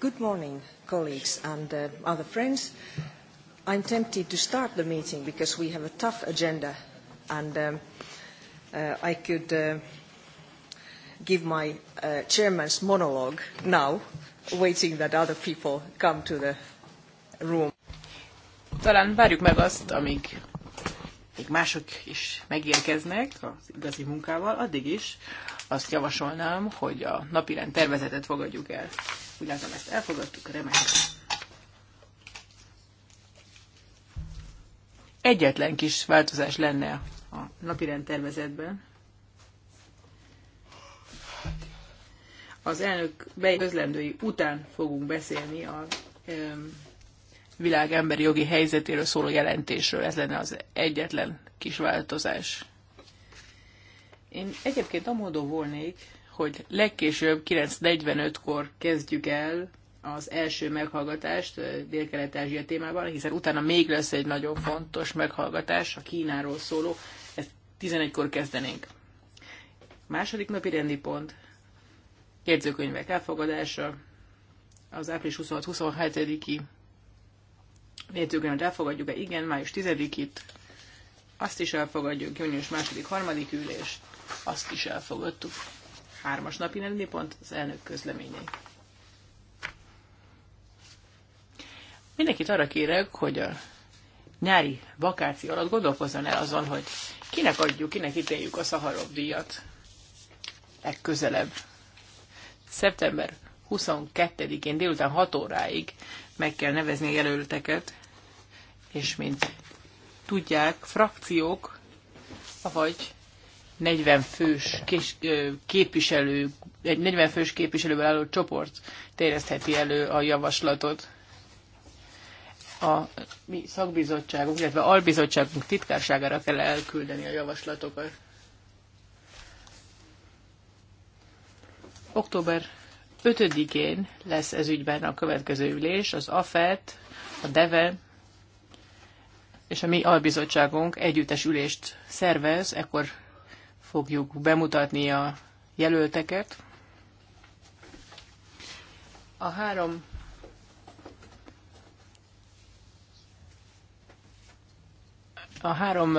Good morning, colleagues and uh, other friends. I'm tempted to start the meeting because we have a tough agenda, and um, uh, I could uh, give my uh, chairman's monologue now, waiting that other people come to the room. Talán várjuk meg azt, amíg még mások is megérkeznek az igazi munkával, addig is azt javasolnám, hogy a napirend tervezetet fogadjuk el. Úgy látom, ezt elfogadtuk, remek. Egyetlen kis változás lenne a napi rendtervezetben. Az elnök közlendői után fogunk beszélni a világ emberi jogi helyzetéről szóló jelentésről. Ez lenne az egyetlen kis változás. Én egyébként amódó volnék, hogy legkésőbb 9.45-kor kezdjük el az első meghallgatást Dél-Kelet-Ázsia témában, hiszen utána még lesz egy nagyon fontos meghallgatás, a Kínáról szóló, ezt 11-kor kezdenénk. Második napi rendi pont, kérdőkönyvek elfogadása, az április 26-27-i jegyzőkönyvet elfogadjuk-e? Igen, május 10-it, azt is elfogadjuk, június második, harmadik ülést, azt is elfogadtuk hármas napi lenni, pont az elnök közleményei. Mindenkit arra kérek, hogy a nyári vakáció alatt gondolkozzon el azon, hogy kinek adjuk, kinek ítéljük a Szaharov díjat legközelebb. Szeptember 22-én délután 6 óráig meg kell nevezni a jelölteket, és mint tudják, frakciók, vagy 40 fős kés, képviselő, egy 40 fős képviselőből álló csoport terjesztheti elő a javaslatot. A mi szakbizottságunk, illetve albizottságunk titkárságára kell elküldeni a javaslatokat. Október 5-én lesz ez ügyben a következő ülés, az AFET, a DEVE és a mi albizottságunk együttes ülést szervez, ekkor fogjuk bemutatni a jelölteket. A három A három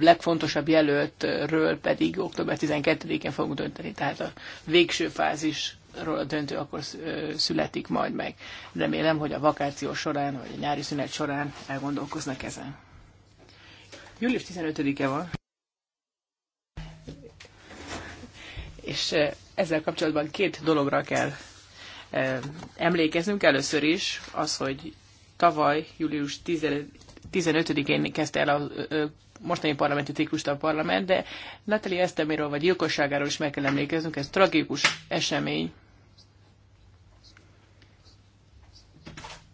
legfontosabb jelöltről pedig október 12-én fogunk dönteni, tehát a végső fázisról a döntő akkor születik majd meg. Remélem, hogy a vakáció során, vagy a nyári szünet során elgondolkoznak ezen. Július 15-e van. És ezzel kapcsolatban két dologra kell emlékeznünk. Először is az, hogy tavaly, július 15-én kezdte el a mostani parlamenti ciklust a parlament, de Natalie Eszteméről vagy gyilkosságáról is meg kell emlékeznünk, ez tragikus esemény.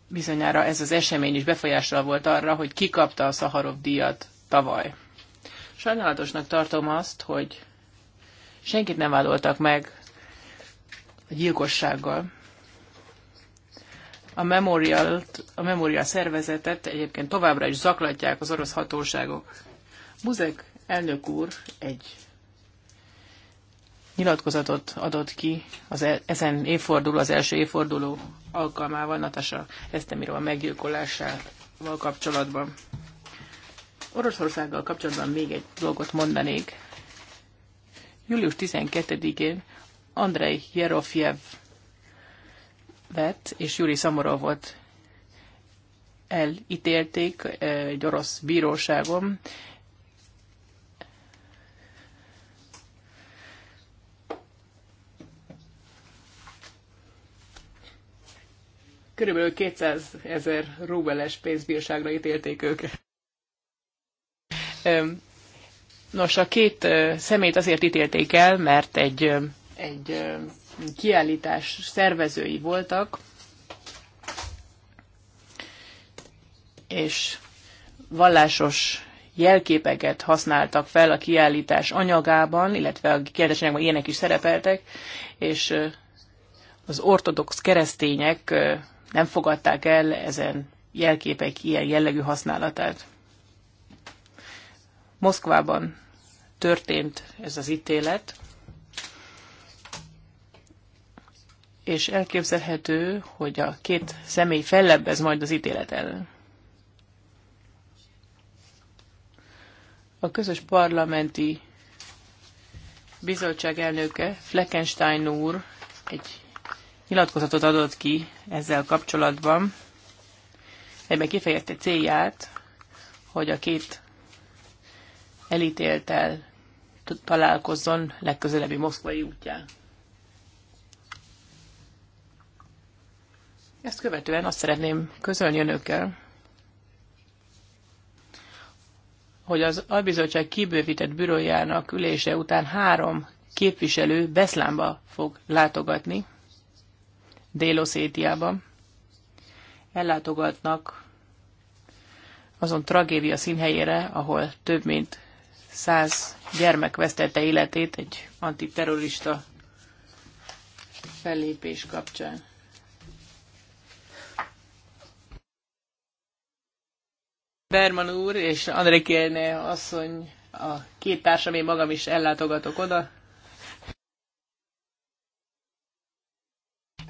Bizonyára ez az esemény is befolyással volt arra, hogy ki kapta a Szaharov díjat tavaly. Sajnálatosnak tartom azt, hogy Senkit nem vádoltak meg a gyilkossággal. A memorial, a memorial szervezetet egyébként továbbra is zaklatják az orosz hatóságok. Buzek elnök úr egy nyilatkozatot adott ki az e- ezen évforduló, az első évforduló alkalmával Natasa Esztemirova meggyilkolásával kapcsolatban. Oroszországgal kapcsolatban még egy dolgot mondanék. Július 12-én Andrei Jerofiev vett, és Júri Szamorov volt elítélték egy orosz bíróságon. Körülbelül 200 ezer rubeles pénzbírságra ítélték őket. Nos, a két szemét azért ítélték el, mert egy, egy kiállítás szervezői voltak, és vallásos jelképeket használtak fel a kiállítás anyagában, illetve a kiállítás anyagban ilyenek is szerepeltek, és az ortodox keresztények nem fogadták el ezen jelképek ilyen jellegű használatát. Moszkvában történt ez az ítélet, és elképzelhető, hogy a két személy fellebbez majd az ítélet ellen. A közös parlamenti bizottság elnöke Fleckenstein úr egy nyilatkozatot adott ki ezzel kapcsolatban, ebben kifejezte célját, hogy a két elítéltel találkozzon legközelebbi moszkvai útján. Ezt követően azt szeretném közölni önökkel, hogy az albizottság kibővített bürójának ülése után három képviselő Beszlámba fog látogatni, Déloszétiában. Ellátogatnak azon tragédia színhelyére, ahol több mint száz gyermek vesztette életét egy antiterrorista fellépés kapcsán. Berman úr és André Kérné asszony, a két társam, én magam is ellátogatok oda.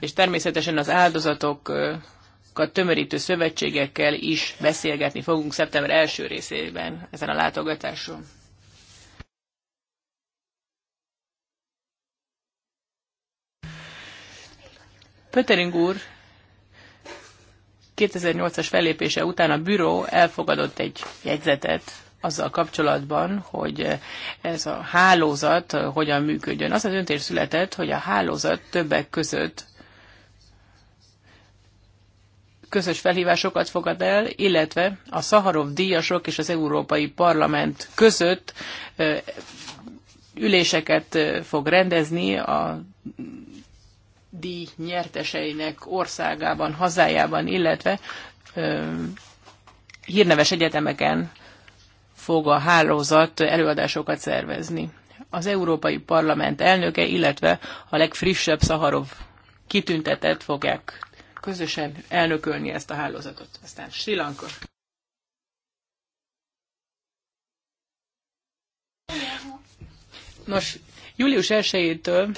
És természetesen az áldozatokat tömörítő szövetségekkel is beszélgetni fogunk szeptember első részében ezen a látogatáson. Pöttering úr 2008-as fellépése után a büró elfogadott egy jegyzetet azzal kapcsolatban, hogy ez a hálózat hogyan működjön. Az a döntés született, hogy a hálózat többek között közös felhívásokat fogad el, illetve a Szaharov díjasok és az Európai Parlament között üléseket fog rendezni a díj nyerteseinek országában, hazájában, illetve ö, hírneves egyetemeken fog a hálózat előadásokat szervezni. Az Európai Parlament elnöke, illetve a legfrissebb Szaharov kitüntetett fogják közösen elnökölni ezt a hálózatot. Aztán Sri Lanka. Nos, július 1-től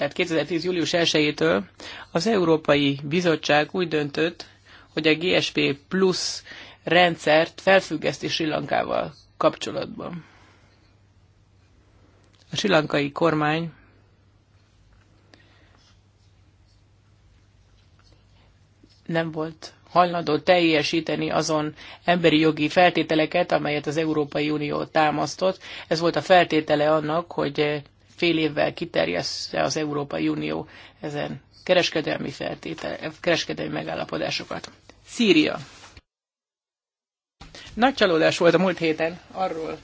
tehát 2010. július 1-től az Európai Bizottság úgy döntött, hogy a GSP Plus rendszert felfüggeszti Sri Lankával kapcsolatban. A sri lankai kormány nem volt hajlandó teljesíteni azon emberi jogi feltételeket, amelyet az Európai Unió támasztott. Ez volt a feltétele annak, hogy fél évvel kiterjessze az Európai Unió ezen kereskedelmi, feltétel, kereskedelmi megállapodásokat. Szíria. Nagy csalódás volt a múlt héten arról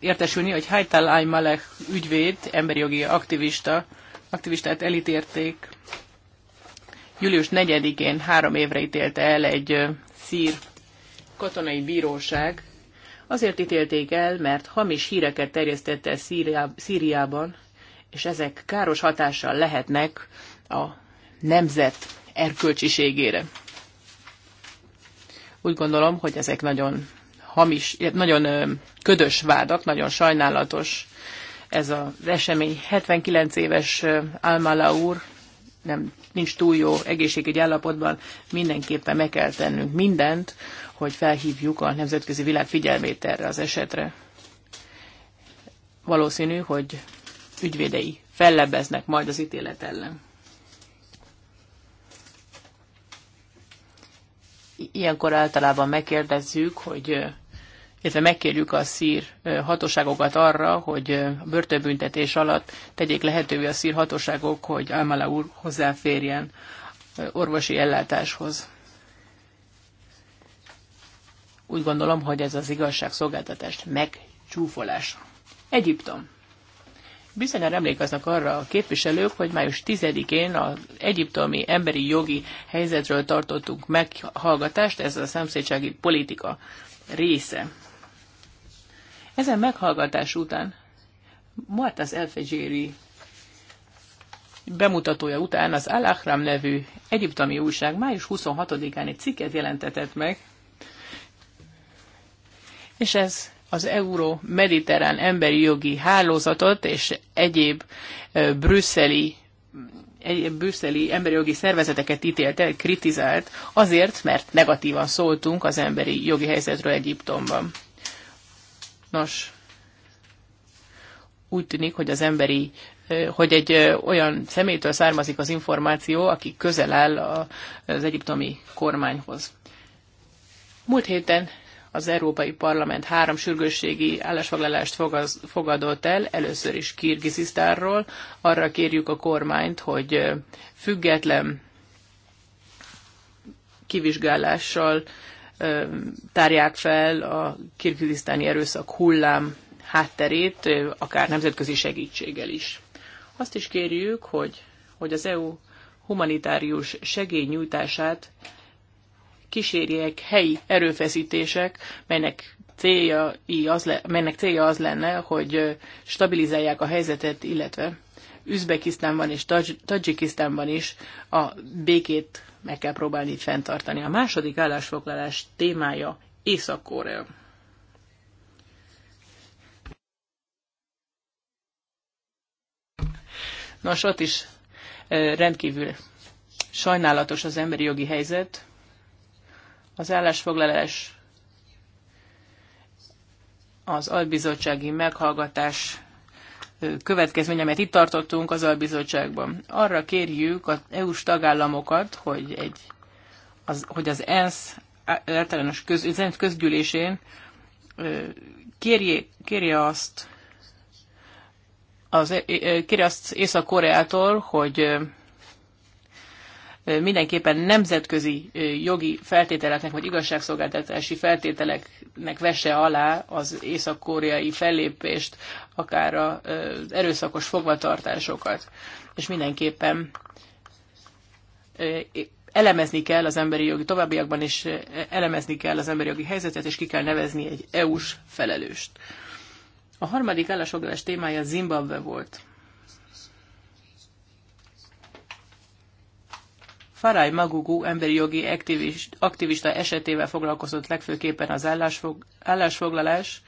értesülni, hogy Haital Aymalek ügyvéd, emberi jogi aktivista, aktivistát elítérték. Július 4-én három évre ítélte el egy szír katonai bíróság Azért ítélték el, mert hamis híreket terjesztette Szíriá, Szíriában, és ezek káros hatással lehetnek a nemzet erkölcsiségére. Úgy gondolom, hogy ezek nagyon hamis, nagyon ködös vádak, nagyon sajnálatos ez az esemény. 79 éves Almala úr nem, nincs túl jó egészségügyi állapotban, mindenképpen meg kell tennünk mindent, hogy felhívjuk a nemzetközi világ figyelmét erre az esetre. Valószínű, hogy ügyvédei fellebeznek majd az ítélet ellen. Ilyenkor általában megkérdezzük, hogy illetve megkérjük a szír hatóságokat arra, hogy a börtönbüntetés alatt tegyék lehetővé a szír hatóságok, hogy Almala úr hozzáférjen orvosi ellátáshoz. Úgy gondolom, hogy ez az igazságszolgáltatást megcsúfolás. Egyiptom. Bizonyára emlékeznek arra a képviselők, hogy május 10-én az egyiptomi emberi jogi helyzetről tartottunk meghallgatást, ez a szemszédsági politika része. Ezen meghallgatás után Martas Elfegyéri bemutatója után az Al-Ahram nevű egyiptomi újság május 26-án egy cikket jelentetett meg, és ez az Euró-Mediterrán Emberi Jogi Hálózatot és egyéb brüsszeli egyéb brüsszeli emberi jogi szervezeteket ítélt el, kritizált, azért, mert negatívan szóltunk az emberi jogi helyzetről Egyiptomban. Nos, úgy tűnik, hogy az emberi, hogy egy olyan személytől származik az információ, aki közel áll az egyiptomi kormányhoz. Múlt héten az Európai Parlament három sürgősségi állásfoglalást fogadott el, először is Kirgizisztárról. Arra kérjük a kormányt, hogy független kivizsgálással tárják fel a kirgizisztáni erőszak hullám hátterét, akár nemzetközi segítséggel is. Azt is kérjük, hogy, hogy az EU humanitárius segélynyújtását kísérjék helyi erőfeszítések, melynek célja, az le, melynek célja az lenne, hogy stabilizálják a helyzetet, illetve Üzbekisztánban és Taj- Tajikisztánban is a békét meg kell próbálni itt fenntartani. A második állásfoglalás témája Észak-Korea. Nos, ott is rendkívül sajnálatos az emberi jogi helyzet, az állásfoglalás az albizottsági meghallgatás következmény, amelyet itt tartottunk az albizottságban. Arra kérjük az EU-s tagállamokat, hogy, egy, az, hogy az ENSZ általános köz, az közgyűlésén kérje, azt, az, kérje azt Észak-Koreától, hogy mindenképpen nemzetközi jogi feltételeknek, vagy igazságszolgáltatási feltételeknek vesse alá az észak-koreai fellépést, akár az erőszakos fogvatartásokat. És mindenképpen elemezni kell az emberi jogi továbbiakban, és elemezni kell az emberi jogi helyzetet, és ki kell nevezni egy EU-s felelőst. A harmadik állásfoglalás témája Zimbabwe volt. Farai Magugu emberi jogi aktivista esetével foglalkozott legfőképpen az állásfog, állásfoglalás,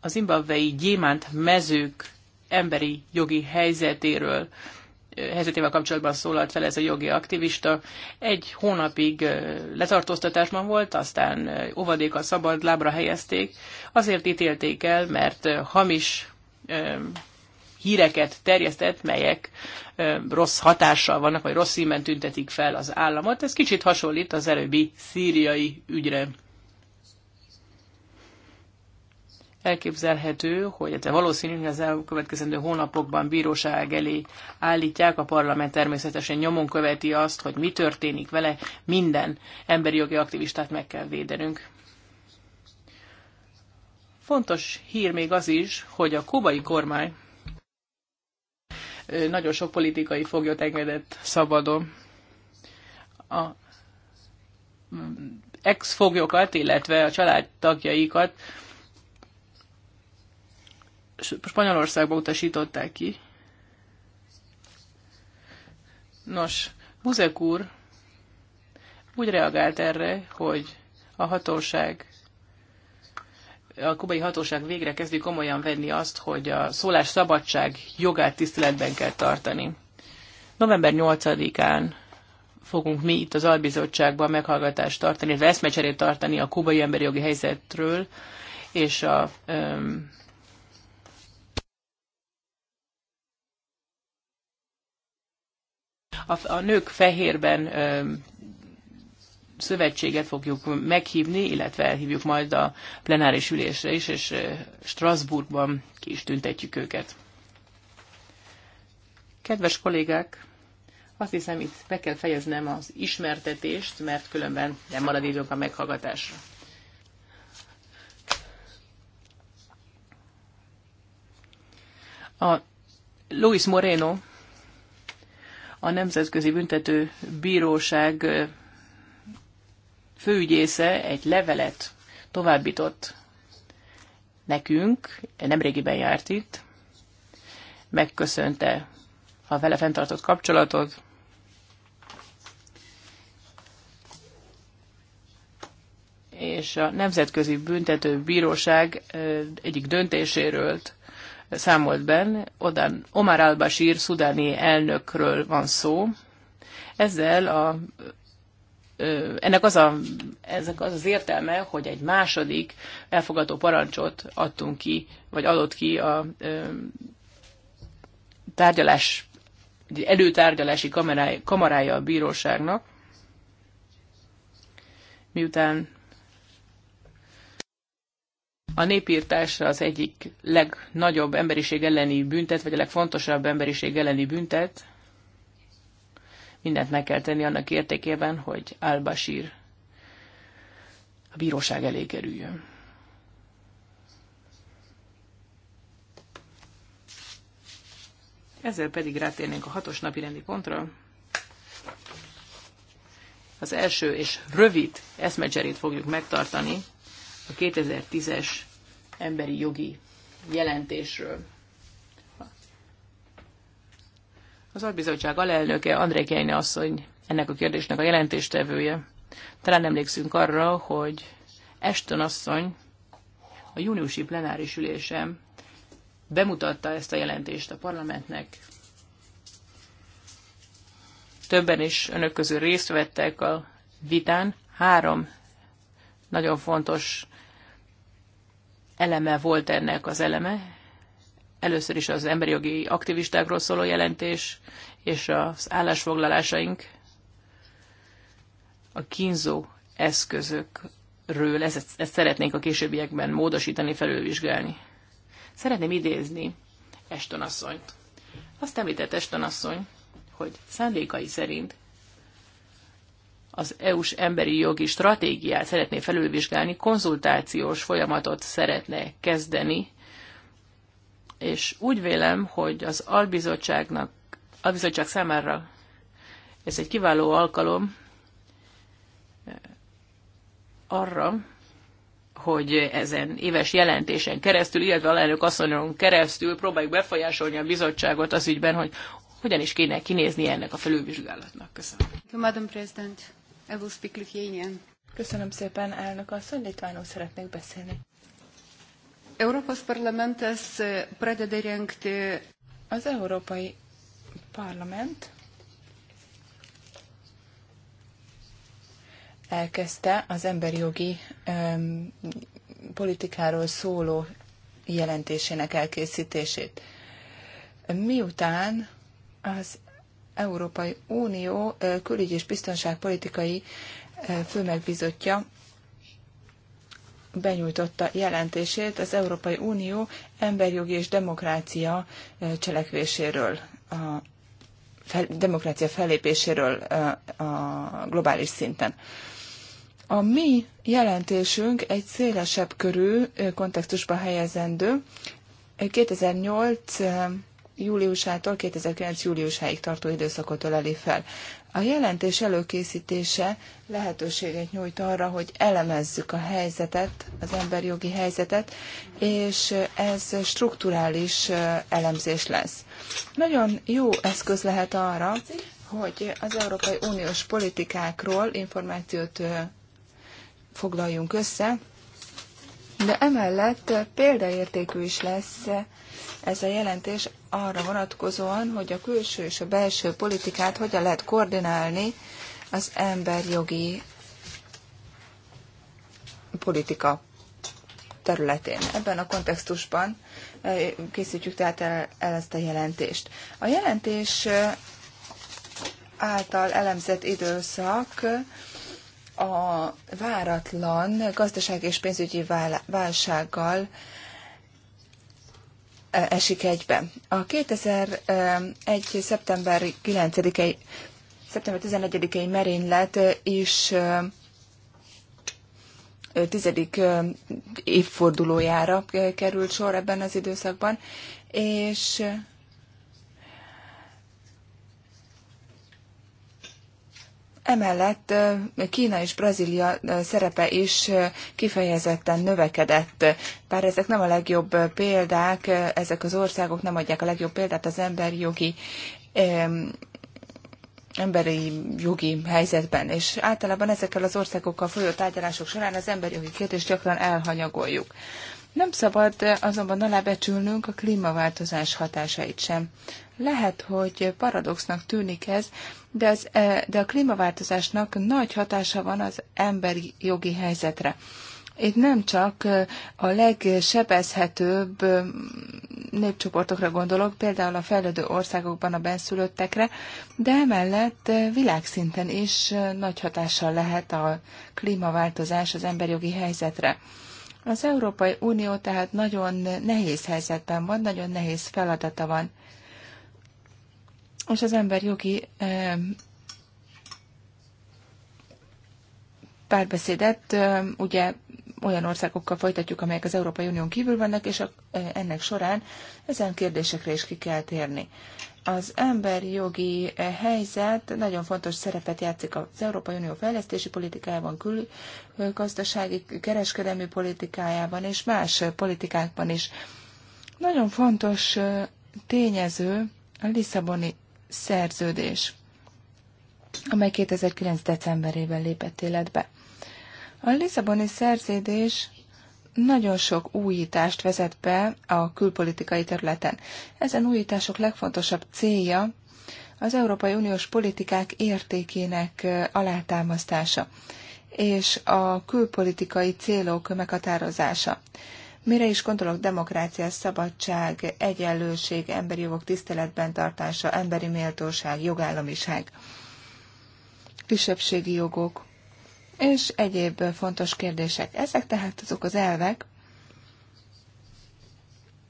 az zimbabvei gyémánt mezők emberi jogi helyzetéről, helyzetével kapcsolatban szólalt fel ez a jogi aktivista. Egy hónapig letartóztatásban volt, aztán óvadékkal szabad lábra helyezték. Azért ítélték el, mert hamis híreket terjesztett, melyek rossz hatással vannak, vagy rossz színben tüntetik fel az államot. Ez kicsit hasonlít az előbbi szíriai ügyre. elképzelhető, hogy ez valószínű, hogy az elkövetkezendő hónapokban bíróság elé állítják, a parlament természetesen nyomon követi azt, hogy mi történik vele, minden emberi jogi aktivistát meg kell védenünk. Fontos hír még az is, hogy a kubai kormány nagyon sok politikai foglyot engedett szabadon. A mm, ex-foglyokat, illetve a családtagjaikat Spanyolországba utasították ki. Nos, Buzek úr úgy reagált erre, hogy a hatóság a kubai hatóság végre kezdi komolyan venni azt, hogy a szólásszabadság jogát tiszteletben kell tartani. November 8-án fogunk mi itt az albizottságban meghallgatást tartani, illetve eszmecserét tartani a kubai emberi jogi helyzetről, és a um, a, a nők fehérben um, szövetséget fogjuk meghívni, illetve elhívjuk majd a plenáris ülésre is, és Strasbourgban ki is tüntetjük őket. Kedves kollégák, azt hiszem itt be kell fejeznem az ismertetést, mert különben nem marad időnk a meghallgatásra. A Luis Moreno, a Nemzetközi Büntető Bíróság főügyésze egy levelet továbbított nekünk, nemrégiben járt itt, megköszönte a vele fenntartott kapcsolatot, és a Nemzetközi Büntető Bíróság egyik döntéséről számolt ben, Odan Omar al-Bashir szudáni elnökről van szó. Ezzel a ennek az, a, ezek az az értelme, hogy egy második elfogadó parancsot adtunk ki, vagy adott ki a tárgyalás, egy előtárgyalási kamerája, kamarája a bíróságnak, miután a népírtás az egyik legnagyobb emberiség elleni büntet, vagy a legfontosabb emberiség elleni büntet, mindent meg kell tenni annak értékében, hogy Al-Bashir a bíróság elé kerüljön. Ezzel pedig rátérnénk a hatos napi rendi pontra. Az első és rövid eszmecserét fogjuk megtartani a 2010-es emberi jogi jelentésről. Az albizottság alelnöke, André Kejne asszony, ennek a kérdésnek a jelentéstevője. Talán emlékszünk arra, hogy Eston asszony a júniusi plenáris ülésem bemutatta ezt a jelentést a parlamentnek. Többen is önök közül részt vettek a vitán. Három nagyon fontos eleme volt ennek az eleme, Először is az emberi jogi aktivistákról szóló jelentés és az állásfoglalásaink a kínzó eszközökről, ezt, ezt szeretnénk a későbbiekben módosítani, felülvizsgálni. Szeretném idézni Eston asszonyt. Azt említett Eston asszony, hogy szándékai szerint az EU-s emberi jogi stratégiát szeretné felülvizsgálni, konzultációs folyamatot szeretne kezdeni és úgy vélem, hogy az albizottságnak, albizottság számára ez egy kiváló alkalom eh, arra, hogy ezen éves jelentésen keresztül, illetve a alelnök asszonyon keresztül próbáljuk befolyásolni a bizottságot az ügyben, hogy hogyan is kéne kinézni ennek a felülvizsgálatnak. Köszönöm. Madam President, I will speak Köszönöm szépen, elnök asszony, litvánul szeretnék beszélni. Europos parlamentas e, pradeda rengti. Az Európai Parlament elkezdte az emberi jogi um, politikáról szóló jelentésének elkészítését. Miután az Európai Unió e, külügy és biztonságpolitikai főmegbizotja benyújtotta jelentését az Európai Unió emberjogi és demokrácia cselekvéséről, a fel, demokrácia fellépéséről a globális szinten. A mi jelentésünk egy szélesebb körű kontextusba helyezendő. 2008 júliusától 2009. júliusáig tartó időszakot öleli fel. A jelentés előkészítése lehetőséget nyújt arra, hogy elemezzük a helyzetet, az emberi jogi helyzetet, és ez strukturális elemzés lesz. Nagyon jó eszköz lehet arra, hogy az Európai Uniós politikákról információt foglaljunk össze, de emellett példaértékű is lesz ez a jelentés arra vonatkozóan, hogy a külső és a belső politikát hogyan lehet koordinálni az emberjogi politika területén. Ebben a kontextusban eh, készítjük tehát el, el ezt a jelentést. A jelentés eh, által elemzett időszak eh, a váratlan gazdaság és pénzügyi válsággal esik egybe. A 2001. szeptember 9-i, szeptember 11-i merénylet is tizedik évfordulójára került sor ebben az időszakban, és Emellett Kína és Brazília szerepe is kifejezetten növekedett. Bár ezek nem a legjobb példák, ezek az országok nem adják a legjobb példát az jogi emberi jogi helyzetben, és általában ezekkel az országokkal folyó tárgyalások során az emberi jogi kérdést gyakran elhanyagoljuk. Nem szabad azonban alábecsülnünk a klímaváltozás hatásait sem. Lehet, hogy paradoxnak tűnik ez, de, az, e, de a klímaváltozásnak nagy hatása van az emberi jogi helyzetre. Itt nem csak e, a legsebezhetőbb e, népcsoportokra gondolok, például a fejlődő országokban a benszülöttekre, de emellett világszinten is nagy hatással lehet a klímaváltozás az emberjogi helyzetre. Az Európai Unió tehát nagyon nehéz helyzetben van, nagyon nehéz feladata van és az ember jogi párbeszédet ugye olyan országokkal folytatjuk, amelyek az Európai Unión kívül vannak, és a, ennek során ezen kérdésekre is ki kell térni. Az emberi jogi helyzet nagyon fontos szerepet játszik az Európai Unió fejlesztési politikájában, külgazdasági, kereskedelmi politikájában és más politikákban is. Nagyon fontos tényező a Lisszaboni szerződés, amely 2009. decemberében lépett életbe. A Lisszaboni szerződés nagyon sok újítást vezet be a külpolitikai területen. Ezen újítások legfontosabb célja az Európai Uniós politikák értékének alátámasztása és a külpolitikai célok meghatározása. Mire is gondolok? Demokrácia, szabadság, egyenlőség, emberi jogok tiszteletben tartása, emberi méltóság, jogállamiság, kisebbségi jogok és egyéb fontos kérdések. Ezek tehát azok az elvek,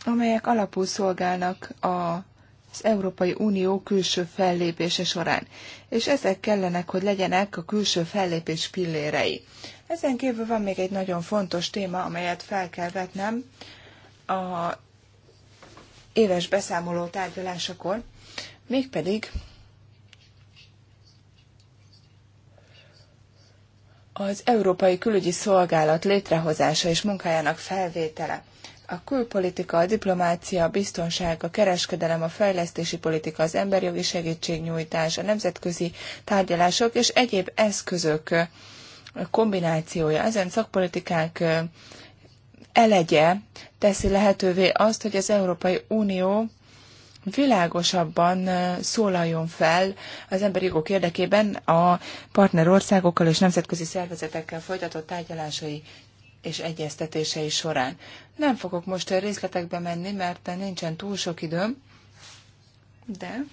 amelyek alapul szolgálnak a az Európai Unió külső fellépése során, és ezek kellenek, hogy legyenek a külső fellépés pillérei. Ezen kívül van még egy nagyon fontos téma, amelyet fel kell vetnem a éves beszámoló tárgyalásakor, mégpedig az Európai Külügyi Szolgálat létrehozása és munkájának felvétele. A külpolitika, a diplomácia, a biztonság, a kereskedelem, a fejlesztési politika, az emberjogi segítségnyújtás, a nemzetközi tárgyalások és egyéb eszközök kombinációja, ezen szakpolitikák elegye teszi lehetővé azt, hogy az Európai Unió világosabban szólaljon fel az emberi jogok érdekében a partnerországokkal és nemzetközi szervezetekkel folytatott tárgyalásai és egyeztetései során. Nem fogok most részletekbe menni, mert nincsen túl sok időm, de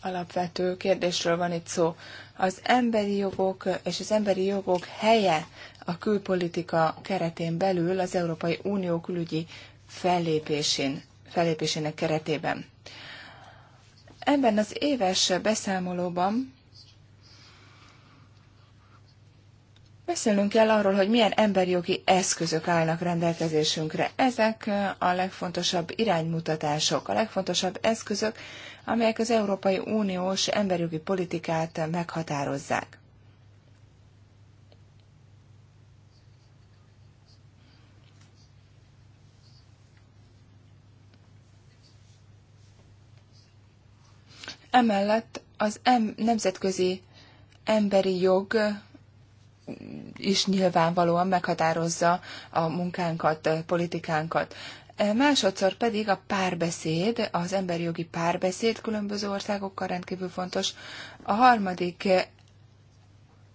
alapvető kérdésről van itt szó. Az emberi jogok és az emberi jogok helye a külpolitika keretén belül az Európai Unió külügyi fellépésén, fellépésének keretében. Ebben az éves beszámolóban Beszélnünk kell arról, hogy milyen emberjogi eszközök állnak rendelkezésünkre. Ezek a legfontosabb iránymutatások, a legfontosabb eszközök, amelyek az Európai Uniós emberjogi politikát meghatározzák. Emellett az em- nemzetközi emberi jog is nyilvánvalóan meghatározza a munkánkat, politikánkat. Másodszor pedig a párbeszéd, az emberi jogi párbeszéd különböző országokkal rendkívül fontos. A harmadik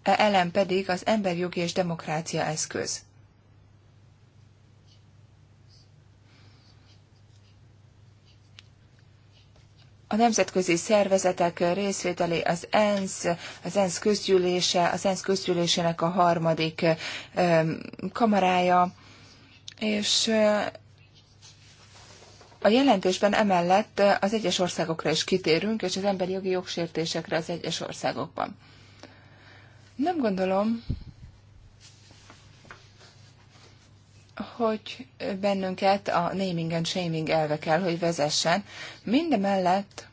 elem pedig az emberi jogi és demokrácia eszköz. a nemzetközi szervezetek részvételé, az ENSZ, az ENSZ közgyűlése, az ENSZ közgyűlésének a harmadik kamarája, és a jelentésben emellett az egyes országokra is kitérünk, és az emberi jogi jogsértésekre az egyes országokban. Nem gondolom, hogy bennünket a naming and shaming elve kell, hogy vezessen. Mindemellett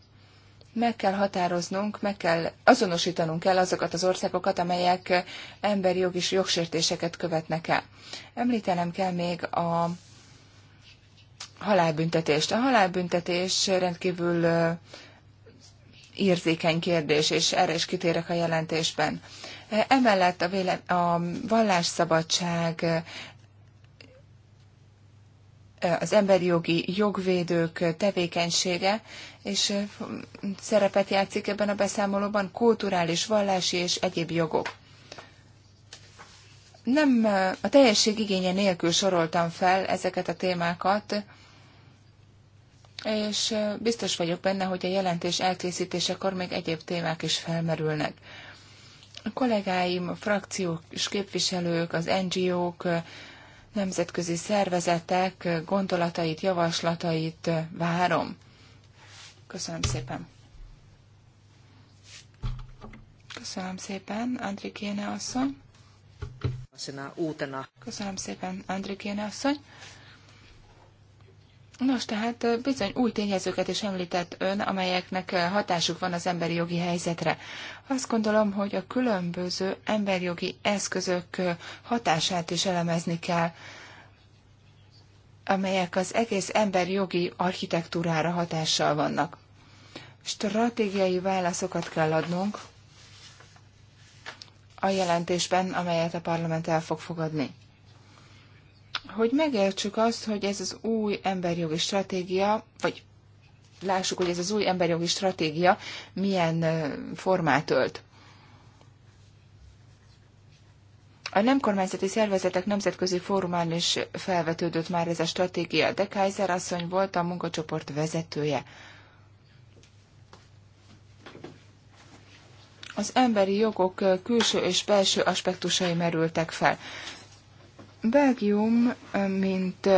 meg kell határoznunk, meg kell azonosítanunk kell azokat az országokat, amelyek emberi jog és jogsértéseket követnek el. Említenem kell még a halálbüntetést. A halálbüntetés rendkívül érzékeny kérdés, és erre is kitérek a jelentésben. Emellett a, véle, a vallásszabadság, az emberi jogi jogvédők tevékenysége, és szerepet játszik ebben a beszámolóban kulturális, vallási és egyéb jogok. Nem a teljesség igénye nélkül soroltam fel ezeket a témákat, és biztos vagyok benne, hogy a jelentés elkészítésekor még egyéb témák is felmerülnek. A kollégáim, a és képviselők, az NGO-k, nemzetközi szervezetek gondolatait, javaslatait várom. Köszönöm szépen. Köszönöm szépen, Kéne asszony. Köszönöm szépen, Kéne asszony. Nos, tehát bizony új tényezőket is említett ön, amelyeknek hatásuk van az emberi jogi helyzetre. Azt gondolom, hogy a különböző emberi jogi eszközök hatását is elemezni kell, amelyek az egész emberi jogi architektúrára hatással vannak. Stratégiai válaszokat kell adnunk a jelentésben, amelyet a parlament el fog fogadni hogy megértsük azt, hogy ez az új emberjogi stratégia, vagy lássuk, hogy ez az új emberjogi stratégia milyen formát ölt. A nem kormányzati szervezetek nemzetközi fórumán is felvetődött már ez a stratégia, de Kaiser asszony volt a munkacsoport vezetője. Az emberi jogok külső és belső aspektusai merültek fel. Belgium, mint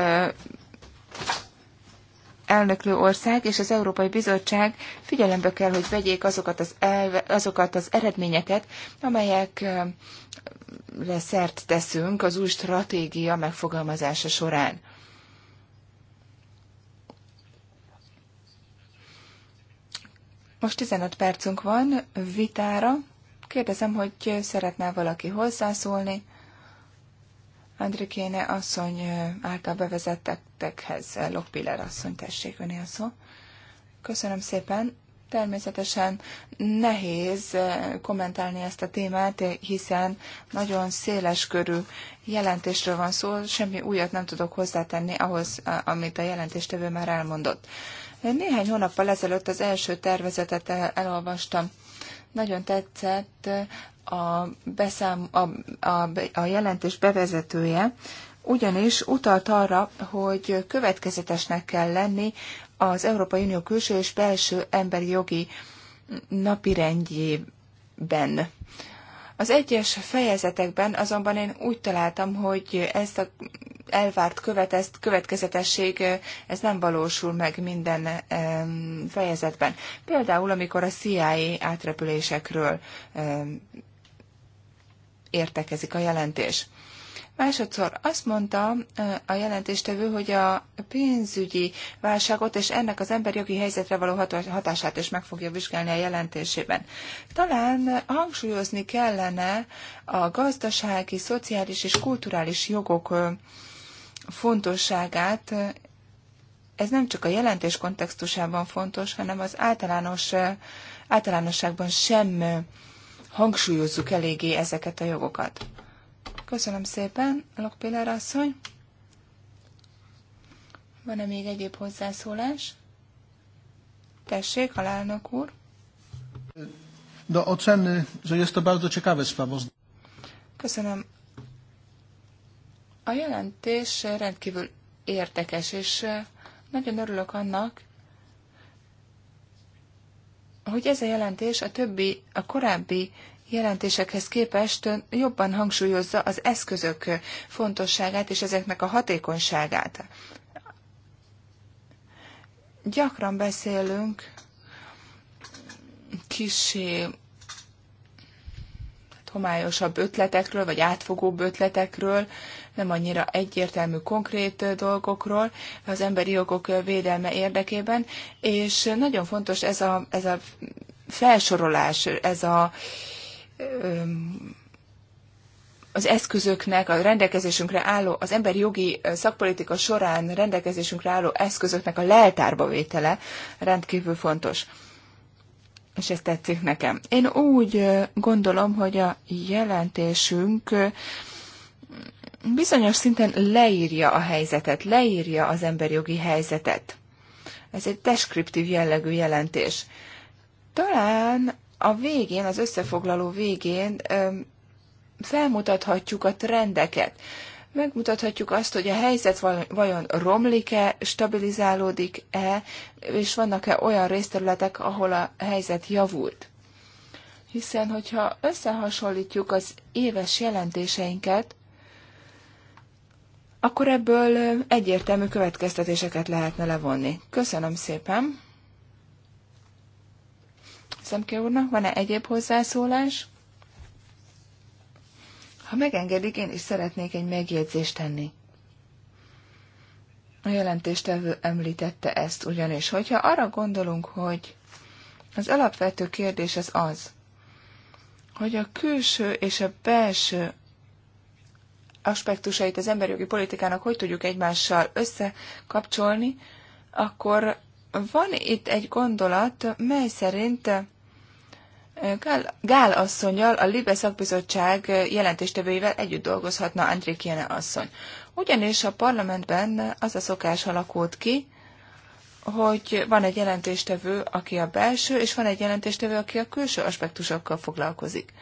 elnöklő ország és az Európai Bizottság figyelembe kell, hogy vegyék azokat az, elve, azokat az eredményeket, amelyek szert teszünk az új stratégia megfogalmazása során. Most 15 percünk van vitára. Kérdezem, hogy szeretne valaki hozzászólni. Andrikéne asszony által bevezettekhez Lokpiller asszony, tessék a szó. Köszönöm szépen. Természetesen nehéz kommentálni ezt a témát, eh, hiszen nagyon széles körű jelentésről van szó, semmi újat nem tudok hozzátenni ahhoz, amit a jelentéstevő már elmondott. Néhány hónappal ezelőtt az első tervezetet eh, elolvastam nagyon tetszett a, beszám, a, a, a jelentés bevezetője, ugyanis utalt arra, hogy következetesnek kell lenni az Európai Unió külső és belső emberi jogi napirendjében. Az egyes fejezetekben azonban én úgy találtam, hogy ezt a elvárt követezt, következetesség ez nem valósul meg minden fejezetben. Például, amikor a CIA átrepülésekről értekezik a jelentés. Másodszor azt mondta a jelentéstevő, hogy a pénzügyi válságot és ennek az emberjogi helyzetre való hatását is meg fogja vizsgálni a jelentésében. Talán hangsúlyozni kellene a gazdasági, szociális és kulturális jogok fontosságát, ez nem csak a jelentés kontextusában fontos, hanem az általános, általánosságban sem hangsúlyozzuk eléggé ezeket a jogokat. Köszönöm szépen, Lokpiller asszony. Van-e még egyéb hozzászólás? Tessék, halálnok úr. Do oceny, że jest to bardzo ciekawe sprawozdanie. Köszönöm a jelentés rendkívül érdekes, és nagyon örülök annak, hogy ez a jelentés a többi, a korábbi jelentésekhez képest jobban hangsúlyozza az eszközök fontosságát és ezeknek a hatékonyságát. Gyakran beszélünk kisé hát homályosabb ötletekről, vagy átfogóbb ötletekről, nem annyira egyértelmű konkrét dolgokról az emberi jogok védelme érdekében, és nagyon fontos ez a, ez a felsorolás, ez a az eszközöknek, a rendelkezésünkre álló, az emberi jogi szakpolitika során rendelkezésünkre álló eszközöknek a leltárba vétele rendkívül fontos. És ez tetszik nekem. Én úgy gondolom, hogy a jelentésünk bizonyos szinten leírja a helyzetet, leírja az emberjogi helyzetet. Ez egy deskriptív jellegű jelentés. Talán a végén, az összefoglaló végén felmutathatjuk a trendeket. Megmutathatjuk azt, hogy a helyzet vajon romlik-e, stabilizálódik-e, és vannak-e olyan részterületek, ahol a helyzet javult. Hiszen, hogyha összehasonlítjuk az éves jelentéseinket, akkor ebből egyértelmű következtetéseket lehetne levonni. Köszönöm szépen. Szemke úrnak van-e egyéb hozzászólás? Ha megengedik, én is szeretnék egy megjegyzést tenni. A jelentéstevő említette ezt ugyanis, hogyha arra gondolunk, hogy az alapvető kérdés az az, hogy a külső és a belső aspektusait az emberjogi politikának hogy tudjuk egymással összekapcsolni, akkor van itt egy gondolat, mely szerint Gál, Gál asszonyjal, a Libe szakbizottság jelentéstevőivel együtt dolgozhatna Kiene asszony. Ugyanis a parlamentben az a szokás alakult ki, hogy van egy jelentéstevő, aki a belső, és van egy jelentéstevő, aki a külső aspektusokkal foglalkozik.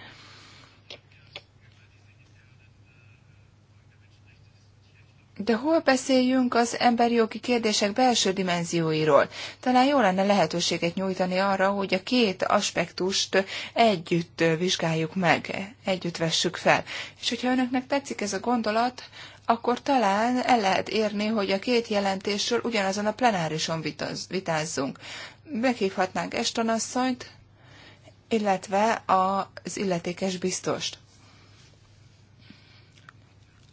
De hol beszéljünk az emberi jogi kérdések belső dimenzióiról? Talán jó lenne lehetőséget nyújtani arra, hogy a két aspektust együtt vizsgáljuk meg, együtt vessük fel. És hogyha önöknek tetszik ez a gondolat, akkor talán el lehet érni, hogy a két jelentésről ugyanazon a plenárison vitázzunk. Meghívhatnánk Eston asszonyt, illetve az illetékes biztost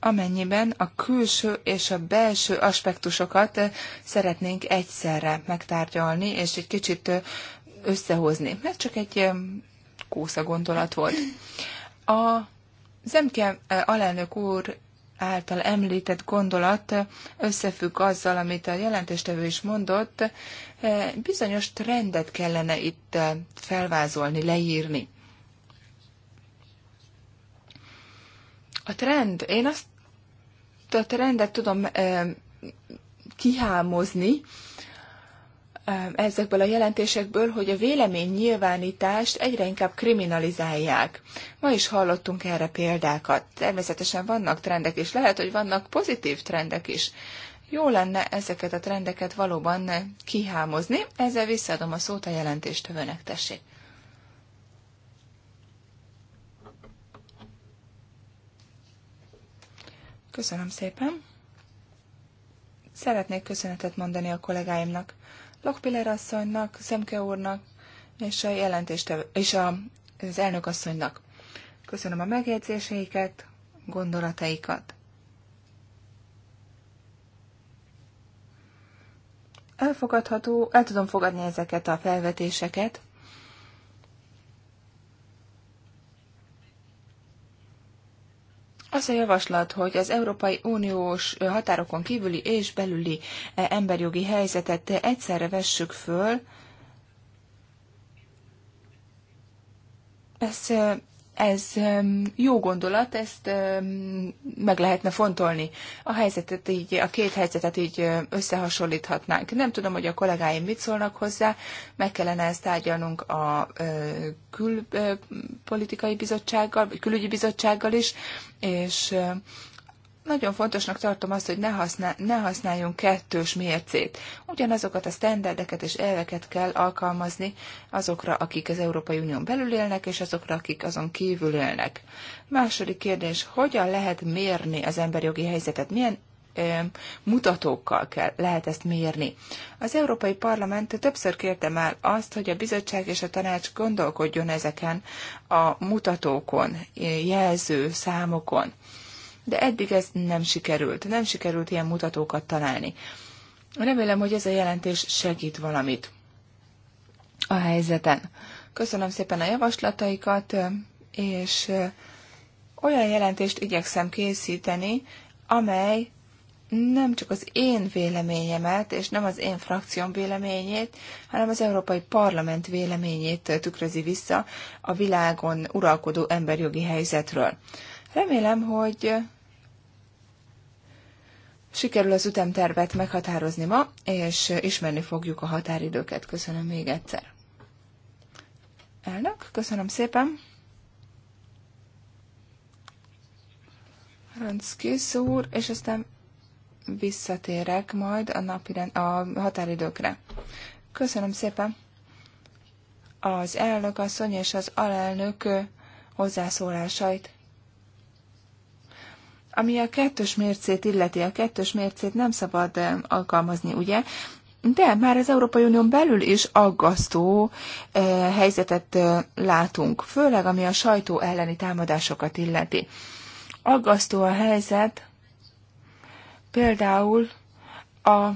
amennyiben a külső és a belső aspektusokat eh, szeretnénk egyszerre megtárgyalni, és egy kicsit eh, összehozni. Mert csak egy eh, kósza gondolat volt. A Zemke alelnök úr által említett gondolat összefügg azzal, amit a jelentéstevő is mondott, bizonyos trendet kellene itt felvázolni, leírni. A trend, én azt a trendet tudom kihámozni ezekből a jelentésekből, hogy a vélemény nyilvánítást egyre inkább kriminalizálják. Ma is hallottunk erre példákat. Természetesen vannak trendek, és lehet, hogy vannak pozitív trendek is. Jó lenne ezeket a trendeket valóban kihámozni. Ezzel visszaadom a szót a jelentéstövőnek, tessék. Köszönöm szépen. Szeretnék köszönetet mondani a kollégáimnak, Lokpiller asszonynak, Szemke úrnak, és a jelentéstev és a, az elnök asszonynak. Köszönöm a megjegyzéseiket, gondolataikat. Elfogadható, el tudom fogadni ezeket a felvetéseket, Az a javaslat, hogy az Európai Uniós határokon kívüli és belüli e, emberjogi helyzetet egyszerre vessük föl, ez e, ez jó gondolat, ezt meg lehetne fontolni. A helyzetet így, a két helyzetet így összehasonlíthatnánk. Nem tudom, hogy a kollégáim mit szólnak hozzá, meg kellene ezt tárgyalnunk a külpolitikai bizottsággal, vagy külügyi bizottsággal is, és nagyon fontosnak tartom azt, hogy ne, használ, ne használjunk kettős mércét. Ugyanazokat a sztenderdeket és elveket kell alkalmazni azokra, akik az Európai Unión belül élnek, és azokra, akik azon kívül élnek. Második kérdés, hogyan lehet mérni az emberjogi helyzetet? Milyen mutatókkal kell, lehet ezt mérni. Az Európai Parlament többször kérte már azt, hogy a bizottság és a tanács gondolkodjon ezeken a mutatókon, jelző számokon de eddig ez nem sikerült. Nem sikerült ilyen mutatókat találni. Remélem, hogy ez a jelentés segít valamit a helyzeten. Köszönöm szépen a javaslataikat, és olyan jelentést igyekszem készíteni, amely nem csak az én véleményemet, és nem az én frakcióm véleményét, hanem az Európai Parlament véleményét tükrözi vissza a világon uralkodó emberjogi helyzetről. Remélem, hogy Sikerül az ütemtervet meghatározni ma, és ismerni fogjuk a határidőket. Köszönöm még egyszer. Elnök, köszönöm szépen. Ranszki úr, és aztán visszatérek majd a, napi, a határidőkre. Köszönöm szépen. Az elnök asszony és az alelnök hozzászólásait ami a kettős mércét illeti, a kettős mércét nem szabad eh, alkalmazni, ugye? De már az Európai Unión belül is aggasztó eh, helyzetet eh, látunk, főleg ami a sajtó elleni támadásokat illeti. Aggasztó a helyzet például a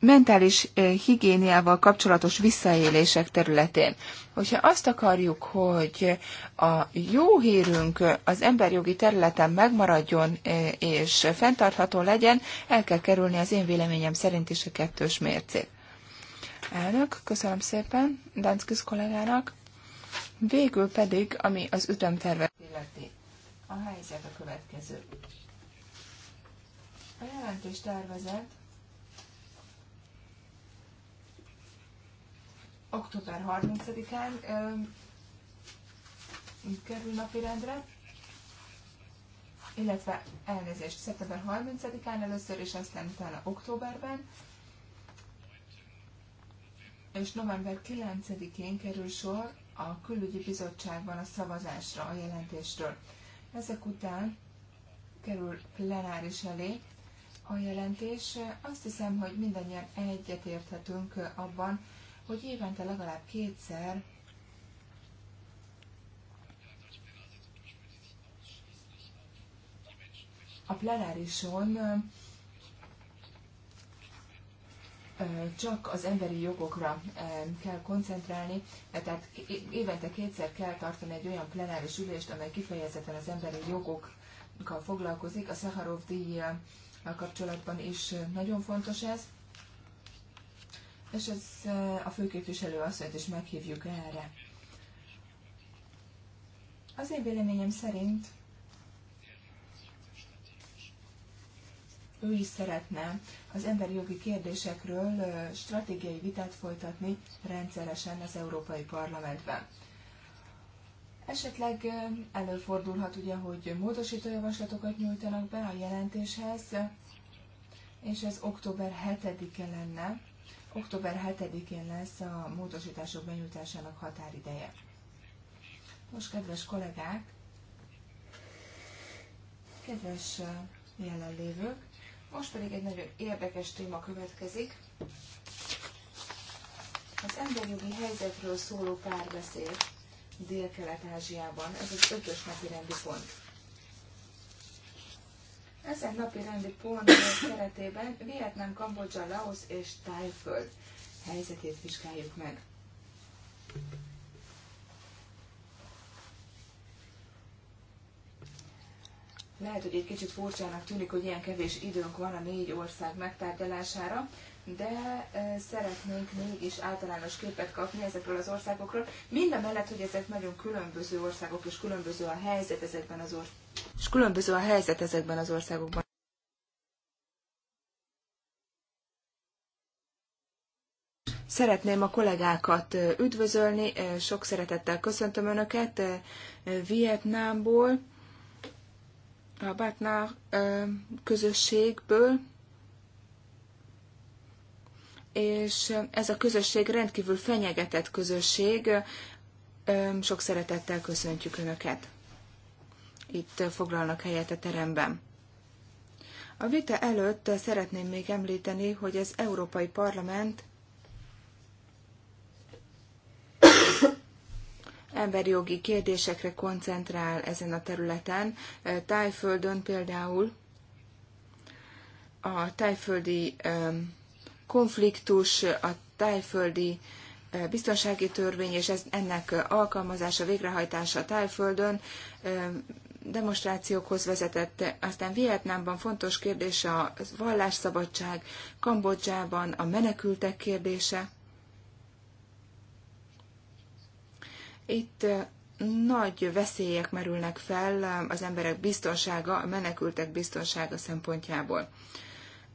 mentális higiéniával kapcsolatos visszaélések területén. Hogyha azt akarjuk, hogy a jó hírünk az emberjogi területen megmaradjon és fenntartható legyen, el kell kerülni az én véleményem szerint is a kettős mércét. Elnök, köszönöm szépen Danckis kollégának. Végül pedig, ami az ütemtervet illeti. A helyzet a következő. A jelentés tervezet október 30-án kerül napirendre, illetve elnézést szeptember 30-án először, és aztán utána októberben, és november 9-én kerül sor a külügyi bizottságban a szavazásra a jelentésről. Ezek után kerül plenáris elé a jelentés. Azt hiszem, hogy mindannyian egyetérthetünk abban, hogy évente legalább kétszer a plenárison csak az emberi jogokra kell koncentrálni, e, tehát évente kétszer kell tartani egy olyan plenáris ülést, amely kifejezetten az emberi jogokkal foglalkozik. A Szaharov díj kapcsolatban is nagyon fontos ez és ez a főképviselő asszonyt is meghívjuk erre. Az én véleményem szerint ő is szeretne az emberi jogi kérdésekről stratégiai vitát folytatni rendszeresen az Európai Parlamentben. Esetleg előfordulhat ugye, hogy módosító javaslatokat nyújtanak be a jelentéshez, és ez október 7-e lenne. Október 7-én lesz a módosítások benyújtásának határideje. Most, kedves kollégák, kedves uh, jelenlévők, most pedig egy nagyon érdekes téma következik. Az emberjogi helyzetről szóló párbeszéd Dél-Kelet-Ázsiában. Ez az ötös napi rendi pont. Ezen napi rendi pontok keretében Vietnám, Kambodzsa, Laos és Tájföld helyzetét vizsgáljuk meg. Lehet, hogy egy kicsit furcsának tűnik, hogy ilyen kevés időnk van a négy ország megtárgyalására, de szeretnénk mégis általános képet kapni ezekről az országokról, mind a mellett, hogy ezek nagyon különböző országok, és különböző a helyzet ezekben az, országokban. és különböző a helyzet ezekben az országokban. Szeretném a kollégákat üdvözölni, sok szeretettel köszöntöm Önöket Vietnámból, a Batnár közösségből, és ez a közösség rendkívül fenyegetett közösség. Sok szeretettel köszöntjük Önöket. Itt foglalnak helyet a teremben. A vita előtt szeretném még említeni, hogy az Európai Parlament emberjogi kérdésekre koncentrál ezen a területen. Tájföldön például a tájföldi um, konfliktus, a tájföldi eh, biztonsági törvény és ez, ennek alkalmazása, végrehajtása tájföldön eh, demonstrációkhoz vezetett. Aztán Vietnámban fontos kérdés a vallásszabadság, Kambodzsában a menekültek kérdése. Itt eh, nagy veszélyek merülnek fel az emberek biztonsága, a menekültek biztonsága szempontjából.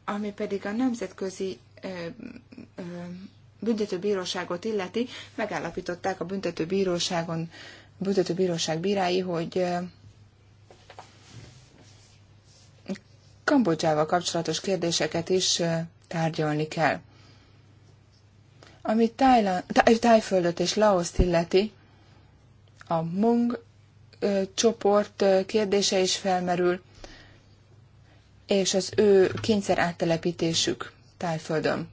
Ami pedig a nemzetközi büntetőbíróságot illeti, megállapították a büntetőbíróságon, büntetőbíróság bírái, hogy Kambodzsával kapcsolatos kérdéseket is tárgyalni kell. Ami Tájföldöt és Laoszt illeti, a Mung csoport kérdése is felmerül, és az ő kényszer áttelepítésük tájföldön.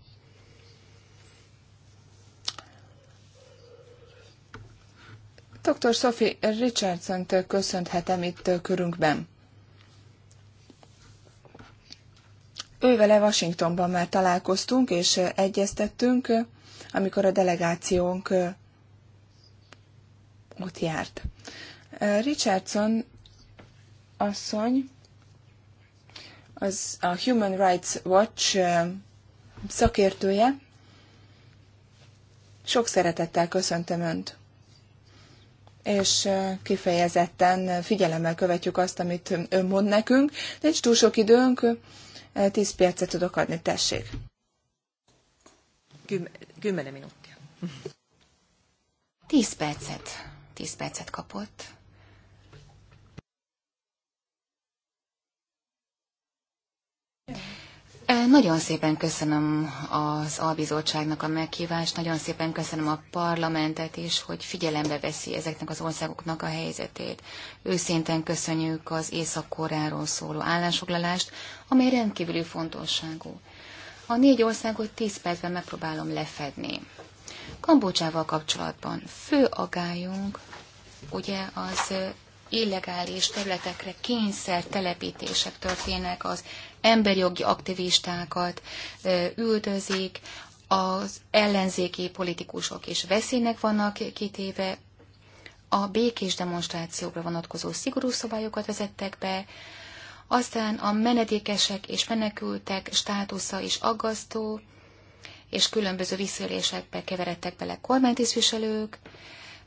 Dr. Sophie Richardson-t köszönhetem itt körünkben. Ővele Washingtonban már találkoztunk és egyeztettünk, amikor a delegációnk ott járt. Richardson asszony az a Human Rights Watch szakértője. Sok szeretettel köszöntöm Önt, és kifejezetten figyelemmel követjük azt, amit Ön mond nekünk. Nincs túl sok időnk, tíz percet tudok adni, tessék. Gümmene minutja. Tíz percet. Tíz percet kapott. Nagyon szépen köszönöm az albizottságnak a meghívást, nagyon szépen köszönöm a parlamentet is, hogy figyelembe veszi ezeknek az országoknak a helyzetét. Őszintén köszönjük az Észak-Koreáról szóló állásfoglalást, amely rendkívüli fontosságú. A négy országot tíz percben megpróbálom lefedni. Kambócsával kapcsolatban fő agályunk ugye az illegális területekre kényszer telepítések történnek az emberjogi aktivistákat üldözik, az ellenzéki politikusok és veszélynek vannak kitéve, a békés demonstrációkra vonatkozó szigorú szabályokat vezettek be, aztán a menedékesek és menekültek státusza is aggasztó, és különböző visszaélésekbe keveredtek bele kormánytisztviselők.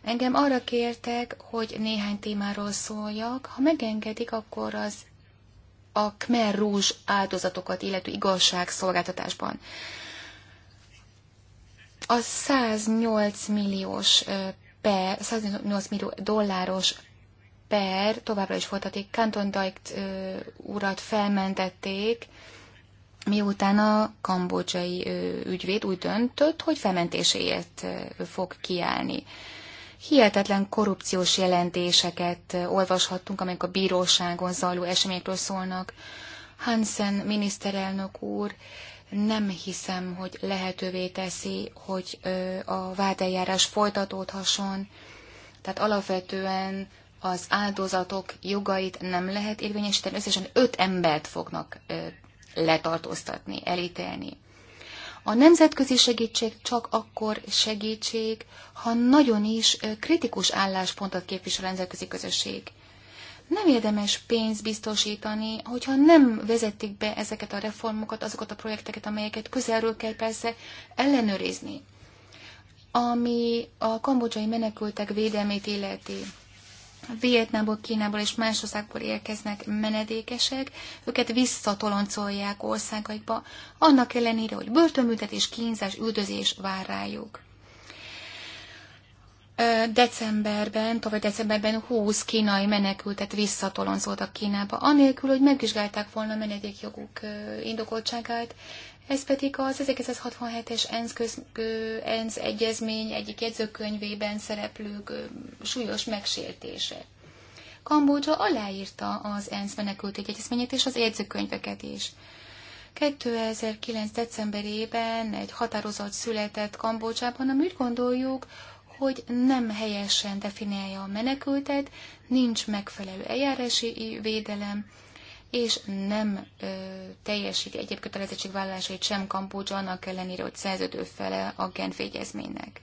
Engem arra kértek, hogy néhány témáról szóljak, ha megengedik, akkor az a Khmer Rouge áldozatokat illető igazságszolgáltatásban. A 108 milliós per, 108 millió dolláros per továbbra is folytatik. Canton Dajkt urat felmentették, miután a kambodzsai ügyvéd úgy döntött, hogy felmentéséért fog kiállni. Hihetetlen korrupciós jelentéseket olvashattunk, amelyek a bíróságon zajló eseményekről szólnak. Hansen miniszterelnök úr nem hiszem, hogy lehetővé teszi, hogy a vádeljárás folytatódhasson. Tehát alapvetően az áldozatok jogait nem lehet érvényesíteni, összesen öt embert fognak letartóztatni, elítélni. A nemzetközi segítség csak akkor segítség, ha nagyon is kritikus álláspontot képvisel a nemzetközi közösség. Nem érdemes pénzt biztosítani, hogyha nem vezetik be ezeket a reformokat, azokat a projekteket, amelyeket közelről kell persze ellenőrizni. Ami a kambodzsai menekültek védelmét illeti. Vietnából, Kínából és más országból érkeznek menedékesek, őket visszatoloncolják országaikba, annak ellenére, hogy börtönbüntetés, kínzás, üldözés vár rájuk. Decemberben, tavaly decemberben 20 kínai menekültet visszatoloncoltak Kínába, anélkül, hogy megvizsgálták volna a menedékjoguk indokoltságát, ez pedig az 1967-es ENSZ, köz, ENSZ egyezmény egyik jegyzőkönyvében szereplő súlyos megsértése. Kambodzsa aláírta az ENSZ menekült egyezményét és az jegyzőkönyveket is. 2009. decemberében egy határozat született Kambodzsában, ami úgy gondoljuk, hogy nem helyesen definiálja a menekültet, nincs megfelelő eljárási védelem, és nem ö, teljesíti egyéb kötelezettségvállalásait sem Kambodzsa, annak ellenére, hogy szerződő fele a Genf egyezménynek.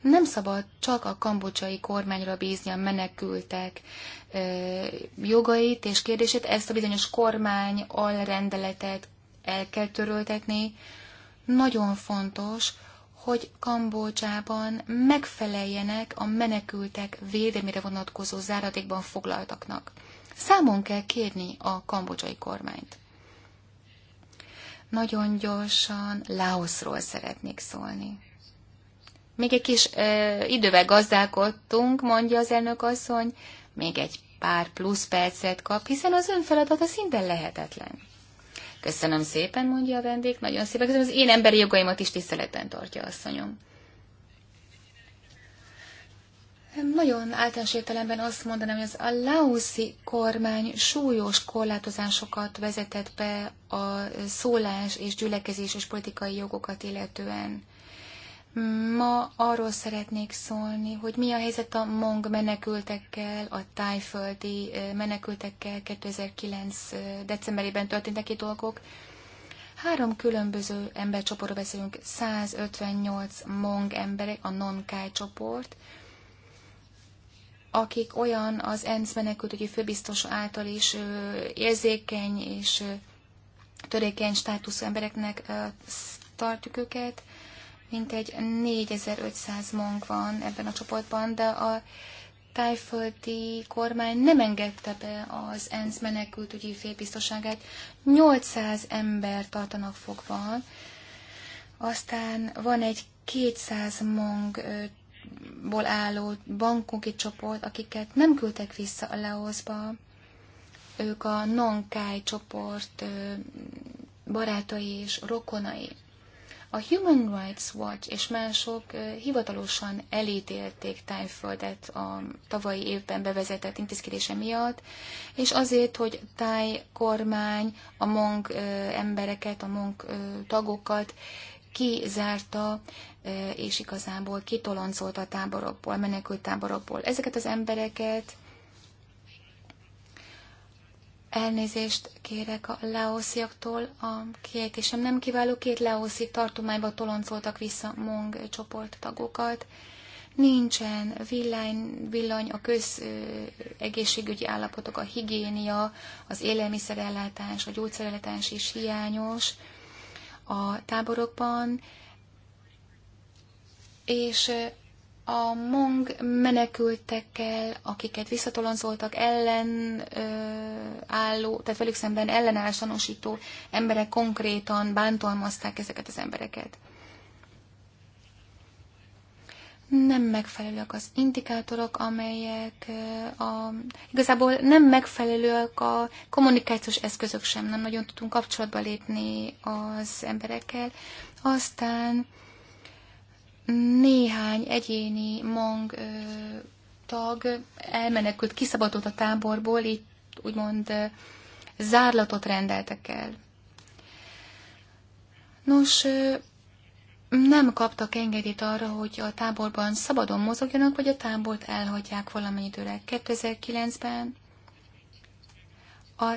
Nem szabad csak a kambodzsai kormányra bízni a menekültek ö, jogait és kérdését, ezt a bizonyos kormány alrendeletet el kell töröltetni. Nagyon fontos, hogy Kambodzsában megfeleljenek a menekültek védelmére vonatkozó záradékban foglaltaknak. Számon kell kérni a kambodzsai kormányt. Nagyon gyorsan Laoszról szeretnék szólni. Még egy kis ö, idővel gazdálkodtunk, mondja az elnök asszony, még egy pár plusz percet kap, hiszen az ön feladata szinte lehetetlen. Köszönöm szépen, mondja a vendég, nagyon szépen köszönöm, az én emberi jogaimat is tiszteletben tartja asszonyom. Nagyon általános értelemben azt mondanám, hogy az a laoszi kormány súlyos korlátozásokat vezetett be a szólás és gyülekezés és politikai jogokat illetően. Ma arról szeretnék szólni, hogy mi a helyzet a mong menekültekkel, a tájföldi eh, menekültekkel 2009. Eh, decemberében történtek itt dolgok. Három különböző embercsoportról beszélünk, 158 mong emberek a non-kai csoport, akik olyan az ENSZ menekültügyi főbiztos által is érzékeny és törékeny státuszú embereknek tartjuk őket. Mintegy 4500 mong van ebben a csoportban, de a tájföldi kormány nem engedte be az ENSZ menekültügyi félbiztosságát. 800 ember tartanak fogva. Aztán van egy 200 mong ból álló bankoki csoport, akiket nem küldtek vissza a Laosba, ők a Nonkai csoport barátai és rokonai. A Human Rights Watch és mások hivatalosan elítélték Tájföldet a tavalyi évben bevezetett intézkedése miatt, és azért, hogy Táj kormány a mong embereket, a mong tagokat kizárta és igazából kitoloncolt a táborokból, menekült táborokból. Ezeket az embereket elnézést kérek a laosziaktól, a kiejtésem nem kiváló, két laoszi tartományba toloncoltak vissza mong tagokat. Nincsen villany, villany a közegészségügyi állapotok, a higiénia, az élelmiszerellátás, a gyógyszerellátás is hiányos a táborokban és a mong menekültekkel, akiket visszatolonzoltak ellen ö, álló, tehát velük szemben ellenállásanosító emberek konkrétan bántalmazták ezeket az embereket. Nem megfelelőek az indikátorok, amelyek a, igazából nem megfelelőek a kommunikációs eszközök sem, nem nagyon tudunk kapcsolatba lépni az emberekkel. Aztán néhány egyéni ö, tag elmenekült, kiszabadult a táborból, így úgymond zárlatot rendeltek el. Nos, nem kaptak engedélyt arra, hogy a táborban szabadon mozogjanak, vagy a tábort elhagyják valamennyi időre. 2009-ben a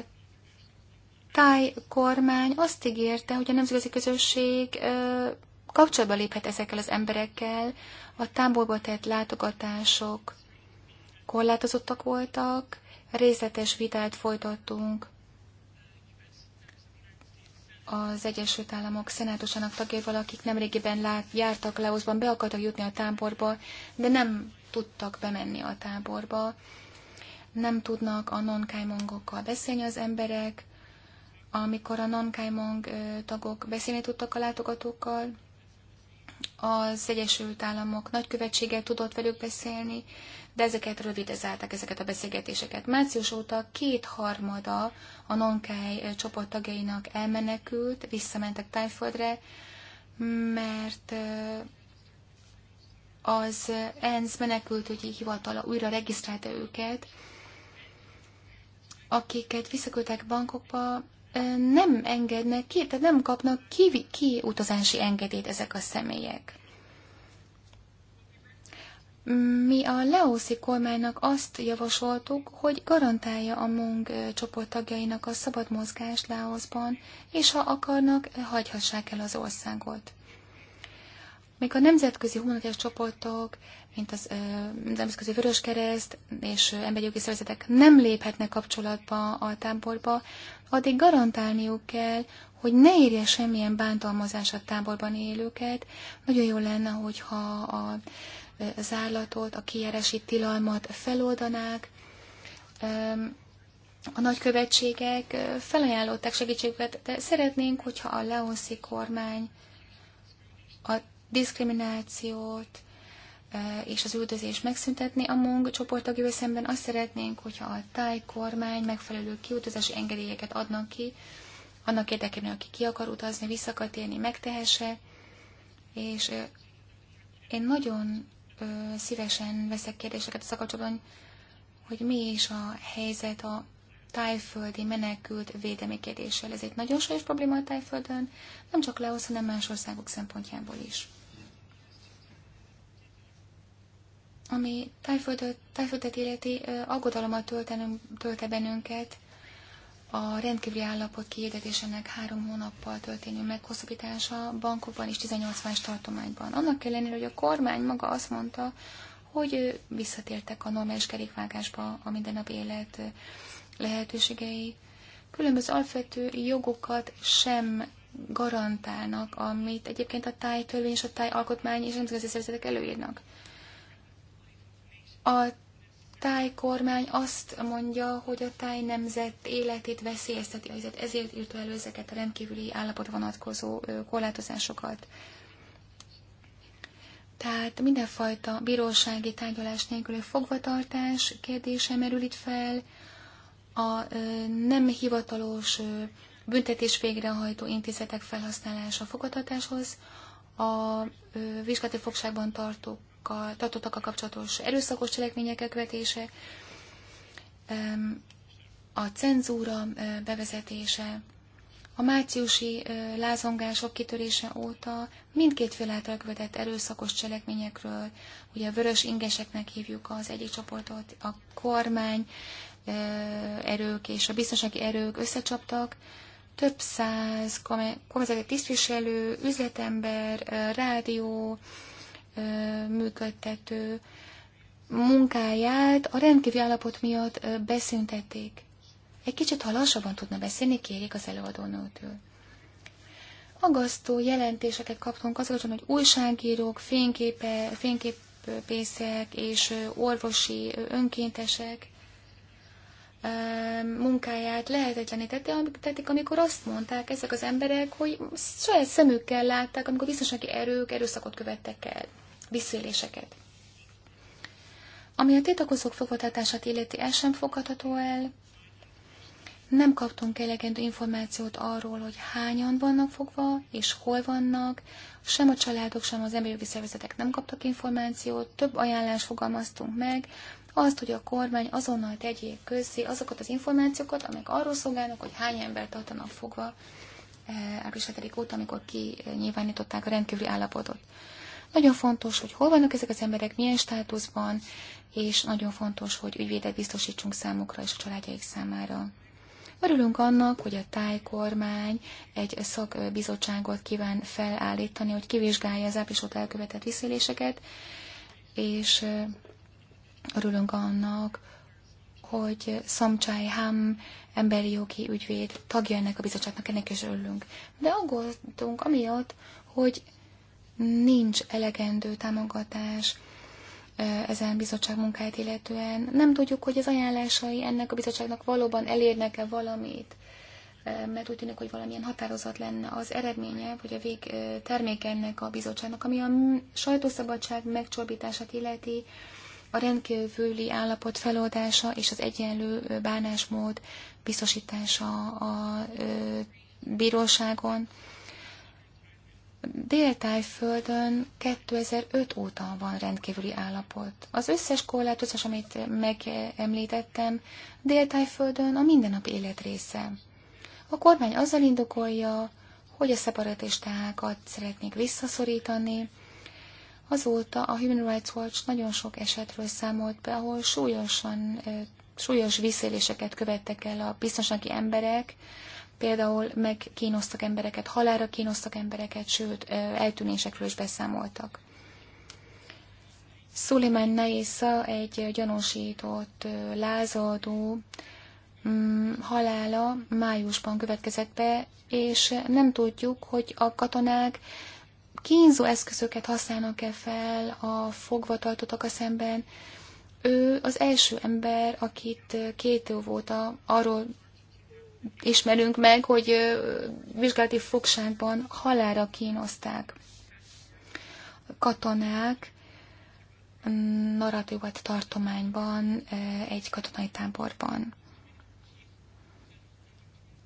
táj kormány azt ígérte, hogy a nemzetközi közösség kapcsolatba léphet ezekkel az emberekkel, a táborba tett látogatások korlátozottak voltak, részletes vitát folytattunk az Egyesült Államok szenátusának tagjaival, akik nemrégiben lát, jártak Laosban, be akartak jutni a táborba, de nem tudtak bemenni a táborba. Nem tudnak a non beszélni az emberek, amikor a non tagok beszélni tudtak a látogatókkal, az Egyesült Államok nagykövetsége tudott velük beszélni, de ezeket rövidezálták, ezeket a beszélgetéseket. Március óta kétharmada a Nonkáj eh, csoport tagjainak elmenekült, visszamentek Tájföldre, mert eh, az ENSZ menekültügyi hivatala újra regisztrálta őket, akiket visszaküldtek bankokba, nem engednek ki, tehát nem kapnak ki, ki utazási engedélyt ezek a személyek. Mi a leószi kormánynak azt javasoltuk, hogy garantálja a MONG csoporttagjainak a szabad mozgást Laosban, és ha akarnak, hagyhassák el az országot. Még a nemzetközi humanitárius csoportok, mint az ö, Nemzetközi Vöröskereszt és emberi jogi szervezetek nem léphetnek kapcsolatba a táborba, addig garantálniuk kell, hogy ne érje semmilyen bántalmazás a táborban élőket. Nagyon jó lenne, hogyha a, zárlatot, a kijárási tilalmat feloldanák. A nagykövetségek felajánlották segítségüket, de szeretnénk, hogyha a leonszi kormány a diszkriminációt, és az üldözést megszüntetni. A MONG csoporttagjával szemben azt szeretnénk, hogyha a táj kormány megfelelő kiutazási engedélyeket adnak ki, annak érdekében, aki ki akar utazni, vissza akar térni, megtehesse, és én nagyon szívesen veszek kérdéseket a szakacsodon, hogy mi is a helyzet a tájföldi menekült védelmi kérdéssel. Ez egy nagyon súlyos probléma a tájföldön, nem csak leosz, hanem más országok szempontjából is. ami tájföldöt, tájföldet illeti aggodalommal tölte bennünket a rendkívüli állapot kiirdetésének három hónappal történő meghosszabbítása bankokban és 18 más tartományban. Annak ellenére, hogy a kormány maga azt mondta, hogy visszatértek a normális kerékvágásba a mindennapi élet lehetőségei. Különböző alapvető jogokat sem garantálnak, amit egyébként a tájtörvény és a tájalkotmány és nemzetközi szervezetek előírnak. A táj kormány azt mondja, hogy a táj nemzet életét veszélyezteti a helyzet, ezért írta elő ezeket a rendkívüli állapot vonatkozó korlátozásokat. Tehát mindenfajta bírósági tárgyalás nélküli fogvatartás kérdése merül itt fel, a nem hivatalos büntetés végrehajtó intézetek felhasználása fogadhatáshoz, a vizsgálati fogságban tartók tartottakkal, tartottakkal kapcsolatos erőszakos cselekmények elkövetése, a cenzúra bevezetése, a márciusi lázongások kitörése óta mindkét fél által követett erőszakos cselekményekről, ugye a vörös ingeseknek hívjuk az egyik csoportot, a kormány erők és a biztonsági erők összecsaptak, több száz kormányzati tisztviselő, üzletember, rádió, működtető munkáját a rendkívüli állapot miatt beszüntették. Egy kicsit, ha lassabban tudna beszélni, kérjék az előadónőtől. Agasztó jelentéseket kaptunk azokon, hogy újságírók, fényképe, fényképészek és orvosi önkéntesek munkáját lehetetlenítették, amikor azt mondták ezek az emberek, hogy saját szemükkel látták, amikor biztonsági erők erőszakot követtek el visszéléseket. Ami a tiltakozók fogvatartását illeti, el sem fogadható el. Nem kaptunk elegendő információt arról, hogy hányan vannak fogva, és hol vannak. Sem a családok, sem az emberi szervezetek nem kaptak információt. Több ajánlást fogalmaztunk meg, azt, hogy a kormány azonnal tegyék közzé azokat az információkat, amelyek arról szolgálnak, hogy hány ember tartanak fogva eh, április 7 óta, amikor kinyilvánították a rendkívüli állapotot. Nagyon fontos, hogy hol vannak ezek az emberek, milyen státuszban, és nagyon fontos, hogy ügyvédet biztosítsunk számukra és a családjaik számára. Örülünk annak, hogy a tájkormány egy szakbizottságot kíván felállítani, hogy kivizsgálja az április óta elkövetett visszéléseket, és örülünk annak, hogy Szamcsáj Ham emberi jogi ügyvéd tagja ennek a bizottságnak, ennek is örülünk. De aggódunk amiatt, hogy nincs elegendő támogatás ezen bizottság munkáját illetően. Nem tudjuk, hogy az ajánlásai ennek a bizottságnak valóban elérnek-e valamit, mert úgy tűnik, hogy valamilyen határozat lenne az eredménye, vagy a vég termék ennek a bizottságnak, ami a sajtószabadság megcsorbítását illeti, a rendkívüli állapot feloldása és az egyenlő bánásmód biztosítása a bíróságon, dél 2005 óta van rendkívüli állapot. Az összes korlátozás, amit megemlítettem, dél a mindennapi élet része. A kormány azzal indokolja, hogy a szeparatistákat szeretnék visszaszorítani. Azóta a Human Rights Watch nagyon sok esetről számolt be, ahol súlyosan, súlyos visszéléseket követtek el a biztonsági emberek, Például megkínoztak embereket, halára kínoztak embereket, sőt, eltűnésekről is beszámoltak. Suleiman Naisa egy gyanúsított lázadó mm, halála májusban következett be, és nem tudjuk, hogy a katonák kínzó eszközöket használnak-e fel a fogvatartottak a szemben. Ő az első ember, akit két év óta arról ismerünk meg, hogy vizsgálati fogságban halára kínozták katonák, narratívat tartományban, egy katonai táborban.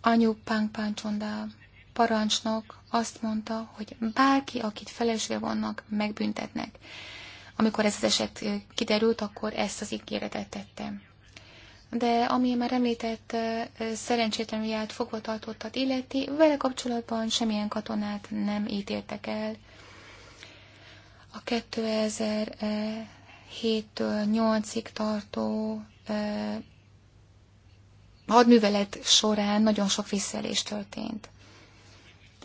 Anyu Pang Pancsonda parancsnok azt mondta, hogy bárki, akit felelősre vannak, megbüntetnek. Amikor ez az eset kiderült, akkor ezt az ígéretet tettem de ami már említett szerencsétlenül járt fogvatartottat illeti, vele kapcsolatban semmilyen katonát nem ítéltek el. A 2007-től 8-ig tartó hadművelet során nagyon sok visszaelés történt.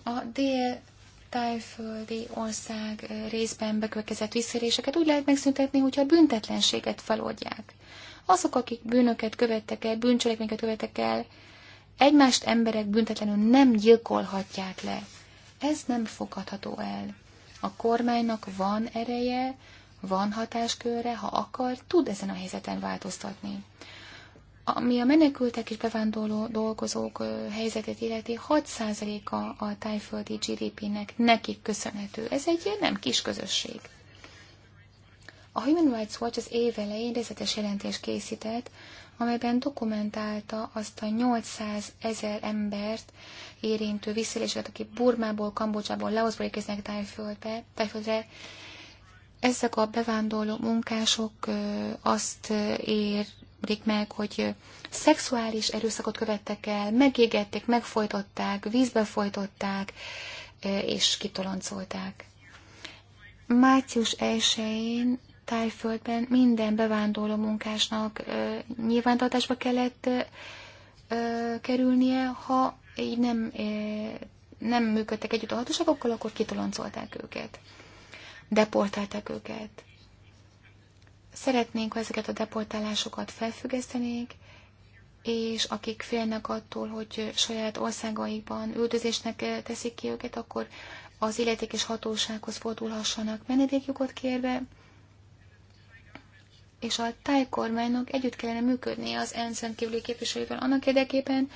A dél tájföldi ország részben bekövetkezett visszaéléseket úgy lehet megszüntetni, hogyha a büntetlenséget feloldják. Azok, akik bűnöket követtek el, bűncselekményeket követtek el, egymást emberek büntetlenül nem gyilkolhatják le. Ez nem fogadható el. A kormánynak van ereje, van hatáskörre, ha akar, tud ezen a helyzeten változtatni. Ami a menekültek és bevándorló dolgozók helyzetét illeti, 6%-a a, tájföldi GDP-nek nekik köszönhető. Ez egy nem kis közösség. A Human Rights Watch az év elején részletes jelentést készített, amelyben dokumentálta azt a 800 ezer embert érintő visszaéléseket, akik Burmából, Kambodzsából, Laosból érkeznek Tájföldbe, Tájföldre. Ezek a bevándorló munkások azt érik meg, hogy szexuális erőszakot követtek el, megégették, megfojtották, vízbe folytották, és kitoloncolták. Március 1-én Tájföldben minden bevándorló munkásnak ö, nyilvántartásba kellett ö, kerülnie, ha így nem, ö, nem működtek együtt a hatóságokkal, akkor kitoloncolták őket. Deportálták őket. Szeretnénk, ha ezeket a deportálásokat felfüggesztenék, és akik félnek attól, hogy saját országaikban üldözésnek teszik ki őket, akkor az illetékes hatósághoz fordulhassanak menedékjogot kérve, és a tájkormánynak együtt kellene működnie az ENSZ rendkívüli képviselővel annak érdekében,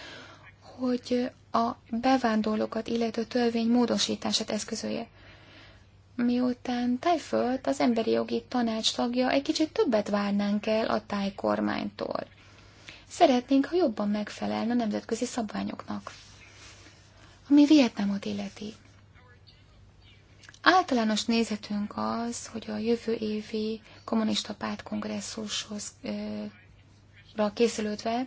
hogy a bevándorlókat illető törvény módosítását eszközölje. Miután Tájföld az emberi jogi tanács tagja, egy kicsit többet várnánk el a tájkormánytól. Szeretnénk, ha jobban megfelelne a nemzetközi szabványoknak. Ami Vietnámot illeti. Általános nézetünk az, hogy a jövő évi kommunista pártkongresszushoz készülődve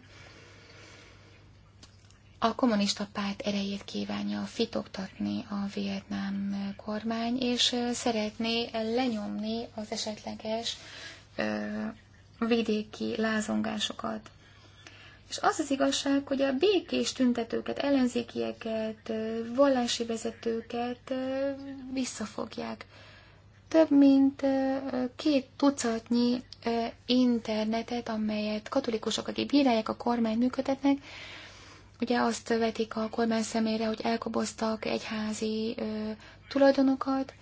a kommunista párt erejét kívánja fitoktatni a vietnám kormány, és szeretné lenyomni az esetleges vidéki lázongásokat. És az az igazság, hogy a békés tüntetőket, ellenzékieket, vallási vezetőket visszafogják. Több mint két tucatnyi internetet, amelyet katolikusok, akik bírálják a kormány működtetnek, ugye azt vetik a kormány szemére, hogy elkoboztak egyházi tulajdonokat,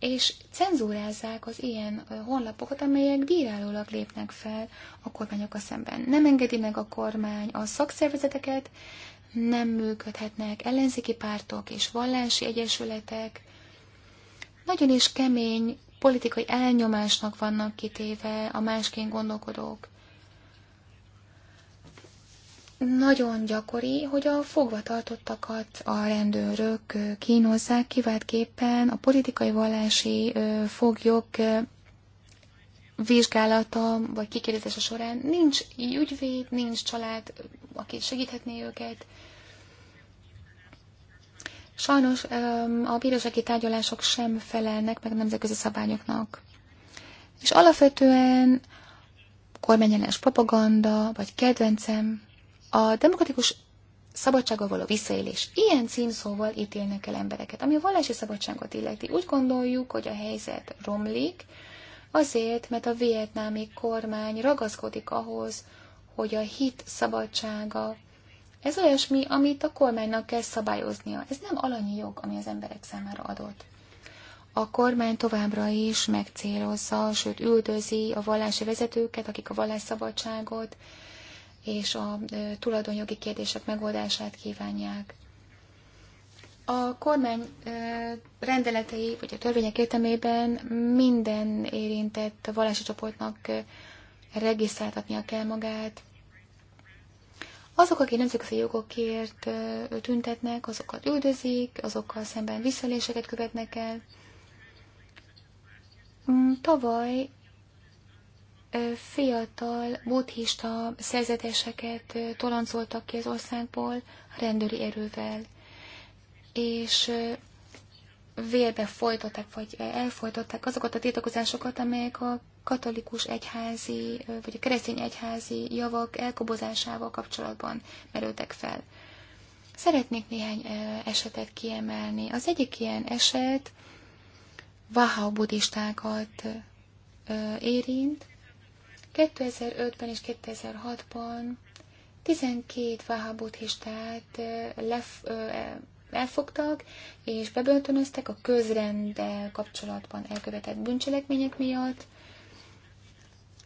és cenzúrázzák az ilyen honlapokat, amelyek bírálólag lépnek fel a a szemben. Nem engedi meg a kormány a szakszervezeteket, nem működhetnek ellenzéki pártok és vallási egyesületek. Nagyon is kemény politikai elnyomásnak vannak kitéve a másként gondolkodók. Nagyon gyakori, hogy a fogvatartottakat a rendőrök kínozzák, kiváltképpen a politikai vallási foglyok vizsgálata vagy kikérdezése során nincs ügyvéd, nincs család, aki segíthetné őket. Sajnos a bírósági tárgyalások sem felelnek meg nemzetközi szabályoknak. És alapvetően kormányellenes propaganda, vagy kedvencem, a demokratikus szabadsággal való visszaélés. Ilyen címszóval ítélnek el embereket. Ami a vallási szabadságot illeti, úgy gondoljuk, hogy a helyzet romlik, azért, mert a vietnámi kormány ragaszkodik ahhoz, hogy a hit szabadsága ez olyasmi, amit a kormánynak kell szabályoznia. Ez nem alanyi jog, ami az emberek számára adott. A kormány továbbra is megcélozza, sőt üldözi a vallási vezetőket, akik a vallásszabadságot, és a tulajdonjogi kérdések megoldását kívánják. A kormány rendeletei, vagy a törvények értelmében minden érintett vallási csoportnak regisztráltatnia kell magát. Azok, akik nemzetközi jogokért tüntetnek, azokat üldözik, azokkal szemben visszaléseket követnek el. Mm, tavaly fiatal buddhista szerzeteseket toloncoltak ki az országból rendőri erővel, és vérbe folytották, vagy elfolytották azokat a tiltakozásokat, amelyek a katolikus egyházi, vagy a keresztény egyházi javak elkobozásával kapcsolatban merültek fel. Szeretnék néhány esetet kiemelni. Az egyik ilyen eset Vaha buddhistákat érint, 2005-ben és 2006-ban 12 vahabutistát lef, elfogtak és bebörtönöztek a közrenddel kapcsolatban elkövetett bűncselekmények miatt.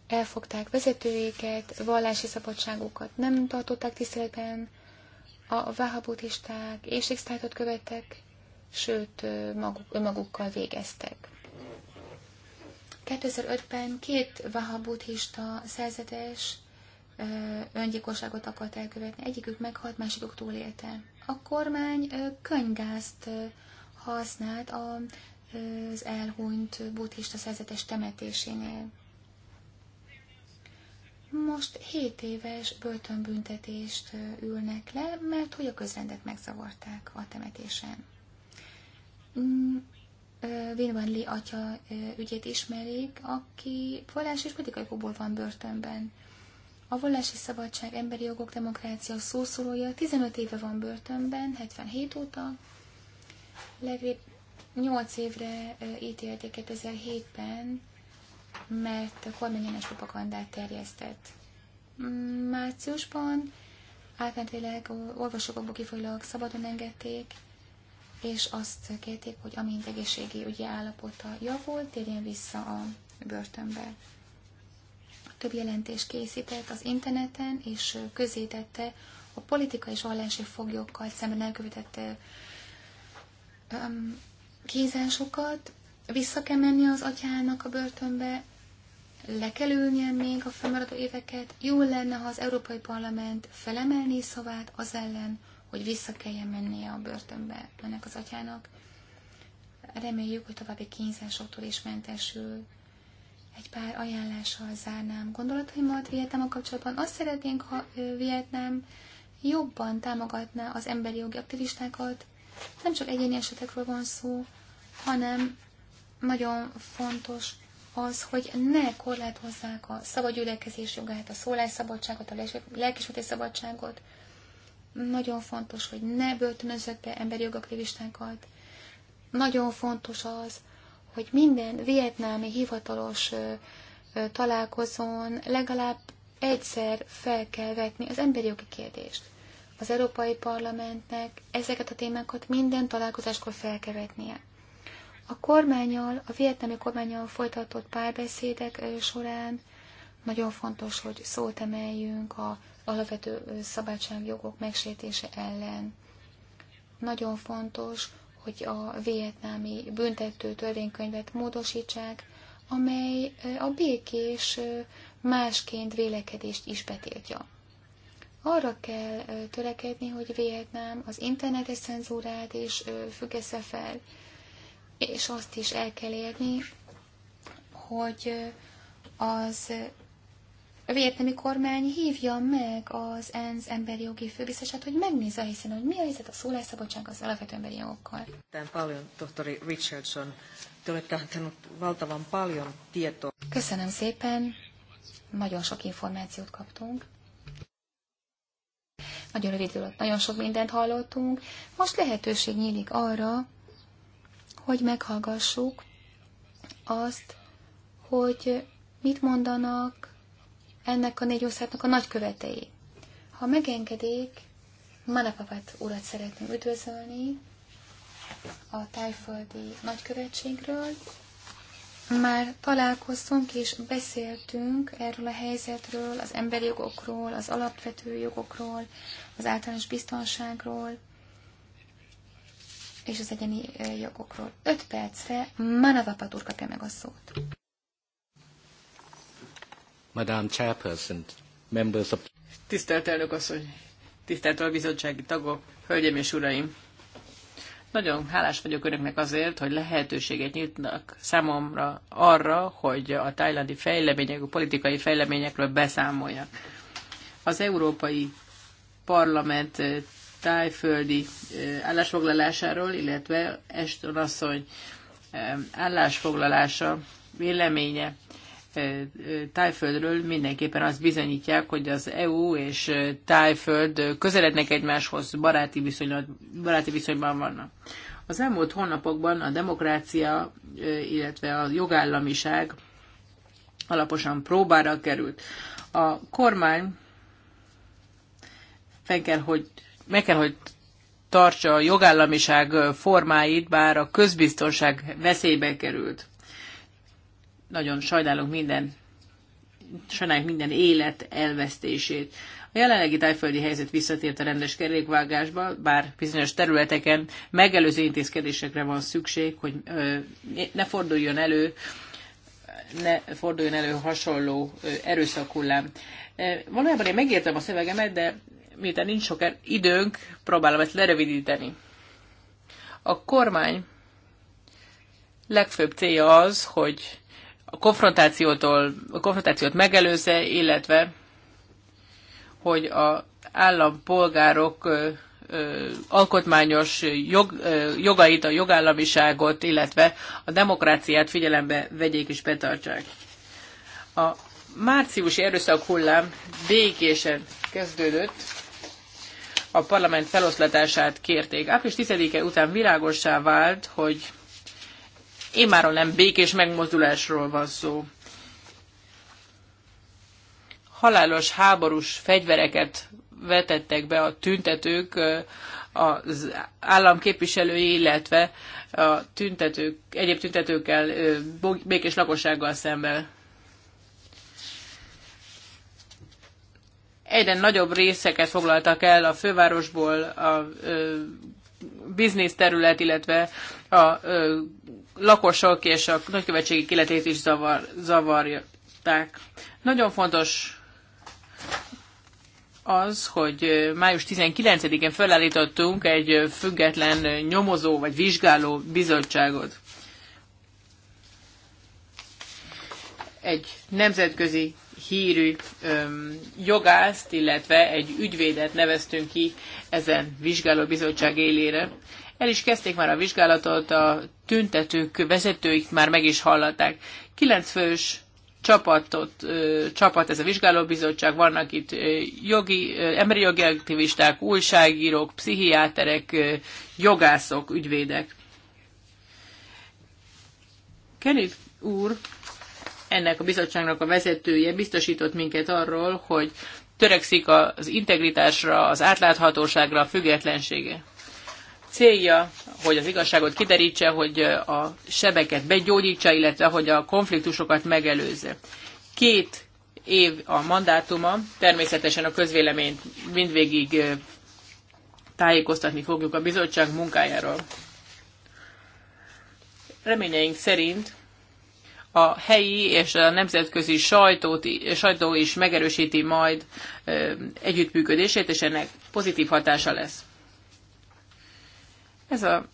Elfogták vezetőiket, vallási szabadságukat nem tartották tiszteletben, a vahabutisták éjségsztájtot követtek, sőt maguk, önmagukkal végeztek. 2005-ben két vahabuddhista szerzetes öngyilkosságot akart elkövetni. Egyikük meghalt, másikuk túlélte. A kormány könygázt használt az elhunyt buddhista szerzetes temetésénél. Most 7 éves börtönbüntetést ülnek le, mert hogy a közrendet megzavarták a temetésen. Mm, Vinvan Lee atya ügyét ismerik, aki vallás és politikai kóból van börtönben. A vallási szabadság, emberi jogok, demokrácia szószólója 15 éve van börtönben, 77 óta. Legrébb 8 évre ítélték 2007-ben, mert kormányellenes propagandát terjesztett. Márciusban átmentileg olvasókokból kifolyólag szabadon engedték, és azt kérték, hogy amint egészségi ügyi állapota javult, térjen vissza a börtönbe. Több jelentést készített az interneten, és közétette a politika és vallási foglyokkal szemben elkövetett um, kézásokat, Vissza kell menni az atyának a börtönbe, le kell ülnie még a fennmaradó éveket. Jó lenne, ha az Európai Parlament felemelné szavát az ellen, hogy vissza kelljen mennie a börtönbe ennek az atyának. Reméljük, hogy további kínzásoktól is mentesül. Egy pár ajánlással zárnám gondolataimat a kapcsolatban. Azt szeretnénk, ha Vietnám jobban támogatná az emberi jogi aktivistákat. Nem csak egyéni esetekről van szó, hanem nagyon fontos az, hogy ne korlátozzák a szabad gyülekezés jogát, a szólásszabadságot, a lelkismereti szabadságot, nagyon fontos, hogy ne börtönözzek be emberi jogaktivistánkat. Nagyon fontos az, hogy minden vietnámi hivatalos találkozón legalább egyszer fel kell vetni az emberi jogi kérdést. Az Európai Parlamentnek ezeket a témákat minden találkozáskor fel kell vetnie. A kormányal, a vietnámi kormányal folytatott párbeszédek során nagyon fontos, hogy szót emeljünk a alapvető szabadságjogok megsértése ellen. Nagyon fontos, hogy a vietnámi büntető törvénykönyvet módosítsák, amely a békés másként vélekedést is betiltja. Arra kell törekedni, hogy Vietnám az internetes cenzúrát is függesze fel, és azt is el kell érni, hogy az a vietnami kormány hívja meg az ENSZ emberi jogi főbiztosát, hogy megnézze, hiszen hogy mi a helyzet a szólásszabadság az alapvető emberi jogokkal. Tän paljon, tohtori Richardson. Te valtavan paljon tieto. Köszönöm szépen. Nagyon sok információt kaptunk. Nagyon rövid alatt nagyon sok mindent hallottunk. Most lehetőség nyílik arra, hogy meghallgassuk azt, hogy mit mondanak ennek a négy országnak a nagykövetei. Ha megengedik, Manapapát urat szeretném üdvözölni a tájföldi nagykövetségről. Már találkoztunk és beszéltünk erről a helyzetről, az emberi jogokról, az alapvető jogokról, az általános biztonságról és az egyeni eh, jogokról. Öt percre Manapapát úr kapja meg a szót. Chairperson, members of... Tisztelt elnök asszony, tisztelt a bizottsági tagok, hölgyeim és uraim! Nagyon hálás vagyok önöknek azért, hogy lehetőséget nyitnak számomra arra, hogy a tájlandi fejlemények, a politikai fejleményekről beszámoljak. Az Európai Parlament eh, tájföldi eh, állásfoglalásáról, illetve Eston asszony eh, állásfoglalása, véleménye Tájföldről mindenképpen azt bizonyítják, hogy az EU és Tájföld közelednek egymáshoz, baráti, baráti viszonyban vannak. Az elmúlt hónapokban a demokrácia, illetve a jogállamiság alaposan próbára került. A kormány fel kell, hogy, meg kell, hogy tartsa a jogállamiság formáit, bár a közbiztonság veszélybe került. Nagyon sajnálunk minden, sajnáljuk minden élet elvesztését. A jelenlegi tájföldi helyzet visszatért a rendes kerékvágásba, bár bizonyos területeken megelőző intézkedésekre van szükség, hogy ne forduljon elő, ne forduljon elő hasonló erőszakullám. Valójában én megértem a szövegemet, de miután nincs sok időnk, próbálom ezt lerövidíteni. A kormány legfőbb célja az, hogy a konfrontációtól, a konfrontációt megelőzze, illetve hogy a állampolgárok alkotmányos jog, jogait, a jogállamiságot, illetve a demokráciát figyelembe vegyék és betartsák. A márciusi erőszak hullám békésen kezdődött, a parlament feloszlatását kérték. Április 10-e után világossá vált, hogy Imáron nem békés megmozdulásról van szó. Halálos háborús fegyvereket vetettek be a tüntetők, az államképviselői, illetve a tüntetők, egyéb tüntetőkkel, békés lakossággal szemben. Egyre nagyobb részeket foglaltak el a fővárosból, a biznisz terület, illetve a lakosok és a nagykövetségi kiletét is zavar, zavarták. Nagyon fontos az, hogy május 19-én felállítottunk egy független nyomozó vagy vizsgáló bizottságot. Egy nemzetközi hírű öm, jogászt, illetve egy ügyvédet neveztünk ki ezen vizsgálóbizottság élére. El is kezdték már a vizsgálatot, a tüntetők vezetőik már meg is hallatták. Kilenc fős csapatot, csapat, ez a vizsgálóbizottság, vannak itt jogi, emberi jogi aktivisták, újságírók, pszichiáterek, jogászok, ügyvédek. Kenneth úr, ennek a bizottságnak a vezetője biztosított minket arról, hogy törekszik az integritásra, az átláthatóságra, a függetlensége célja, hogy az igazságot kiderítse, hogy a sebeket begyógyítsa, illetve hogy a konfliktusokat megelőzze. Két év a mandátuma, természetesen a közvéleményt mindvégig tájékoztatni fogjuk a bizottság munkájáról. Reményeink szerint a helyi és a nemzetközi sajtót, sajtó is megerősíti majd együttműködését, és ennek pozitív hatása lesz. Ez a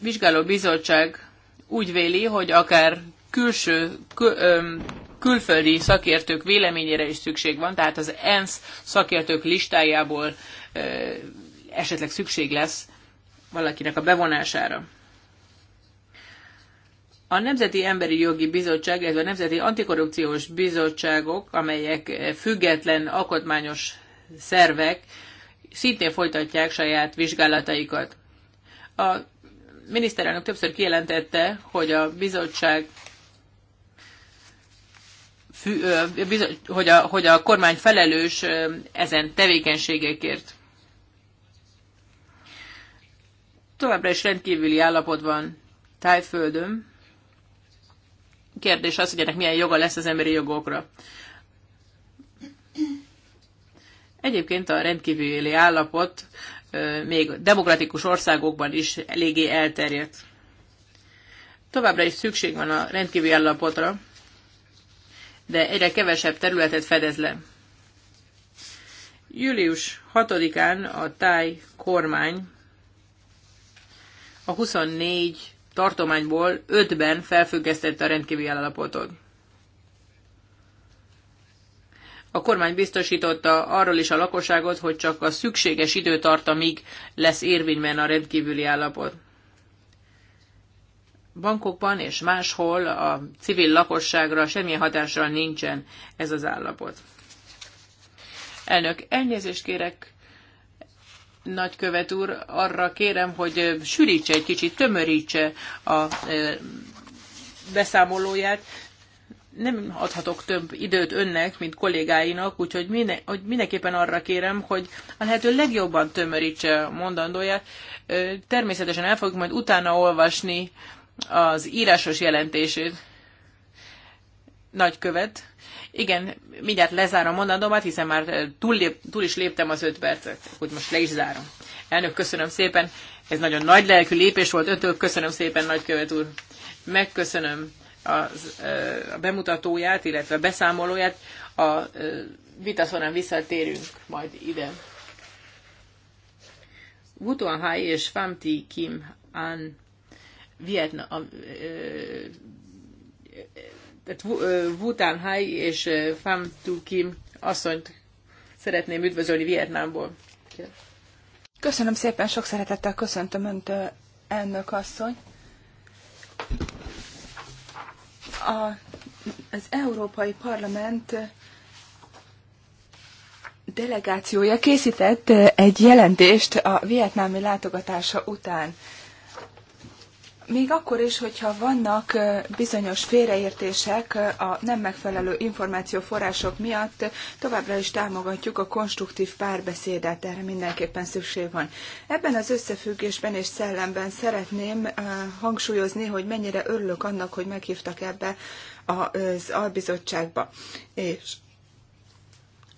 vizsgáló bizottság úgy véli, hogy akár külső, kül, öm, külföldi szakértők véleményére is szükség van, tehát az ENSZ szakértők listájából ö, esetleg szükség lesz valakinek a bevonására. A Nemzeti Emberi Jogi Bizottság, ez a Nemzeti Antikorrupciós Bizottságok, amelyek független alkotmányos szervek, szintén folytatják saját vizsgálataikat. A miniszterelnök többször kijelentette, hogy a bizottság hogy a, hogy a kormány felelős ezen tevékenységekért. Továbbra is rendkívüli állapot van Tájföldön. Kérdés az, hogy ennek milyen joga lesz az emberi jogokra. Egyébként a rendkívüli állapot még demokratikus országokban is eléggé elterjedt. Továbbra is szükség van a rendkívüli állapotra, de egyre kevesebb területet fedez le. Július 6-án a táj kormány a 24 tartományból 5-ben felfüggesztette a rendkívüli állapotot. A kormány biztosította arról is a lakosságot, hogy csak a szükséges időtartamig lesz érvényben a rendkívüli állapot. Bankokban és máshol a civil lakosságra semmilyen hatással nincsen ez az állapot. Elnök, elnézést kérek, nagykövet úr, arra kérem, hogy sűrítse egy kicsit, tömörítse a beszámolóját nem adhatok több időt önnek, mint kollégáinak, úgyhogy minden, hogy mindenképpen arra kérem, hogy a lehető legjobban tömörítse a mondandóját. Természetesen el fogjuk majd utána olvasni az írásos jelentését. Nagykövet. Igen, mindjárt lezárom mondandómat, hiszen már túl, lép, túl is léptem az öt percet, hogy most le is zárom. Elnök, köszönöm szépen. Ez nagyon nagy lelkű lépés volt Ötök, Köszönöm szépen, nagykövet úr. Megköszönöm az, a bemutatóját, illetve a beszámolóját. A vita során visszatérünk majd ide. Wutuan Hai és Famti Kim An Vietnam, tehát Wutan Hai és Pham Tu Kim asszonyt szeretném üdvözölni Vietnámból. Köszönöm szépen, sok szeretettel köszöntöm Önt, elnök asszony. A, az Európai Parlament delegációja készített eh, egy jelentést a vietnámi látogatása után még akkor is, hogyha vannak bizonyos félreértések a nem megfelelő információforrások miatt, továbbra is támogatjuk a konstruktív párbeszédet, erre mindenképpen szükség van. Ebben az összefüggésben és szellemben szeretném hangsúlyozni, hogy mennyire örülök annak, hogy meghívtak ebbe az albizottságba. És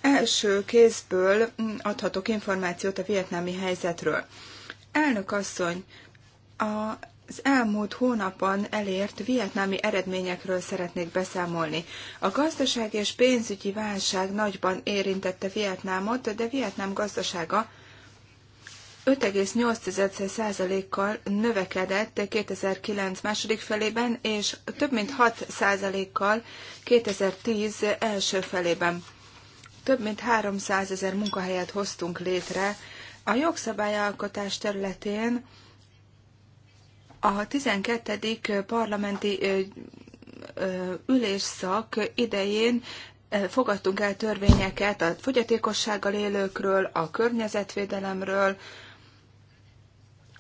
első kézből adhatok információt a vietnámi helyzetről. Elnök asszony, a az elmúlt hónapban elért vietnámi eredményekről szeretnék beszámolni. A gazdaság és pénzügyi válság nagyban érintette Vietnámot, de Vietnám gazdasága 5,8%-kal növekedett 2009 második felében, és több mint 6%-kal 2010 első felében. Több mint 300 ezer munkahelyet hoztunk létre. A jogszabályalkotás területén a 12. parlamenti ülésszak idején fogadtunk el törvényeket a fogyatékossággal élőkről, a környezetvédelemről,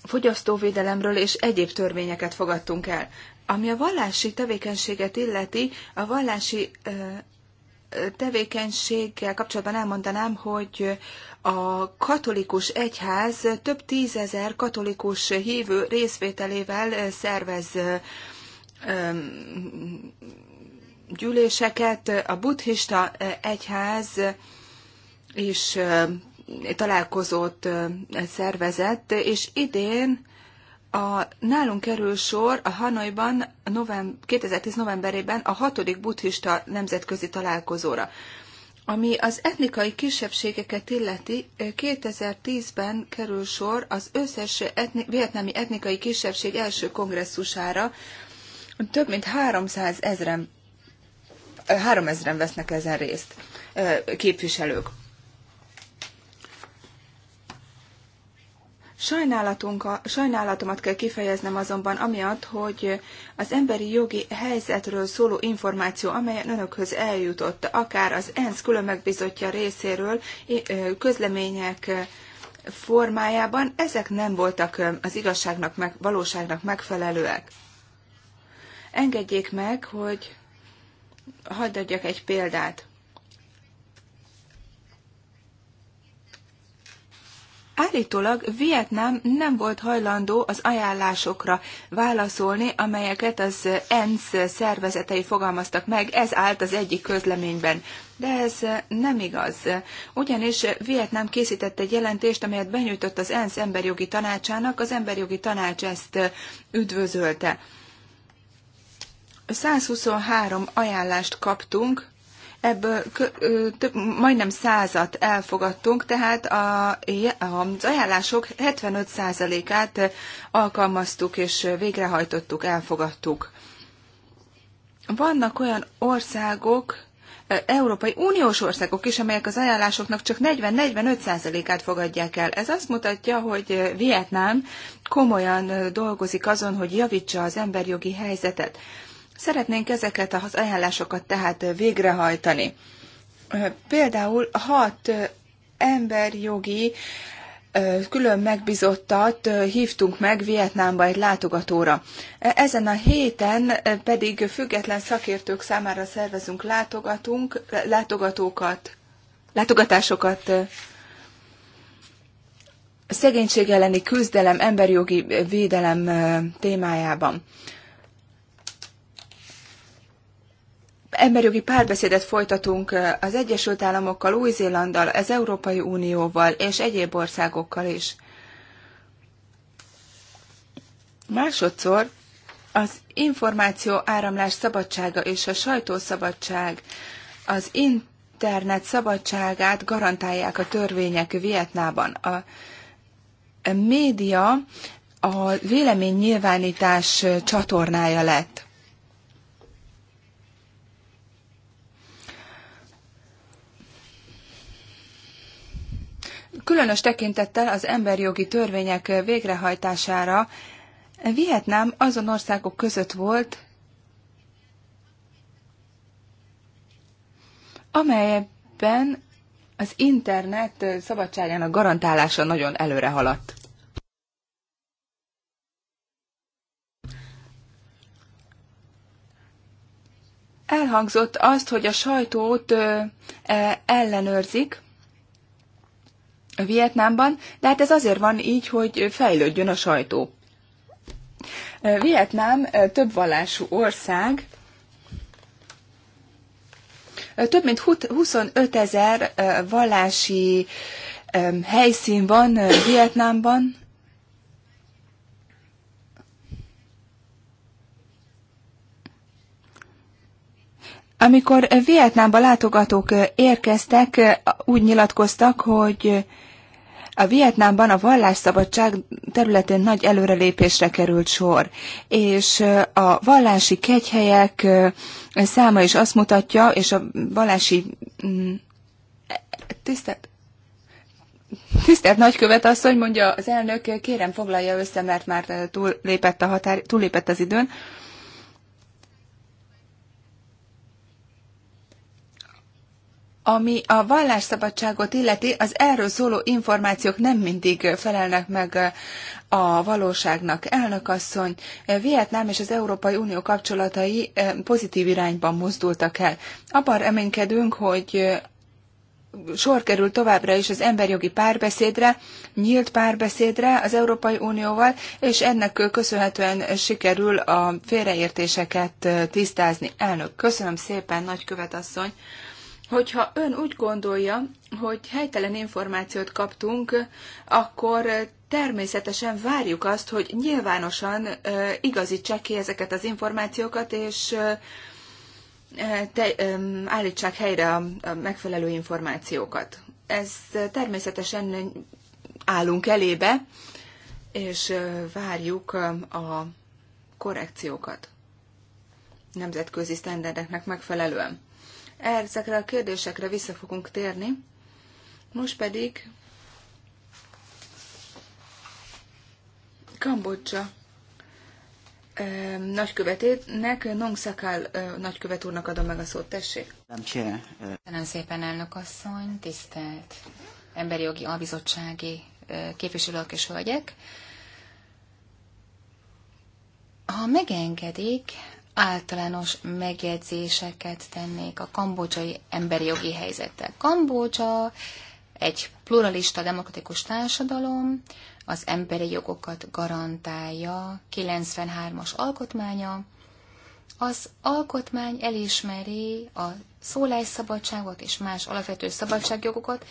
fogyasztóvédelemről és egyéb törvényeket fogadtunk el. Ami a vallási tevékenységet illeti, a vallási tevékenységgel kapcsolatban elmondanám, hogy a katolikus egyház több tízezer katolikus hívő részvételével szervez gyűléseket. A buddhista egyház is találkozót szervezett, és idén a, nálunk kerül sor a Hanoiban novemb, 2010 novemberében a hatodik buddhista nemzetközi találkozóra. Ami az etnikai kisebbségeket illeti, 2010-ben kerül sor az összes etni, vietnámi etnikai kisebbség első kongresszusára. Több mint 300 ezren, 3000-en vesznek ezen részt képviselők. Sajnálatomat kell kifejeznem azonban amiatt, hogy az emberi jogi helyzetről szóló információ, amely önökhöz eljutott, akár az ENSZ különmegbizotja részéről közlemények formájában, ezek nem voltak az igazságnak, meg, valóságnak megfelelőek. Engedjék meg, hogy hadd adjak egy példát. Állítólag Vietnám nem volt hajlandó az ajánlásokra válaszolni, amelyeket az ENSZ szervezetei fogalmaztak meg, ez állt az egyik közleményben. De ez nem igaz, ugyanis Vietnám készített egy jelentést, amelyet benyújtott az ENSZ emberjogi tanácsának, az emberjogi tanács ezt üdvözölte. 123 ajánlást kaptunk, ebből több, majdnem százat elfogadtunk, tehát a, az ajánlások 75%-át alkalmaztuk és végrehajtottuk, elfogadtuk. Vannak olyan országok, Európai Uniós országok is, amelyek az ajánlásoknak csak 40-45%-át fogadják el. Ez azt mutatja, hogy Vietnám komolyan dolgozik azon, hogy javítsa az emberjogi helyzetet. Szeretnénk ezeket az ajánlásokat tehát végrehajtani. Például hat emberjogi külön megbizottat hívtunk meg Vietnámba egy látogatóra. Ezen a héten pedig független szakértők számára szervezünk látogatunk, látogatókat, látogatásokat szegénység elleni küzdelem, emberjogi védelem témájában. emberjogi párbeszédet folytatunk eh, az Egyesült Államokkal, Új-Zélanddal, az Európai Unióval és egyéb országokkal is. Másodszor az információ áramlás szabadsága és a sajtószabadság, az internet szabadságát garantálják a törvények Vietnában. A média a nyilvánítás csatornája lett. különös tekintettel az emberjogi törvények végrehajtására Vietnám azon országok között volt, amelyben az internet szabadságának garantálása nagyon előre haladt. Elhangzott azt, hogy a sajtót e, ellenőrzik, Vietnámban, de hát ez azért van így, hogy fejlődjön a sajtó. Vietnám több vallású ország, több mint 25 ezer vallási helyszín van Vietnámban, Amikor Vietnámba látogatók érkeztek, úgy nyilatkoztak, hogy a Vietnámban a vallásszabadság területén nagy előrelépésre került sor, és a vallási kegyhelyek száma is azt mutatja, és a vallási mm, tisztelt Tisztelt nagykövet hogy mondja az elnök, kérem foglalja össze, mert már túllépett, a határ, túllépett az időn. Ami a vallásszabadságot illeti, az erről szóló információk nem mindig felelnek meg a valóságnak. Elnökasszony, Vietnám és az Európai Unió kapcsolatai pozitív irányban mozdultak el. Abban reménykedünk, hogy sor kerül továbbra is az emberjogi párbeszédre, nyílt párbeszédre az Európai Unióval, és ennek köszönhetően sikerül a félreértéseket tisztázni. Elnök, köszönöm szépen, nagykövet asszony. Hogyha ön úgy gondolja, hogy helytelen információt kaptunk, akkor természetesen várjuk azt, hogy nyilvánosan igazítsák ki ezeket az információkat, és te, állítsák helyre a, a megfelelő információkat. Ez természetesen állunk elébe, és várjuk a korrekciókat nemzetközi sztenderdeknek megfelelően. Ezekre a kérdésekre vissza fogunk térni. Most pedig Kambodzsa nagykövetének, Nong Szakál nagykövet úrnak adom meg a szót, tessék. Köszönöm szépen, elnök asszony, tisztelt emberi jogi albizottsági képviselők és hölgyek. Ha megengedik, általános megjegyzéseket tennék a kambodzsai emberi jogi helyzettel. Kambodzsa egy pluralista demokratikus társadalom, az emberi jogokat garantálja 93-as alkotmánya. Az alkotmány elismeri a szólásszabadságot és más alapvető szabadságjogokat.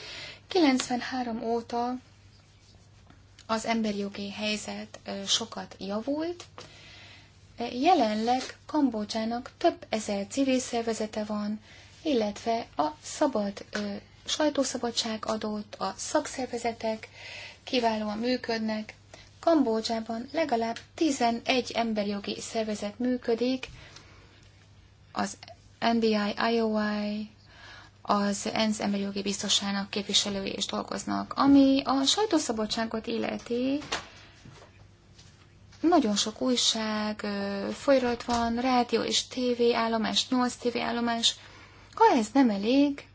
93 óta az emberi jogi helyzet sokat javult, Jelenleg Kambodzsának több ezer civil szervezete van, illetve a szabad ö, sajtószabadság adott, a szakszervezetek kiválóan működnek. Kambodzsában legalább 11 emberjogi szervezet működik, az NBI, IOI, az ENSZ emberi jogi biztosának képviselői is dolgoznak. Ami a sajtószabadságot illeti, nagyon sok újság, folyrat van, rádió és állomás, 8 állomás, Ha ez nem elég,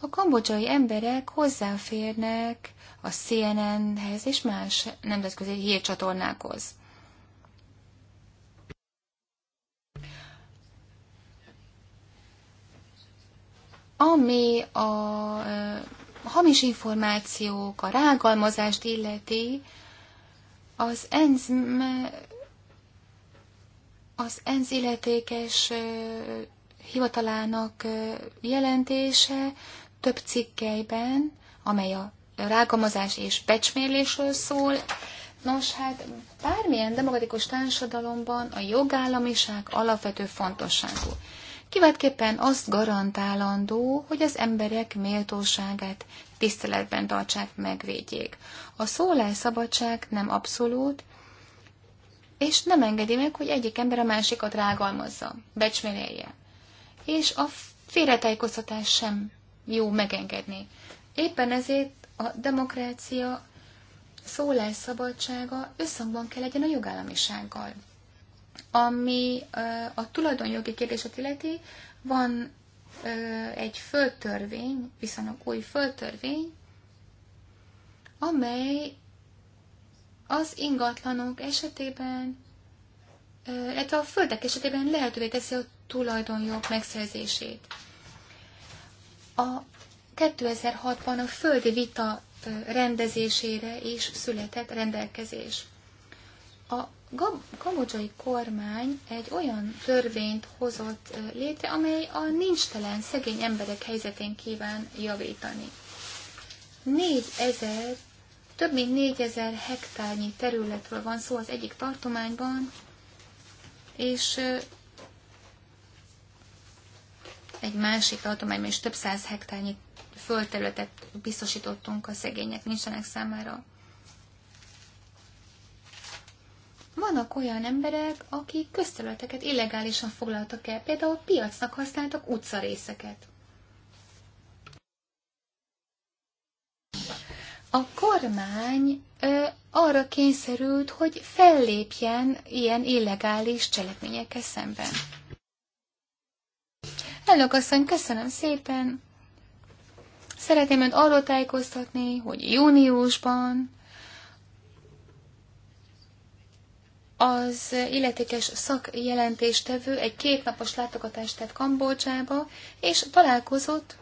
a kambodzsai emberek hozzáférnek a CNN-hez és más nemzetközi hírcsatornákhoz. Ami a hamis információk, a rágalmazást illeti, az ENSZ, az ENSZ illetékes hivatalának jelentése több cikkeiben, amely a rágalmazás és becsmérlésről szól. Nos, hát bármilyen demokratikus társadalomban a jogállamiság alapvető fontosságú. Kiváltképpen azt garantálandó, hogy az emberek méltóságát tiszteletben tartsák, megvédjék. A szólásszabadság nem abszolút, és nem engedi meg, hogy egyik ember a másikat rágalmazza, becsmérelje. És a félretájékoztatás sem jó megengedni. Éppen ezért a demokrácia szólás szabadsága összhangban kell legyen a jogállamisággal. Ami a tulajdonjogi kérdéset illeti, van egy földtörvény, viszonylag új földtörvény, amely az ingatlanok esetében, illetve a földek esetében lehetővé teszi a tulajdonjog megszerzését. A 2006-ban a földi vita rendezésére is született rendelkezés. A kambodzsai kormány egy olyan törvényt hozott létre, amely a nincstelen szegény emberek helyzetén kíván javítani. 4000, több mint 4000 hektárnyi területről van szó az egyik tartományban, és egy másik tartományban is több száz hektárnyi földterületet biztosítottunk a szegények nincsenek számára. Vannak olyan emberek, akik közterületeket illegálisan foglaltak el, például piacnak használtak utcarészeket. A kormány ö, arra kényszerült, hogy fellépjen ilyen illegális cselekményekkel szemben. Elnök asszony, köszönöm szépen! Szeretném önt arról tájékoztatni, hogy júniusban az illetékes szakjelentéstevő egy kétnapos látogatást tett Kambodzsába, és találkozott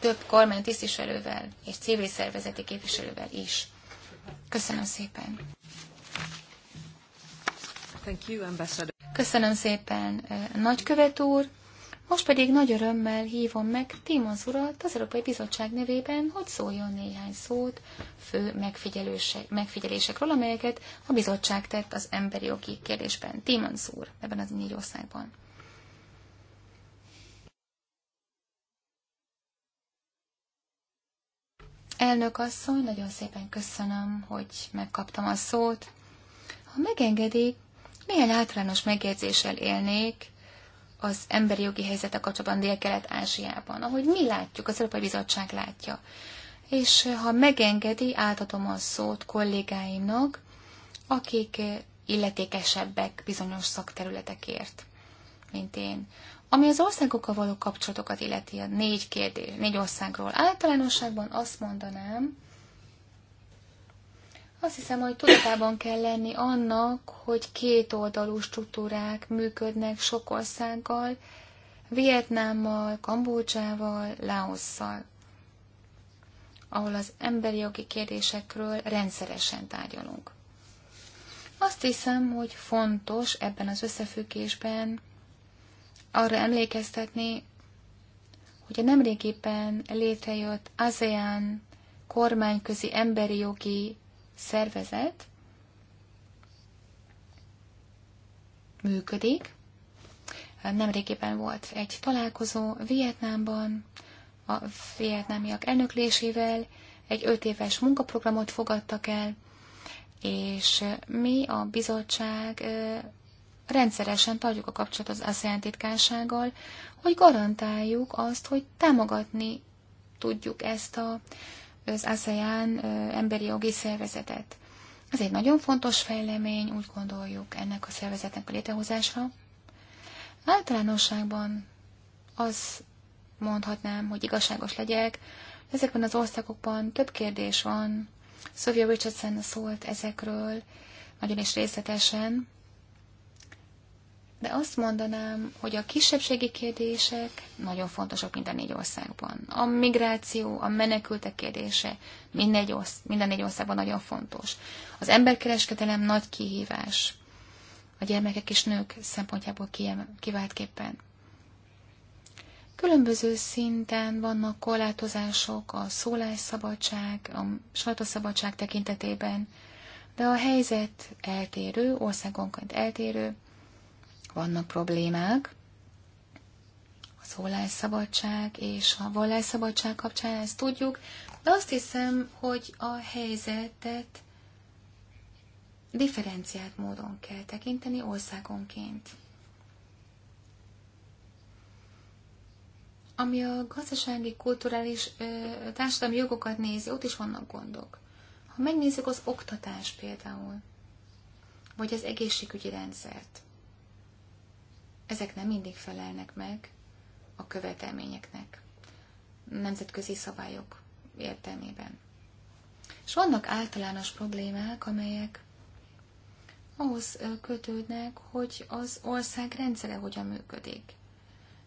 több kormány tisztviselővel és civil szervezeti képviselővel is. Köszönöm szépen! Thank you, Köszönöm szépen, eh, nagykövet úr! Most pedig nagy örömmel hívom meg Timoz urat az Európai Bizottság nevében, hogy szóljon néhány szót fő megfigyelésekről, amelyeket a bizottság tett az emberi jogi kérdésben. Timoz úr ebben az négy országban. Elnök asszony, nagyon szépen köszönöm, hogy megkaptam a szót. Ha megengedik, milyen általános megjegyzéssel élnék, az emberi jogi helyzete kapcsolatban Dél-Kelet-Ázsiában, ahogy mi látjuk, az Európai Bizottság látja. És eh, ha megengedi, átadom a szót kollégáimnak, akik eh, illetékesebbek bizonyos szakterületekért, mint én. Ami az országokkal való kapcsolatokat illeti, a négy kérdés, négy országról általánosságban azt mondanám, azt hiszem, hogy tudatában kell lenni annak, hogy kétoldalú struktúrák működnek sok országgal, Vietnámmal, Kambodzsával, Laosszal, ahol az emberi jogi kérdésekről rendszeresen tárgyalunk. Azt hiszem, hogy fontos ebben az összefüggésben arra emlékeztetni, hogy a nemrégiben létrejött ASEAN kormányközi emberi jogi szervezet működik. Nemrégiben volt egy találkozó Vietnámban, a vietnámiak elnöklésével egy öt éves munkaprogramot fogadtak el, és mi a bizottság rendszeresen tartjuk a kapcsolatot az ASEAN titkársággal, hogy garantáljuk azt, hogy támogatni tudjuk ezt a az ASEAN emberi jogi szervezetet. Ez egy nagyon fontos fejlemény, úgy gondoljuk, ennek a szervezetnek a létrehozásra. Általánosságban az mondhatnám, hogy igazságos legyek, ezekben az országokban több kérdés van. Sylvia Richardson szólt ezekről, nagyon is részletesen de azt mondanám, hogy a kisebbségi kérdések nagyon fontosak minden négy országban. A migráció, a menekültek kérdése minden négy, országban nagyon fontos. Az emberkereskedelem nagy kihívás a gyermekek és nők szempontjából kiváltképpen. Különböző szinten vannak korlátozások a szólásszabadság, a sajtószabadság tekintetében, de a helyzet eltérő, országonként eltérő, vannak problémák. A szólásszabadság és a vallásszabadság kapcsán ezt tudjuk, de azt hiszem, hogy a helyzetet differenciált módon kell tekinteni országonként. Ami a gazdasági, kulturális, társadalmi jogokat nézi, ott is vannak gondok. Ha megnézzük az oktatást például, vagy az egészségügyi rendszert, ezek nem mindig felelnek meg a követelményeknek, nemzetközi szabályok értelmében. És vannak általános problémák, amelyek ahhoz kötődnek, hogy az ország rendszere hogyan működik.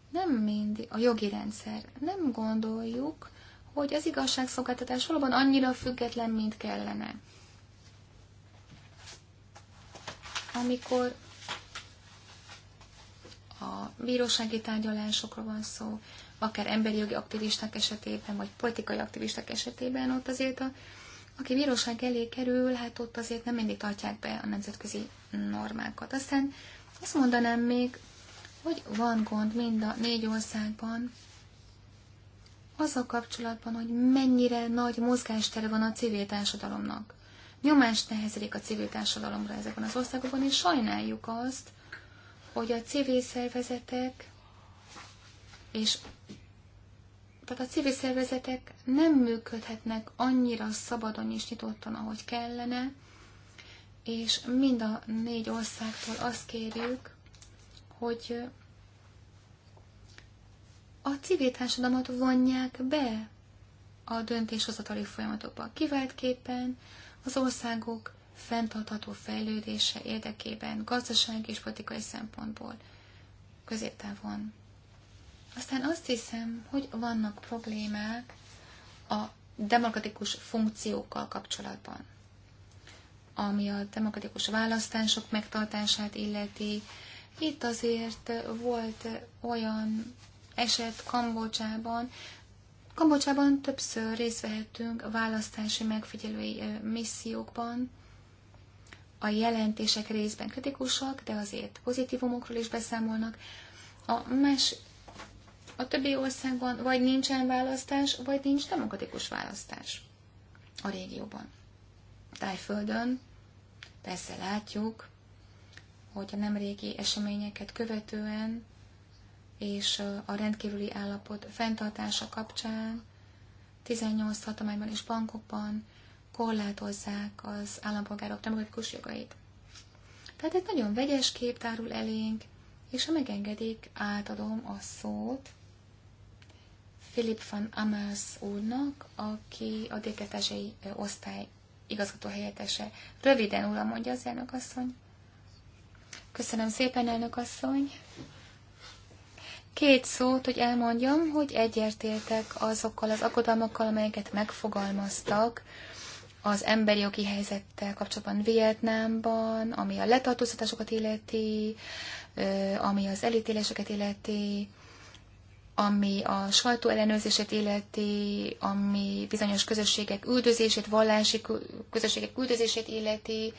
Nem mindig a jogi rendszer. Nem gondoljuk, hogy az igazságszolgáltatás valóban annyira független, mint kellene. Amikor ha bírósági tárgyalásokról van szó, akár emberi jogi aktivisták esetében, vagy politikai aktivisták esetében, ott azért a, aki bíróság elé kerül, hát ott azért nem mindig tartják be a nemzetközi normákat. Aztán azt mondanám még, hogy van gond mind a négy országban az a kapcsolatban, hogy mennyire nagy mozgástere van a civil társadalomnak. Nyomást nehezedik a civil társadalomra ezekben az országokban, és sajnáljuk azt, hogy a civil szervezetek és tehát a civil szervezetek nem működhetnek annyira szabadon és nyitottan, ahogy kellene, és mind a négy országtól azt kérjük, hogy a civil társadalmat vonják be a döntéshozatali folyamatokba. Kiváltképpen az országok fenntartható fejlődése érdekében, gazdasági és politikai szempontból, középtávon. Aztán azt hiszem, hogy vannak problémák a demokratikus funkciókkal kapcsolatban, ami a demokratikus választások megtartását illeti. Itt azért volt olyan eset Kambocsában, Kambocsában többször részt vehettünk választási megfigyelői missziókban, a jelentések részben kritikusak, de azért pozitívumokról is beszámolnak. A más a többi országban vagy nincsen választás, vagy nincs demokratikus választás a régióban. Tájföldön persze látjuk, hogy a nemrégi eseményeket követően és a rendkívüli állapot fenntartása kapcsán 18 hatományban és bankokban korlátozzák az állampolgárok demokratikus jogait. Tehát egy nagyon vegyes kép tárul elénk, és ha megengedik, átadom a szót Philip van Amers úrnak, aki a déketesei osztály igazgató helyettese. Röviden, uram, mondja az elnök asszony. Köszönöm szépen, elnök asszony. Két szót, hogy elmondjam, hogy egyértéltek azokkal az aggodalmakkal, amelyeket megfogalmaztak az emberi jogi helyzettel kapcsolatban Vietnámban, ami a letartóztatásokat illeti, ami az elítéléseket illeti, ami a sajtó ellenőrzését illeti, ami bizonyos közösségek üldözését, vallási közösségek üldözését illeti.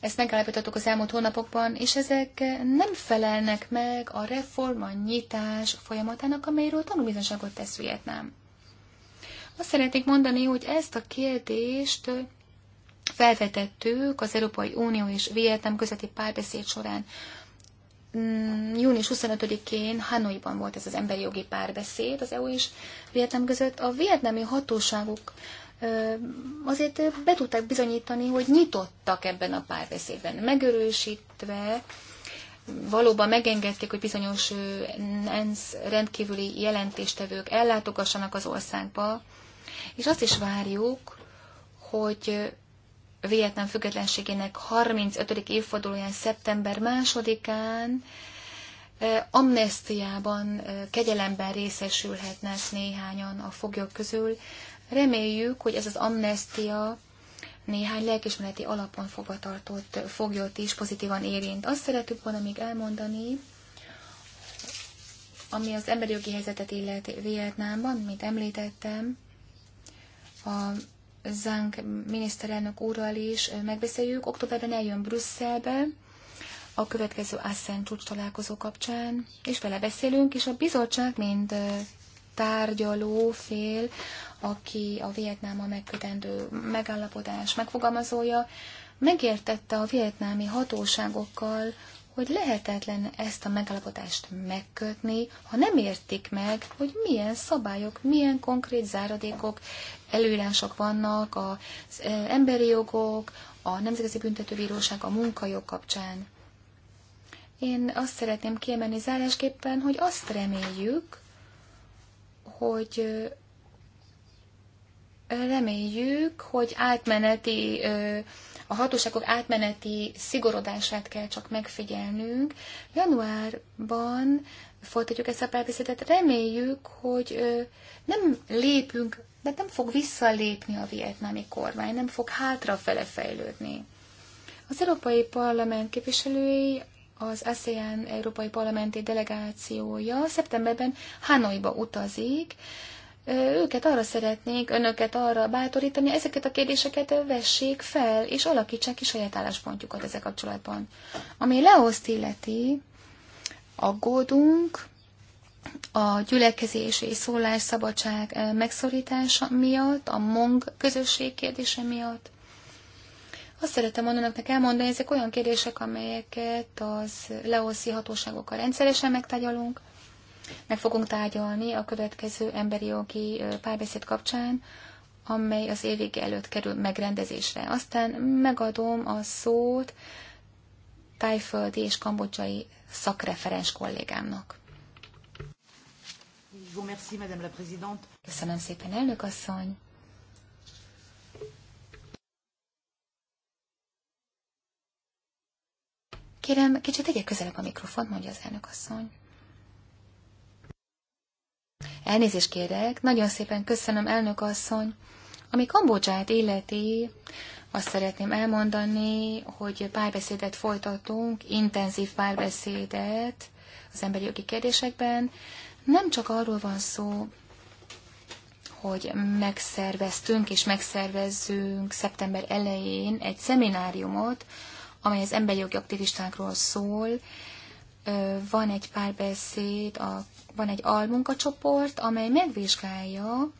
Ezt megállapítottuk az elmúlt hónapokban, és ezek nem felelnek meg a reforma nyitás folyamatának, amelyről tanulbizonságot tesz Vietnám. Azt szeretnék mondani, hogy ezt a kérdést felvetettük az Európai Unió és Vietnám közötti párbeszéd során. Mm, június 25-én Hanoiban volt ez az emberi jogi párbeszéd az EU és Vietnám között. A vietnámi hatóságok azért be tudták bizonyítani, hogy nyitottak ebben a párbeszédben, Megörősítve valóban megengedték, hogy bizonyos ENSZ rendkívüli jelentéstevők ellátogassanak az országba, és azt is várjuk, hogy Vietnám függetlenségének 35. évfordulóján szeptember 2-án amnestiában, kegyelemben részesülhetnek néhányan a foglyok közül. Reméljük, hogy ez az amnestia néhány lelkismereti alapon fogvatartott foglyot is pozitívan érint. Azt szeretük volna még elmondani, ami az emberi jogi helyzetet illeti Vietnámban, mint említettem, a Zánk miniszterelnök úrral is megbeszéljük. Októberben eljön Brüsszelbe a következő ASZEN csúcs találkozó kapcsán, és vele beszélünk, és a bizottság, mint tárgyaló fél, aki a Vietnáma megkötendő megállapodás megfogalmazója, megértette a vietnámi hatóságokkal, hogy lehetetlen ezt a megállapodást megkötni, ha nem értik meg, hogy milyen szabályok, milyen konkrét záradékok előírások vannak az emberi jogok, a Nemzetközi Büntetőbíróság a munkajog kapcsán. Én azt szeretném kiemelni zárásképpen, hogy azt reméljük, hogy reméljük, hogy átmeneti, a hatóságok átmeneti szigorodását kell csak megfigyelnünk. Januárban folytatjuk ezt a párbeszédet. Reméljük, hogy nem lépünk de nem fog visszalépni a vietnámi kormány, nem fog hátrafele fejlődni. Az Európai Parlament képviselői, az ASEAN Európai Parlamenti Delegációja szeptemberben Hanoiba utazik, őket arra szeretnék, önöket arra bátorítani, ezeket a kérdéseket vessék fel, és alakítsák ki saját álláspontjukat ezek kapcsolatban. Ami Leoszt illeti, aggódunk, a gyülekezés és szólásszabadság eh, megszorítása miatt, a mong közösség kérdése miatt. Azt szeretem önöknek elmondani, ezek olyan kérdések, amelyeket az leoszi hatóságokkal rendszeresen megtagyalunk, meg fogunk tárgyalni a következő emberi jogi eh, párbeszéd kapcsán, amely az évig előtt kerül megrendezésre. Aztán megadom a szót tájföldi és kambodzsai szakreferens kollégámnak. Köszönöm szépen, elnök asszony. Kérem, kicsit tegye közelebb a mikrofont, mondja az elnök asszony. Elnézést kérek, nagyon szépen köszönöm, elnök asszony. Ami Kambodzsát illeti, azt szeretném elmondani, hogy párbeszédet folytatunk, intenzív párbeszédet az emberi jogi kérdésekben nem csak arról van szó, hogy megszerveztünk és megszervezzünk szeptember elején egy szemináriumot, amely az emberi jogi aktivistákról szól. Van egy párbeszéd, van egy almunkacsoport, amely megvizsgálja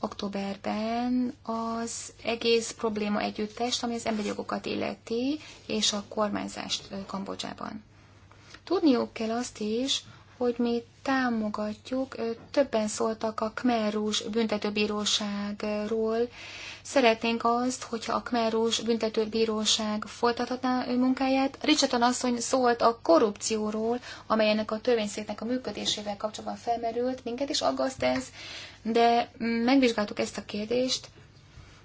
októberben az egész probléma együttest, ami az emberi jogokat illeti, és a kormányzást Kambodzsában. Tudniuk kell azt is, hogy mi támogatjuk. Többen szóltak a Kmerus büntetőbíróságról. Szeretnénk azt, hogyha a Kmerus büntetőbíróság folytathatná ő munkáját. Richardson asszony szólt a korrupcióról, amelyenek a törvényszéknek a működésével kapcsolatban felmerült. Minket is aggaszt ez, de megvizsgáltuk ezt a kérdést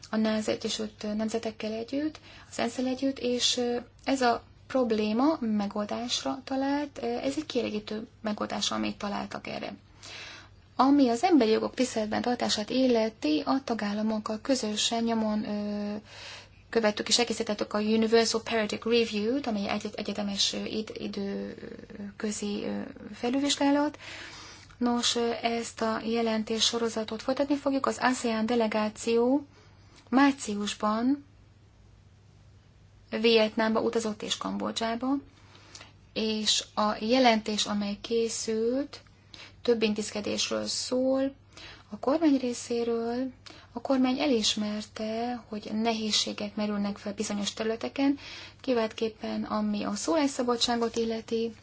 a NAZ Egyesült Nemzetekkel együtt, az ensz együtt, és ez a probléma megoldásra talált, ez egy kielégítő megoldás, amit találtak erre. Ami az emberi jogok tiszteletben tartását illeti, a tagállamokkal közösen nyomon ö, követtük és elkészítettük a Universal Periodic Review-t, amely egy egyetemes id, időközi felülvizsgálat. Nos, ezt a jelentés sorozatot folytatni fogjuk. Az ASEAN delegáció márciusban Vietnámba utazott és Kambodzsába, és a jelentés, amely készült, több intézkedésről szól, a kormány részéről a kormány elismerte, hogy nehézségek merülnek fel bizonyos területeken, kiváltképpen ami a szólásszabadságot illeti,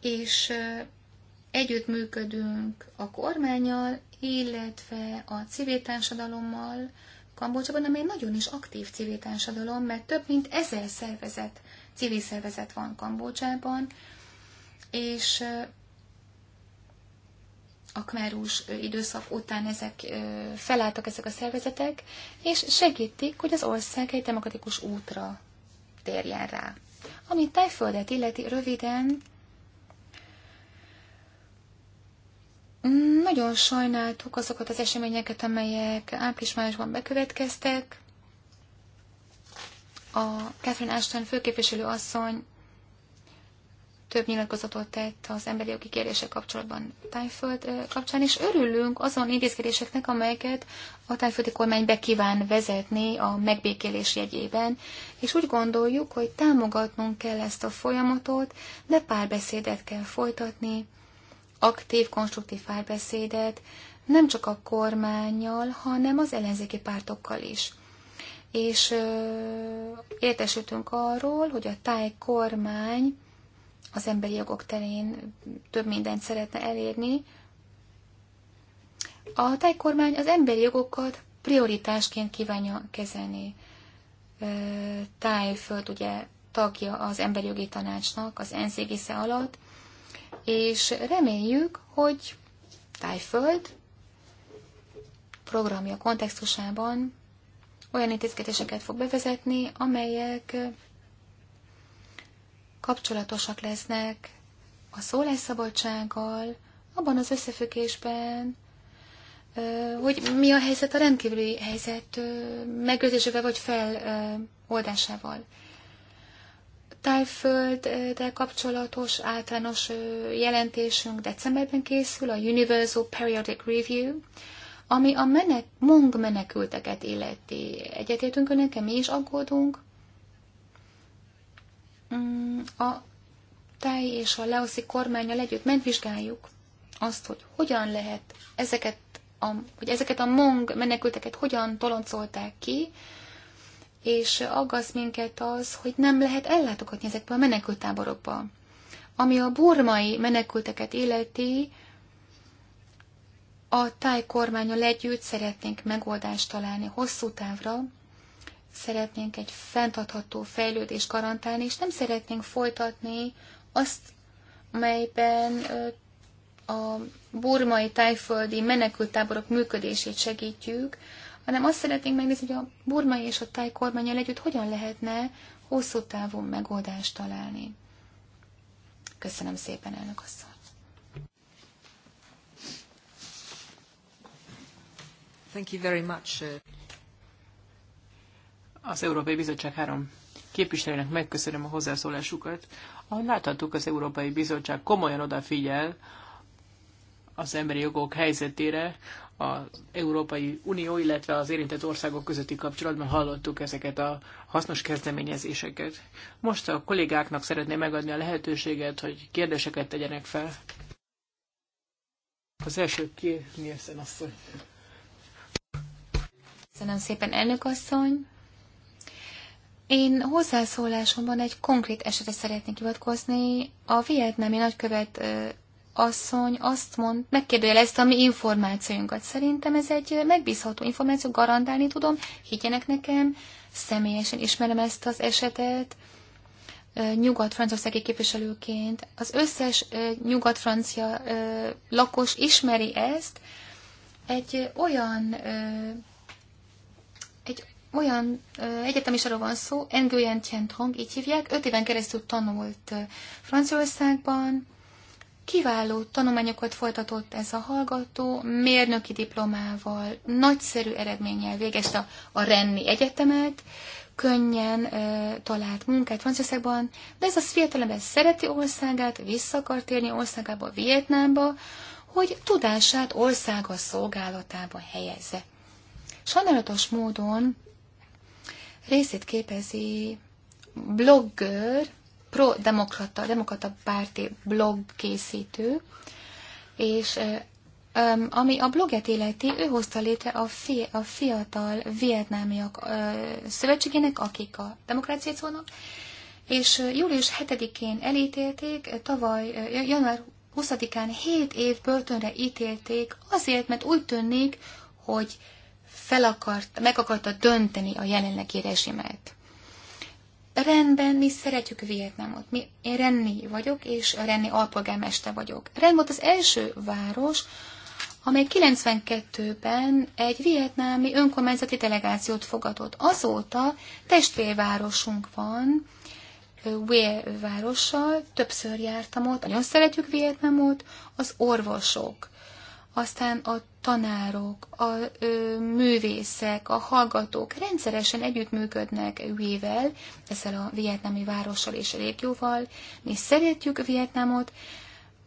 és együttműködünk a kormányal, illetve a civil társadalommal, Kambodzsában, amely nagyon is aktív civil társadalom, mert több mint ezer szervezet, civil szervezet van Kambodzsában, és a kmerús időszak után ezek felálltak ezek a szervezetek, és segítik, hogy az ország egy demokratikus útra térjen rá. Ami Tájföldet illeti röviden, Nagyon sajnáltuk azokat az eseményeket, amelyek április-májusban bekövetkeztek. A Catherine Ashton főképviselő asszony több nyilatkozatot tett az emberi jogi kérdések kapcsolatban Tájföld kapcsán, és örülünk azon intézkedéseknek, amelyeket a tájföldi kormány be kíván vezetni a megbékélés jegyében, és úgy gondoljuk, hogy támogatnunk kell ezt a folyamatot, de párbeszédet kell folytatni aktív, konstruktív párbeszédet, nem csak a kormányjal, hanem az ellenzéki pártokkal is. És ö, értesültünk arról, hogy a táj kormány az emberi jogok terén több mindent szeretne elérni. A táj kormány az emberi jogokat prioritásként kívánja kezelni. Ö, tájföld ugye tagja az emberi jogi tanácsnak az NCGSZ alatt, és reméljük, hogy Tájföld programja kontextusában olyan intézkedéseket fog bevezetni, amelyek kapcsolatosak lesznek a szólásszabadsággal, abban az összefüggésben, hogy mi a helyzet a rendkívüli helyzet megőrzésével vagy feloldásával tájfölddel kapcsolatos általános jelentésünk decemberben készül, a Universal Periodic Review, ami a menek, mong menekülteket illeti. Egyetértünk önökkel, mi is aggódunk. Mm, a táj és a leoszi kormányal együtt megvizsgáljuk azt, hogy hogyan lehet ezeket a, hogy ezeket a mong menekülteket hogyan toloncolták ki, és aggaszt minket az, hogy nem lehet ellátogatni ezekbe a menekültáborokba. Ami a burmai menekülteket illeti, a táj kormányal együtt szeretnénk megoldást találni hosszú távra, szeretnénk egy fenntartható fejlődést garantálni, és nem szeretnénk folytatni azt, amelyben a burmai tájföldi menekültáborok működését segítjük, hanem azt szeretnénk megnézni, hogy a burmai és a táj kormányjal együtt hogyan lehetne hosszú távú megoldást találni. Köszönöm szépen, elnök asszony! Thank you very much. Uh, az Európai Bizottság három képviselőnek megköszönöm a hozzászólásukat. Ahogy láthattuk, az Európai Bizottság komolyan odafigyel az emberi jogok helyzetére, az Európai Unió, illetve az érintett országok közötti kapcsolatban hallottuk ezeket a hasznos kezdeményezéseket. Most a kollégáknak szeretném megadni a lehetőséget, hogy kérdéseket tegyenek fel. Az első kérdésen Nielsen asszony. Köszönöm szépen, elnök asszony. Én hozzászólásomban egy konkrét esetre szeretnék hivatkozni. A vietnámi nagykövet asszony azt mond, megkérdőjelezte a mi információinkat. Szerintem ez egy megbízható információ, garantálni tudom, higgyenek nekem, személyesen ismerem ezt az esetet, nyugat-franciaországi képviselőként. Az összes nyugat-francia lakos ismeri ezt, egy olyan egy olyan egyetemisáról van szó, Nguyen Thientong, így hívják, öt éven keresztül tanult Franciaországban, Kiváló tanulmányokat folytatott ez a hallgató, mérnöki diplomával, nagyszerű eredménnyel végezte a Renni Egyetemet, könnyen e, talált munkát Franciaországban, de ez a fiatalember szereti országát, vissza akar térni országába, Vietnámba, hogy tudását országa szolgálatába helyezze. Sajnálatos módon részét képezi blogger, pro-demokrata demokrata párti blog készítő, és ami a bloget illeti, ő hozta létre a, fi, a fiatal vietnámiak szövetségének, akik a demokráciát szólnak, és július 7-én elítélték, tavaly január 20-án 7 év börtönre ítélték, azért, mert úgy tűnik, hogy fel akart, meg akarta dönteni a jelenlegi rezsimet rendben, mi szeretjük Vietnámot. Mi, én Renni vagyok, és Renni alpolgármester vagyok. Ren volt az első város, amely 92-ben egy vietnámi önkormányzati delegációt fogadott. Azóta testvérvárosunk van, Hue várossal, többször jártam ott, nagyon szeretjük Vietnámot, az orvosok aztán a tanárok, a ö, művészek, a hallgatók rendszeresen együttműködnek Huivel, ezzel a vietnámi várossal és a régióval. Mi szeretjük Vietnámot,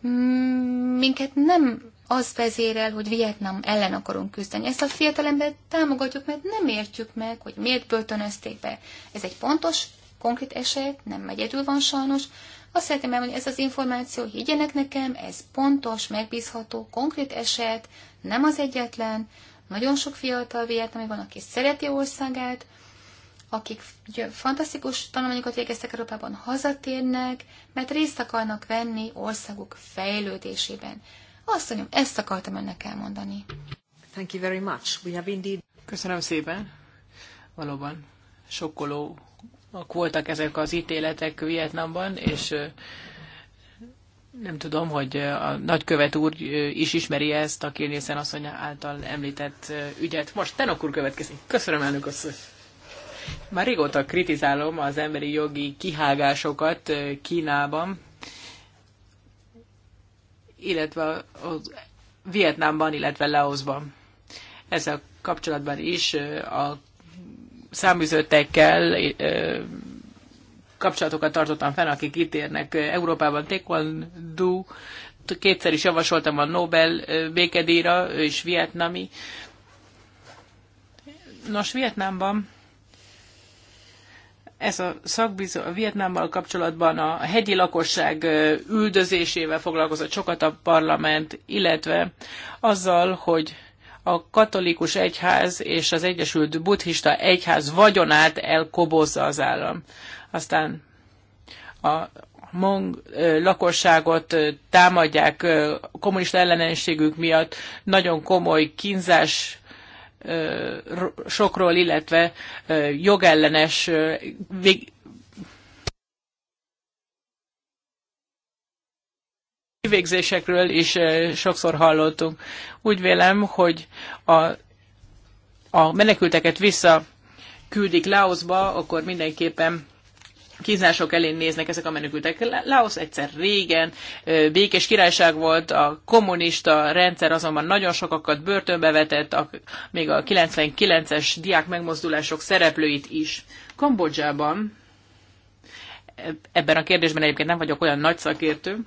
mm, minket nem az vezérel, hogy Vietnám ellen akarunk küzdeni. Ezt a fiatalembert támogatjuk, mert nem értjük meg, hogy miért börtönözték be. Ez egy pontos, konkrét eset, nem egyedül van sajnos. Azt szeretném elmondani, ez az információ, higgyenek nekem, ez pontos, megbízható, konkrét eset, nem az egyetlen. Nagyon sok fiatal vietnami van, aki szereti országát, akik fantasztikus tanulmányokat végeztek Európában, hazatérnek, mert részt akarnak venni országuk fejlődésében. Azt mondjam, ezt akartam önnek elmondani. Thank you very much. We have indeed... Köszönöm szépen. Valóban sokkoló voltak ezek az ítéletek Vietnamban, és nem tudom, hogy a nagykövet úr is ismeri -e ezt a Kilnészen asszony által említett ügyet. Most Tenok úr következik. Köszönöm, elnök asszony. Már régóta kritizálom az emberi jogi kihágásokat Kínában, illetve az Vietnámban, illetve Laosban. Ezzel kapcsolatban is a száműzöttekkel kapcsolatokat tartottam fenn, akik itt érnek Európában taekwondo, kétszer is javasoltam a Nobel békedíjra, ő is vietnami. Nos, Vietnámban ez a szakbizó, a Vietnámmal kapcsolatban a hegyi lakosság üldözésével foglalkozott sokat a parlament, illetve azzal, hogy a katolikus egyház és az Egyesült Buddhista Egyház vagyonát elkobozza az állam. Aztán a mong lakosságot támadják kommunista ellenességük miatt, nagyon komoly kínzás sokról, illetve jogellenes kivégzésekről is sokszor hallottunk. Úgy vélem, hogy a, a menekülteket vissza küldik Laosba, akkor mindenképpen kínzások elén néznek ezek a menekültek. Laos egyszer régen békés királyság volt, a kommunista rendszer azonban nagyon sokakat börtönbe vetett, a, még a 99-es diák megmozdulások szereplőit is. Kambodzsában, e, ebben a kérdésben egyébként nem vagyok olyan nagy szakértő,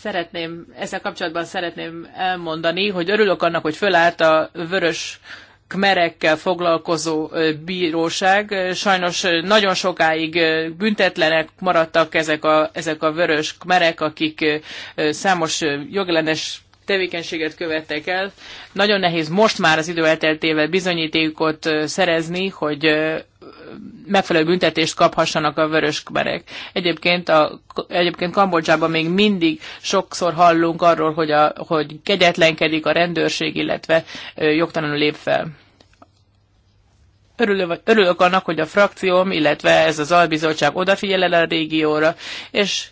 szeretném, ezzel kapcsolatban szeretném elmondani, hogy örülök annak, hogy fölállt a vörös kmerekkel foglalkozó bíróság. Sajnos nagyon sokáig büntetlenek maradtak ezek a, ezek a vörös kmerek, akik számos jogellenes tevékenységet követtek el. Nagyon nehéz most már az idő elteltével bizonyítékot szerezni, hogy megfelelő büntetést kaphassanak a vöröskberek. Egyébként, a, egyébként Kambodzsában még mindig sokszor hallunk arról, hogy, a, hogy kegyetlenkedik a rendőrség, illetve jogtalanul lép fel. Örülök, örülök annak, hogy a frakcióm, illetve ez az albizottság odafigyel el a régióra, és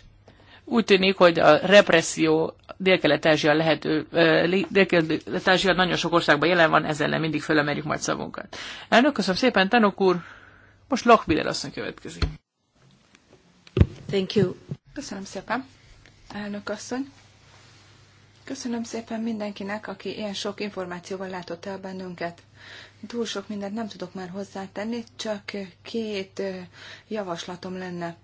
úgy tűnik, hogy a represszió Dél-Kelet-Ázsia lehető, Dél-Kelet-Ázsia nagyon sok országban jelen van, ezzel nem mindig fölemeljük majd szavunkat. Elnök, köszönöm szépen, Tanok úr! Most Lochbiller asszony következik. Thank you. Köszönöm szépen, elnök asszony. Köszönöm szépen mindenkinek, aki ilyen sok információval látott el bennünket. Túl sok mindent nem tudok már hozzátenni, csak két javaslatom lenne.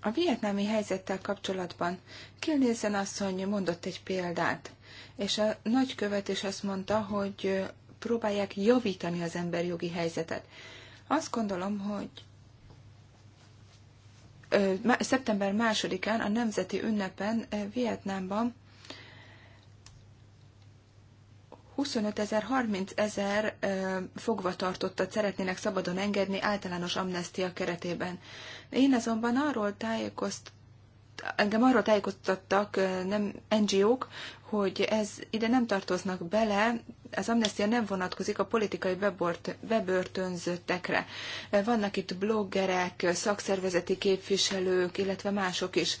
A vietnámi helyzettel kapcsolatban Kilnézen asszony mondott egy példát, és a nagykövet is azt mondta, hogy próbálják javítani az emberjogi helyzetet. Azt gondolom, hogy szeptember másodikán a nemzeti ünnepen Vietnámban 25 ezer, 30 ezer fogvatartottat szeretnének szabadon engedni általános amnestia keretében. Én azonban arról tájékoztam, engem arról tájékoztattak nem NGO-k, hogy ez ide nem tartoznak bele, az amnestia nem vonatkozik a politikai bebort, bebörtönzöttekre. Vannak itt bloggerek, szakszervezeti képviselők, illetve mások is.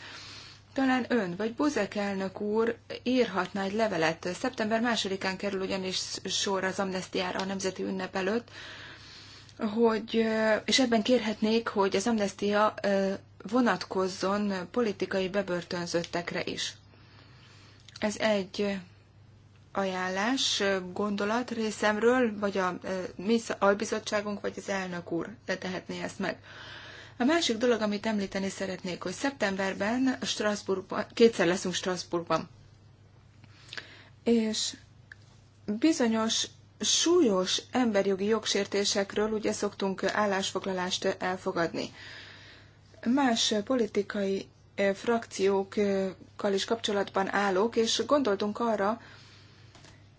Talán ön vagy Buzek elnök úr írhatna egy levelet. Szeptember másodikán kerül ugyanis sor az amnestiára a nemzeti ünnep előtt, hogy, és ebben kérhetnék, hogy az amnestia vonatkozzon politikai bebörtönzöttekre is. Ez egy ajánlás, gondolat részemről, vagy a e, mi albizottságunk, vagy az elnök úr tehetné ezt meg. A másik dolog, amit említeni szeretnék, hogy szeptemberben Strasbourgban, kétszer leszünk Strasbourgban. És bizonyos súlyos emberjogi jogsértésekről ugye szoktunk állásfoglalást elfogadni más politikai frakciókkal is kapcsolatban állok, és gondoltunk arra,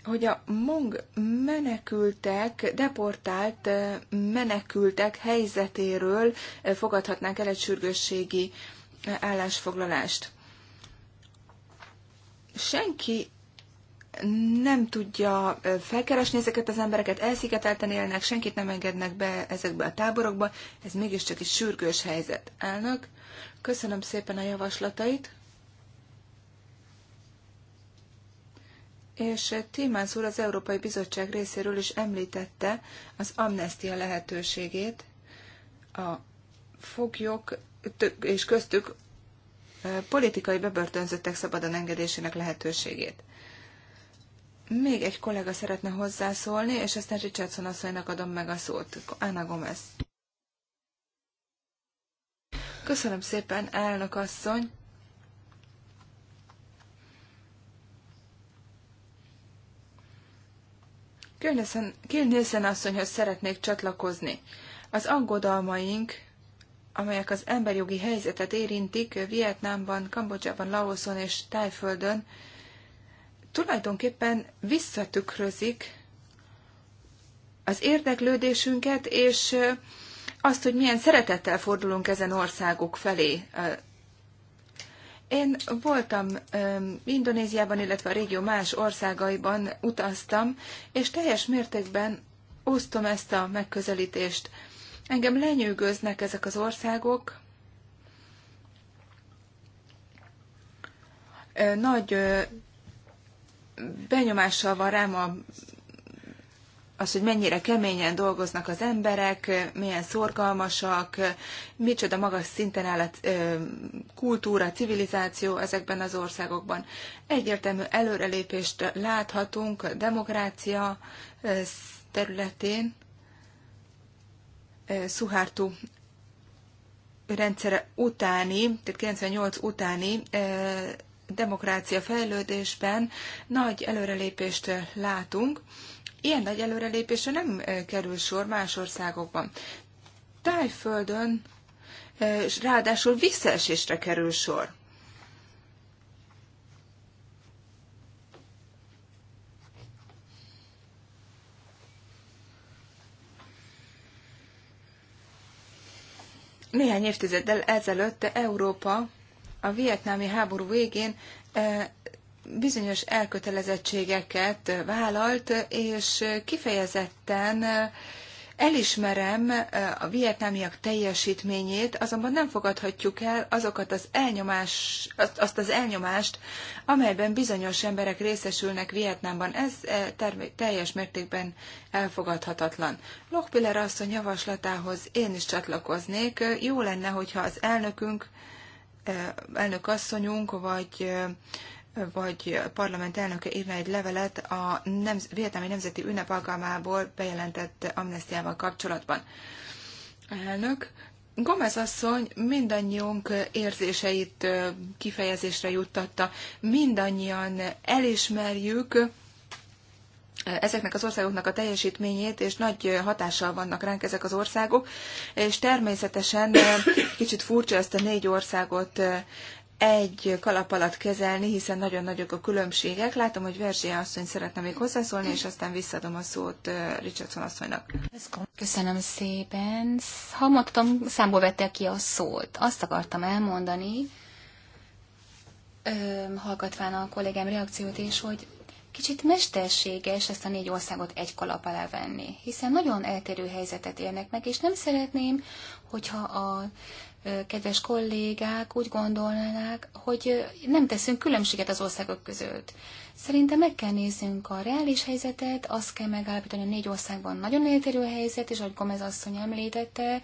hogy a mong menekültek, deportált menekültek helyzetéről fogadhatnánk el egy sürgősségi állásfoglalást. Senki nem tudja felkeresni ezeket az embereket, elszigetelten élnek, senkit nem engednek be ezekbe a táborokba, ez mégiscsak egy sürgős helyzet. Elnök, köszönöm szépen a javaslatait. És Timánsz úr az Európai Bizottság részéről is említette az amnestia lehetőségét a foglyok és köztük politikai bebörtönzöttek szabadon engedésének lehetőségét. Még egy kollega szeretne hozzászólni, és aztán Richardson asszonynak adom meg a szót. Anna Gomez. Köszönöm szépen, elnök asszony. Kilnészen asszonyhoz szeretnék csatlakozni. Az aggodalmaink, amelyek az emberjogi helyzetet érintik Vietnámban, Kambodzsában, Laoszon és Tájföldön, tulajdonképpen visszatükrözik az érdeklődésünket, és azt, hogy milyen szeretettel fordulunk ezen országok felé. Én voltam Indonéziában, illetve a régió más országaiban utaztam, és teljes mértékben osztom ezt a megközelítést. Engem lenyűgöznek ezek az országok, nagy benyomással van rám a, az, hogy mennyire keményen dolgoznak az emberek, milyen szorgalmasak, micsoda magas szinten áll a kultúra, civilizáció ezekben az országokban. Egyértelmű előrelépést láthatunk a demokrácia területén. Szuhártú rendszere utáni, tehát 98 utáni demokrácia fejlődésben nagy előrelépést látunk. Ilyen nagy előrelépésre nem kerül sor más országokban. Tájföldön és ráadásul visszaesésre kerül sor. Néhány évtizeddel ezelőtt Európa a vietnámi háború végén e, bizonyos elkötelezettségeket vállalt, és kifejezetten Elismerem e, a vietnámiak teljesítményét, azonban nem fogadhatjuk el azokat az elnyomás, azt az elnyomást, amelyben bizonyos emberek részesülnek Vietnámban. Ez e, teljes mértékben elfogadhatatlan. Lochpiller asszony javaslatához én is csatlakoznék. Jó lenne, hogyha az elnökünk elnök asszonyunk, vagy vagy parlament elnöke írna egy levelet a nem, vietnámi nemzeti ünnep alkalmából bejelentett amnestiával kapcsolatban. Elnök, Gomez asszony mindannyiunk érzéseit kifejezésre juttatta. Mindannyian elismerjük ezeknek az országoknak a teljesítményét, és nagy hatással vannak ránk ezek az országok, és természetesen kicsit furcsa ezt a négy országot egy kalap alatt kezelni, hiszen nagyon nagyok a különbségek. Látom, hogy Verzsia asszony szeretne még hozzászólni, és aztán visszadom a szót Richardson asszonynak. Köszönöm szépen. Ha mondtam, számból vette ki a szót. Azt akartam elmondani, hallgatván a kollégám reakciót is, hogy Kicsit mesterséges ezt a négy országot egy kalap alá venni, hiszen nagyon eltérő helyzetet élnek meg, és nem szeretném, hogyha a kedves kollégák úgy gondolnának, hogy nem teszünk különbséget az országok között. Szerintem meg kell néznünk a reális helyzetet, azt kell megállapítani, a négy országban nagyon eltérő helyzet, és ahogy Gomez asszony említette,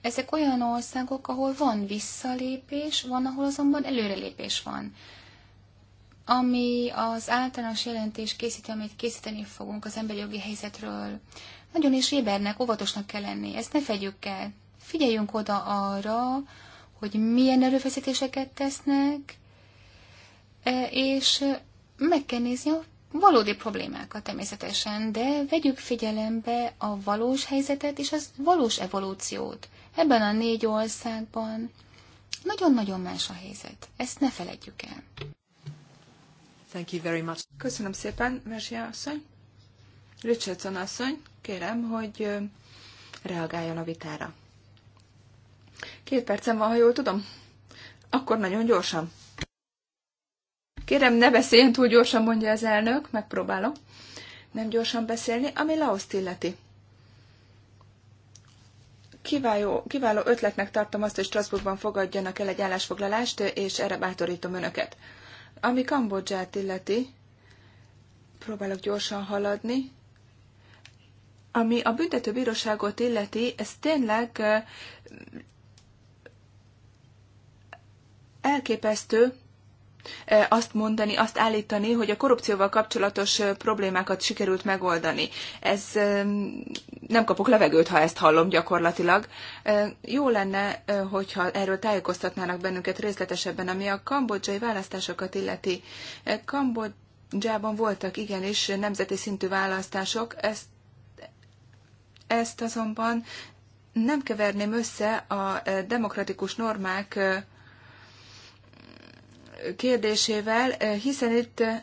ezek olyan országok, ahol van visszalépés, van, ahol azonban előrelépés van ami az általános jelentés készít, amit készíteni fogunk az emberi jogi helyzetről. Nagyon is ébernek, óvatosnak kell lenni, ezt ne fedjük el. Figyeljünk oda arra, hogy milyen erőfeszítéseket tesznek, e, és meg kell nézni a valódi problémákat természetesen, de vegyük figyelembe a valós helyzetet és az valós evolúciót. Ebben a négy országban nagyon-nagyon más a helyzet. Ezt ne feledjük el. Thank you very much. Köszönöm szépen, Mersia asszony. Richardson asszony, kérem, hogy reagáljon a vitára. Két percem van, ha jól tudom. Akkor nagyon gyorsan. Kérem, ne beszéljen túl gyorsan, mondja az elnök, megpróbálom nem gyorsan beszélni, ami Laoszt illeti. Kiváló, kiváló ötletnek tartom azt, hogy Strasbourgban fogadjanak el egy állásfoglalást, és erre bátorítom önöket. Ami Kambodzsát illeti, próbálok gyorsan haladni, ami a büntetőbíróságot illeti, ez tényleg elképesztő, azt mondani, azt állítani, hogy a korrupcióval kapcsolatos problémákat sikerült megoldani. Ez nem kapok levegőt, ha ezt hallom gyakorlatilag. Jó lenne, hogyha erről tájékoztatnának bennünket részletesebben, ami a kambodzsai választásokat illeti. Kambodzsában voltak igenis nemzeti szintű választások, ezt, ezt azonban nem keverném össze a demokratikus normák kérdésével, eh, hiszen itt eh,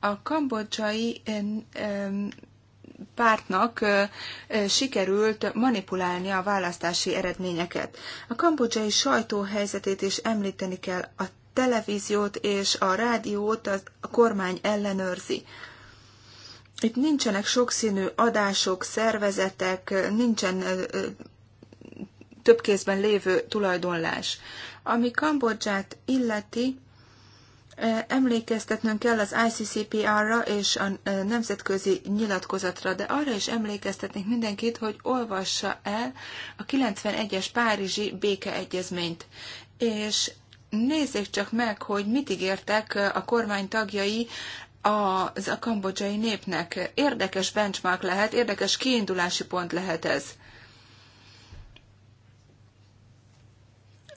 a kambodzsai eh, pártnak sikerült manipulálni a választási eredményeket. A kambodzsai sajtó helyzetét is említeni kell, a televíziót és a rádiót a kormány ellenőrzi. Itt nincsenek sokszínű adások, szervezetek, nincsen több kézben lévő tulajdonlás. Ami Kambodzsát illeti, emlékeztetnünk kell az ICCPR-ra és a nemzetközi nyilatkozatra, de arra is emlékeztetnék mindenkit, hogy olvassa el a 91-es Párizsi békeegyezményt. És nézzék csak meg, hogy mit ígértek a kormány tagjai az a kambodzsai népnek. Érdekes benchmark lehet, érdekes kiindulási pont lehet ez.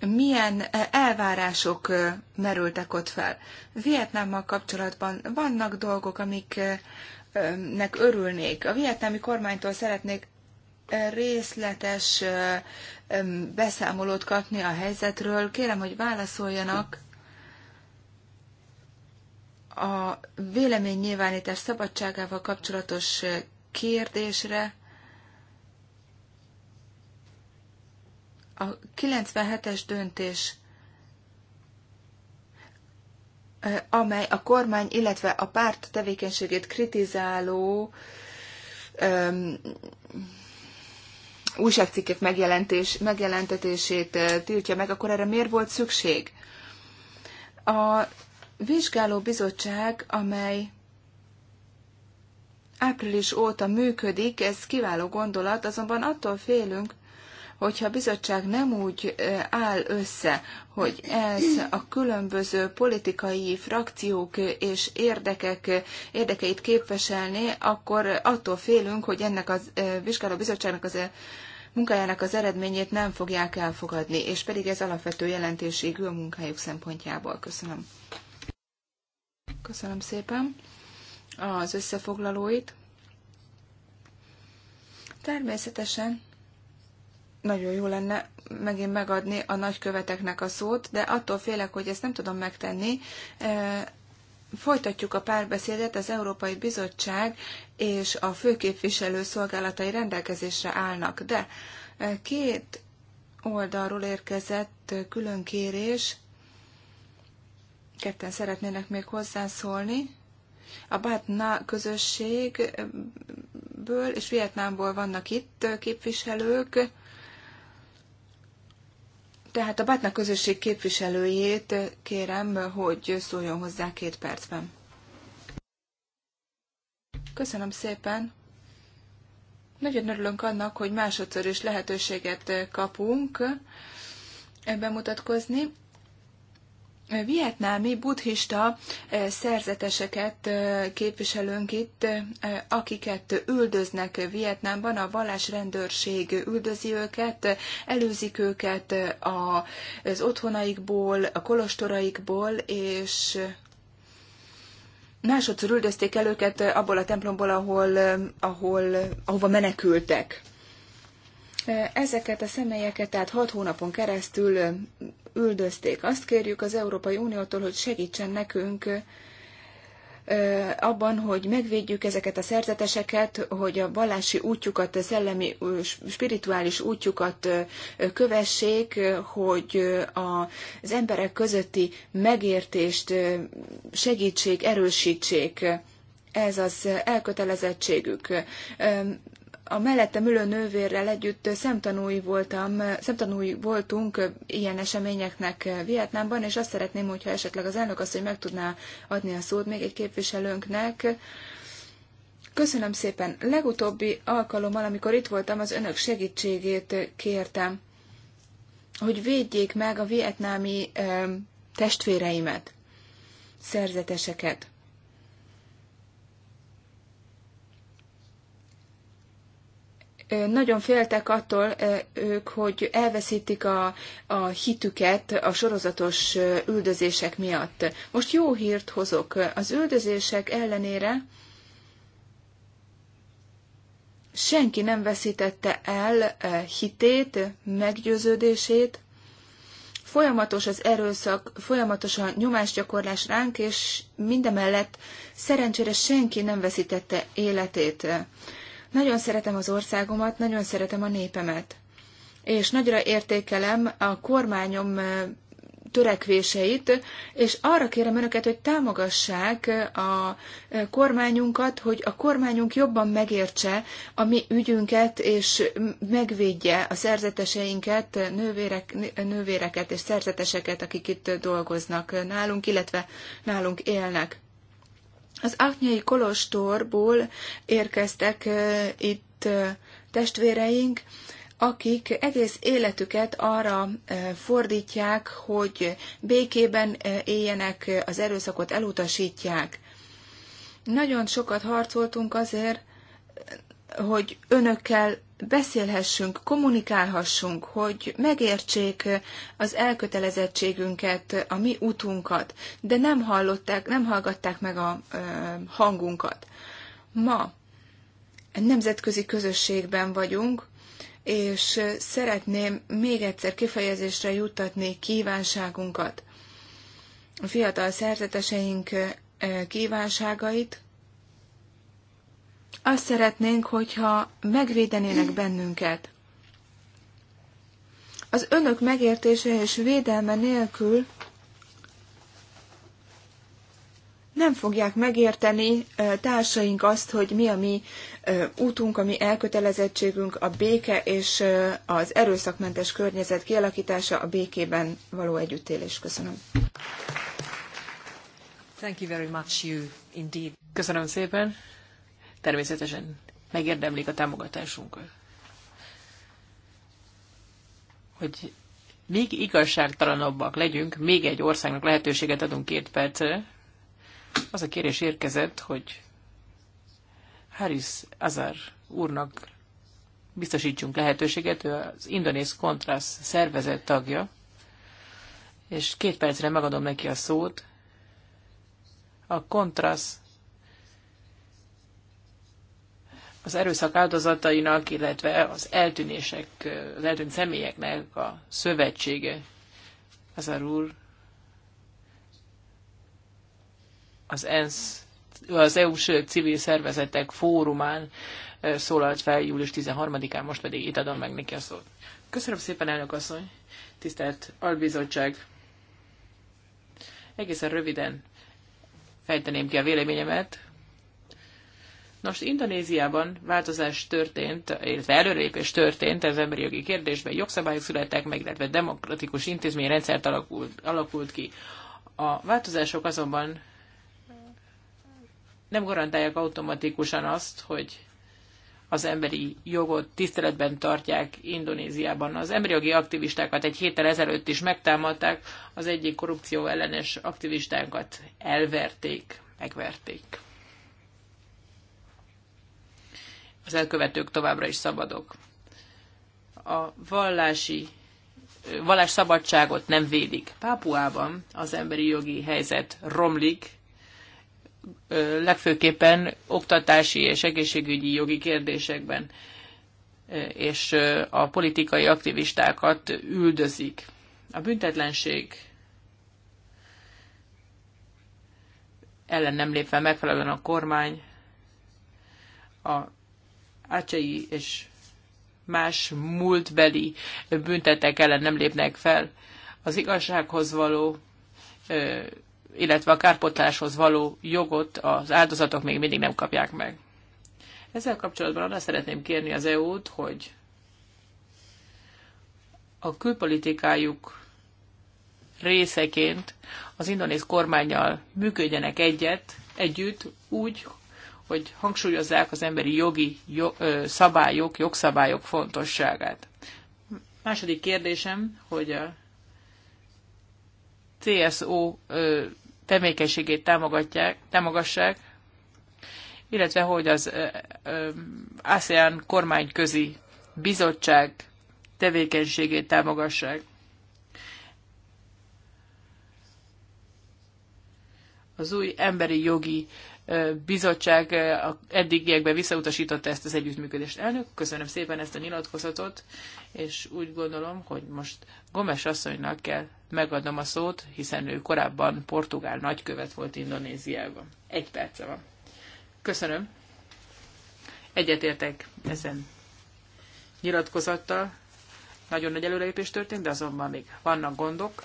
milyen eh, elvárások eh, merültek ott fel. Vietnámmal kapcsolatban vannak dolgok, amiknek eh, örülnék. A vietnámi kormánytól szeretnék részletes beszámolót kapni a helyzetről. Kérem, hogy válaszoljanak a véleménynyilvánítás szabadságával kapcsolatos kérdésre, A 97-es döntés, amely a kormány, illetve a párt tevékenységét kritizáló um, újságcikkek megjelentés, megjelentetését tiltja meg, akkor erre miért volt szükség? A vizsgáló bizottság, amely április óta működik, ez kiváló gondolat, azonban attól félünk, hogyha a bizottság nem úgy áll össze, hogy ez a különböző politikai frakciók és érdekek, érdekeit képviselné, akkor attól félünk, hogy ennek a vizsgálóbizottságnak az munkájának az eredményét nem fogják elfogadni, és pedig ez alapvető jelentőségű a munkájuk szempontjából. Köszönöm. Köszönöm szépen az összefoglalóit. Természetesen nagyon jó lenne megint megadni a nagyköveteknek a szót, de attól félek, hogy ezt nem tudom megtenni. E, folytatjuk a párbeszédet, az Európai Bizottság és a főképviselő szolgálatai rendelkezésre állnak, de e, két oldalról érkezett külön kérés, ketten szeretnének még hozzászólni, a bátna közösségből és Vietnámból vannak itt képviselők, tehát a Bátnak közösség képviselőjét kérem, hogy szóljon hozzá két percben. Köszönöm szépen. Nagyon örülünk annak, hogy másodszor is lehetőséget kapunk bemutatkozni vietnámi buddhista eh, szerzeteseket eh, képviselünk itt, eh, akiket üldöznek Vietnámban, a vallásrendőrség üldözi őket, előzik őket az otthonaikból, a kolostoraikból, és másodszor üldözték el őket abból a templomból, ahol, ahol, ahova menekültek. Ezeket a személyeket tehát hat hónapon keresztül üldözték. Azt kérjük az Európai Uniótól, hogy segítsen nekünk abban, hogy megvédjük ezeket a szerzeteseket, hogy a vallási útjukat, a szellemi, spirituális útjukat kövessék, hogy az emberek közötti megértést segítsék, erősítsék. Ez az elkötelezettségük a mellettem ülő nővérrel együtt szemtanúi, voltam, szemtanúi voltunk ilyen eseményeknek Vietnámban, és azt szeretném, hogyha esetleg az elnök azt, hogy meg tudná adni a szót még egy képviselőnknek. Köszönöm szépen. Legutóbbi alkalommal, amikor itt voltam, az önök segítségét kértem, hogy védjék meg a vietnámi testvéreimet, szerzeteseket. nagyon féltek attól ők, hogy elveszítik a, a hitüket a sorozatos üldözések miatt. Most jó hírt hozok. Az üldözések ellenére senki nem veszítette el hitét, meggyőződését, folyamatos az erőszak, folyamatos a nyomásgyakorlás ránk, és mindemellett szerencsére senki nem veszítette életét. Nagyon szeretem az országomat, nagyon szeretem a népemet. És nagyra értékelem a kormányom törekvéseit, és arra kérem önöket, hogy támogassák a kormányunkat, hogy a kormányunk jobban megértse a mi ügyünket, és megvédje a szerzeteseinket, nővérek, nővéreket és szerzeteseket, akik itt dolgoznak nálunk, illetve nálunk élnek. Az Aknyai Kolostorból érkeztek itt testvéreink, akik egész életüket arra fordítják, hogy békében éljenek, az erőszakot elutasítják. Nagyon sokat harcoltunk azért, hogy önökkel beszélhessünk, kommunikálhassunk, hogy megértsék az elkötelezettségünket, a mi utunkat, de nem hallották, nem hallgatták meg a hangunkat. Ma nemzetközi közösségben vagyunk, és szeretném még egyszer kifejezésre juttatni kívánságunkat, a fiatal szerzeteseink kívánságait, azt szeretnénk, hogyha megvédenének bennünket. Az önök megértése és védelme nélkül nem fogják megérteni társaink azt, hogy mi a mi útunk, a mi elkötelezettségünk, a béke és az erőszakmentes környezet kialakítása, a békében való együttélés. Köszönöm. Thank you very much, you indeed. Köszönöm szépen természetesen megérdemlik a támogatásunkat. Hogy még igazságtalanabbak legyünk, még egy országnak lehetőséget adunk két percre. Az a kérés érkezett, hogy Haris Azar úrnak biztosítsunk lehetőséget, ő az Indonész Kontrasz szervezet tagja, és két percre megadom neki a szót. A Kontrasz az erőszak áldozatainak, illetve az eltűnések, az eltűnt személyeknek a szövetsége. a rúr, az ENSZ, az EU-s civil szervezetek fórumán szólalt fel július 13-án, most pedig itt adom meg neki a szót. Köszönöm szépen, elnök asszony, tisztelt albizottság. Egészen röviden fejteném ki a véleményemet Nos, Indonéziában változás történt, illetve előrépés történt az emberi jogi kérdésben, jogszabályok születtek meg, illetve demokratikus intézményrendszert alakult, alakult ki. A változások azonban nem garantálják automatikusan azt, hogy az emberi jogot tiszteletben tartják Indonéziában. Az emberi jogi aktivistákat egy héttel ezelőtt is megtámadták, az egyik korrupció ellenes aktivistánkat elverték, megverték. az elkövetők továbbra is szabadok. A vallási vallás szabadságot nem védik. Pápuában az emberi jogi helyzet romlik, legfőképpen oktatási és egészségügyi jogi kérdésekben, és a politikai aktivistákat üldözik. A büntetlenség ellen nem lép fel megfelelően a kormány, a ácsai és más múltbeli büntetek ellen nem lépnek fel. Az igazsághoz való, illetve a kárpotláshoz való jogot az áldozatok még mindig nem kapják meg. Ezzel kapcsolatban arra szeretném kérni az EU-t, hogy a külpolitikájuk részeként az indonéz kormányjal működjenek egyet, együtt úgy, hogy hangsúlyozzák az emberi jogi jog, szabályok, jogszabályok fontosságát. Második kérdésem, hogy a CSO tevékenységét támogatják, támogassák, illetve hogy az ASEAN kormányközi bizottság tevékenységét támogassák. Az új emberi jogi bizottság eddigiekben visszautasította ezt az együttműködést. Elnök, köszönöm szépen ezt a nyilatkozatot, és úgy gondolom, hogy most Gomes asszonynak kell megadnom a szót, hiszen ő korábban portugál nagykövet volt Indonéziában. Egy perce van. Köszönöm. Egyetértek ezen nyilatkozattal. Nagyon nagy előrelépés történt, de azonban még vannak gondok.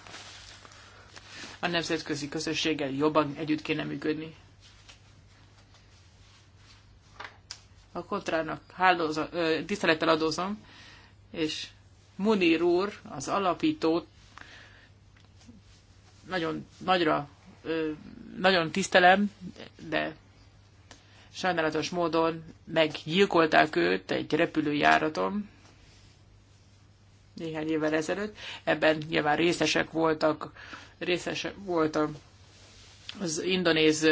A nemzetközi közösséggel jobban együtt kéne működni. a kontrának hálóza, ö, tisztelettel adózom, és Munir úr, az alapító, nagyon nagyra, ö, nagyon tisztelem, de sajnálatos módon meggyilkolták őt egy repülőjáraton néhány évvel ezelőtt. Ebben nyilván részesek voltak, részesek voltak az indonéz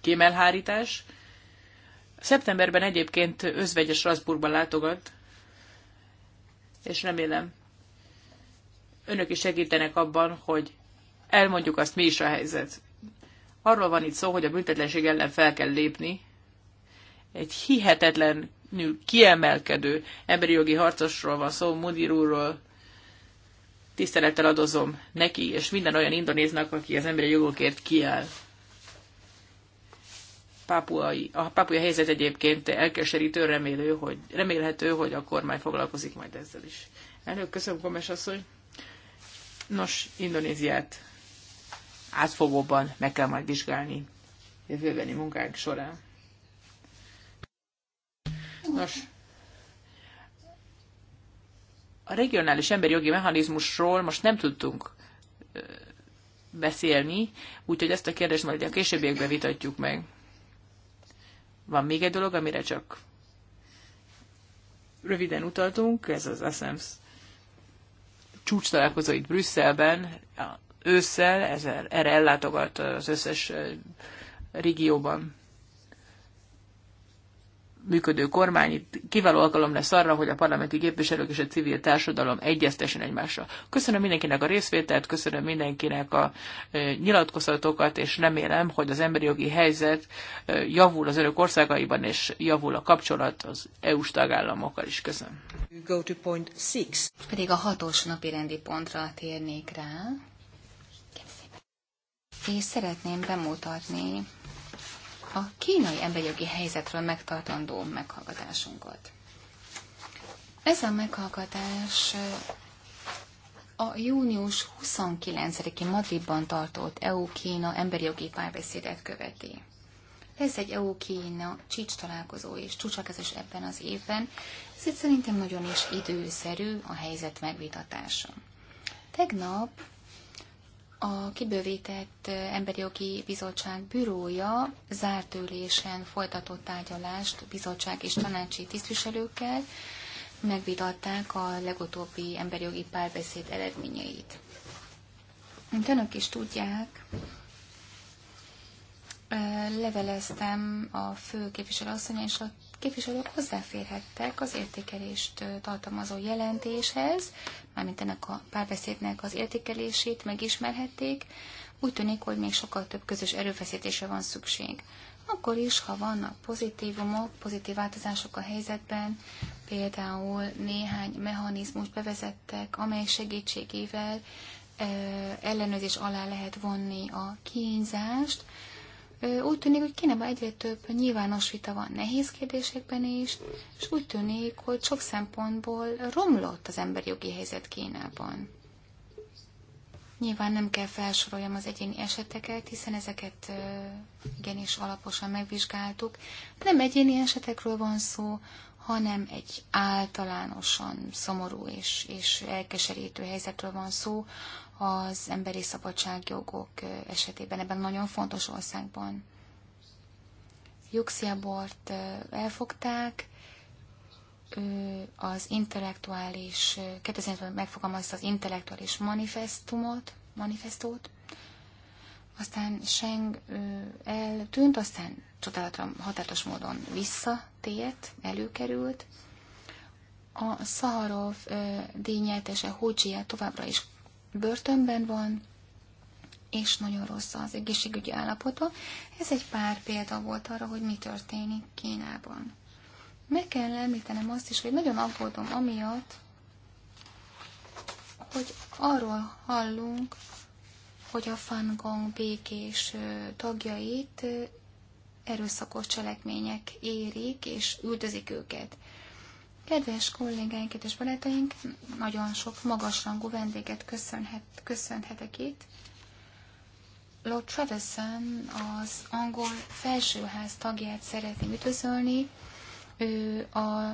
kémelhárítás, Szeptemberben egyébként özvegyes Strasbourgban látogat, és remélem önök is segítenek abban, hogy elmondjuk azt, mi is a helyzet. Arról van itt szó, hogy a büntetlenség ellen fel kell lépni. Egy hihetetlenül kiemelkedő emberi jogi harcosról van szó, Mudir úrról. Tisztelettel adozom neki, és minden olyan indonéznak, aki az emberi jogokért kiáll pápuai, a pápuai helyzet egyébként elkeserítő, remélő, hogy, remélhető, hogy a kormány foglalkozik majd ezzel is. Elnök, köszönöm, Gomes asszony. Nos, Indonéziát átfogóban meg kell majd vizsgálni jövőbeni munkánk során. Nos, a regionális emberi jogi mechanizmusról most nem tudtunk beszélni, úgyhogy ezt a kérdést majd a későbbiekben vitatjuk meg. Van még egy dolog, amire csak röviden utaltunk, ez az ASEMS csúcs találkozó itt Brüsszelben, ősszel, ezzel, erre ellátogat az összes régióban működő kormány itt kiváló alkalom lesz arra, hogy a parlamenti képviselők és a civil társadalom egyeztessen egymással. Köszönöm mindenkinek a részvételt, köszönöm mindenkinek a nyilatkozatokat, és remélem, hogy az emberi jogi helyzet javul az örök országaiban, és javul a kapcsolat az EU-s tagállamokkal is. Köszönöm. Go to point six. Pedig a hatos napi rendi pontra térnék rá. És szeretném bemutatni a kínai emberjogi helyzetről megtartandó meghallgatásunkat. Ez a meghallgatás a június 29-i Madridban tartott EU-Kína emberjogi párbeszédet követi. Lesz egy EU-Kína csícs találkozó és csúcsakezés ebben az évben, ezért szerintem nagyon is időszerű a helyzet megvitatása. Tegnap a kibővített Emberi Jogi Bizottság bürója zárt ülésen folytatott tárgyalást bizottság és tanácsi tisztviselőkkel, megvitatták a legutóbbi emberi jogi párbeszéd eredményeit. Mint önök is tudják, leveleztem a fő képviselő asszony és a képviselők hozzáférhettek az értékelést tartalmazó jelentéshez, mármint ennek a párbeszédnek az értékelését megismerhették, úgy tűnik, hogy még sokkal több közös erőfeszítésre van szükség. Akkor is, ha vannak pozitívumok, pozitív változások a helyzetben, például néhány mechanizmust bevezettek, amely segítségével ellenőrzés alá lehet vonni a kínzást, úgy tűnik, hogy kéne egyre több nyilvános vita van nehéz kérdésekben is, és úgy tűnik, hogy sok szempontból romlott az emberi jogi helyzet Kínában. Nyilván nem kell felsoroljam az egyéni eseteket, hiszen ezeket igenis alaposan megvizsgáltuk. Nem egyéni esetekről van szó, hanem egy általánosan szomorú és, és elkeserítő helyzetről van szó, az emberi szabadságjogok esetében ebben nagyon fontos országban. Juxiabort elfogták, ő az intellektuális, 2000 ben megfogalmazta az intellektuális manifestumot, manifestót, aztán Seng eltűnt, aztán csodálatra határos módon visszatért, előkerült. A Szaharov díjnyertese Hodzsia továbbra is börtönben van, és nagyon rossz az egészségügyi állapota. Ez egy pár példa volt arra, hogy mi történik Kínában. Meg kell említenem azt is, hogy nagyon aggódom amiatt, hogy arról hallunk, hogy a Fangong békés tagjait erőszakos cselekmények érik és üldözik őket. Kedves kollégáink, és barátaink, nagyon sok magasrangú vendéget köszönhet, köszönhetek itt. Lord Traveson az angol felsőház tagját szeretném üdvözölni. Ő a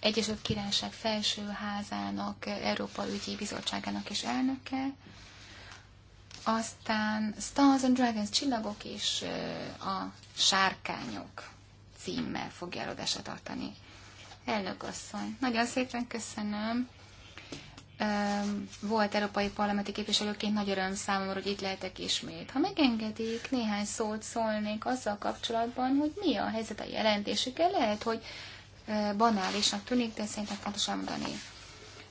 Egyesült Királyság Felsőházának, Európa Ügyi Bizottságának és elnöke. Aztán Stars and Dragons csillagok és a sárkányok címmel fogja előadást tartani. Elnök asszony, nagyon szépen köszönöm. Volt európai parlamenti képviselőként nagy öröm számomra, hogy itt lehetek ismét. Ha megengedik, néhány szót szólnék azzal kapcsolatban, hogy mi a helyzet a jelentésükkel. Lehet, hogy banálisnak tűnik, de szerintem fontos elmondani.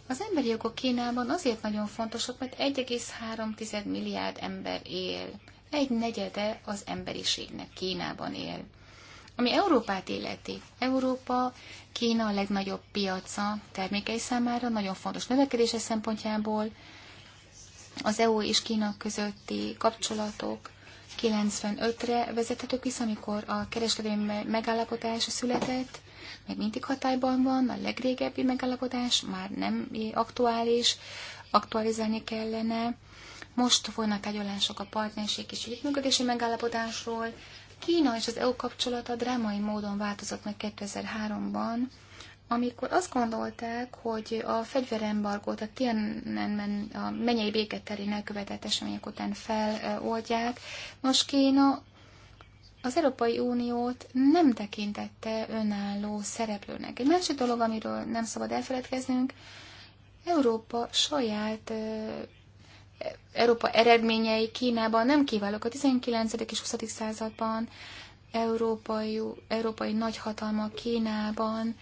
Az emberi jogok Kínában azért nagyon fontosak, mert 1,3 milliárd ember él. Egy negyede az emberiségnek Kínában él. Ami Európát illeti, Európa Kína a legnagyobb piaca termékei számára, nagyon fontos növekedése szempontjából. Az EU és Kína közötti kapcsolatok 95-re vezethetők vissza, amikor a kereskedelmi megállapodás született, még mindig hatályban van, a legrégebbi megállapodás már nem aktuális, aktualizálni kellene. Most folynak tárgyalások a partnerség és együttműködési megállapodásról, Kína és az EU kapcsolata drámai módon változott meg 2003-ban, amikor azt gondolták, hogy a fegyverembargót a Tiananmen, a menyei béketerén elkövetett események után feloldják, most Kína az Európai Uniót nem tekintette önálló szereplőnek. Egy másik dolog, amiről nem szabad elfeledkeznünk, Európa saját Európa eredményei Kínában nem kiválók. A 19. és 20. században európai, európai nagyhatalma Kínában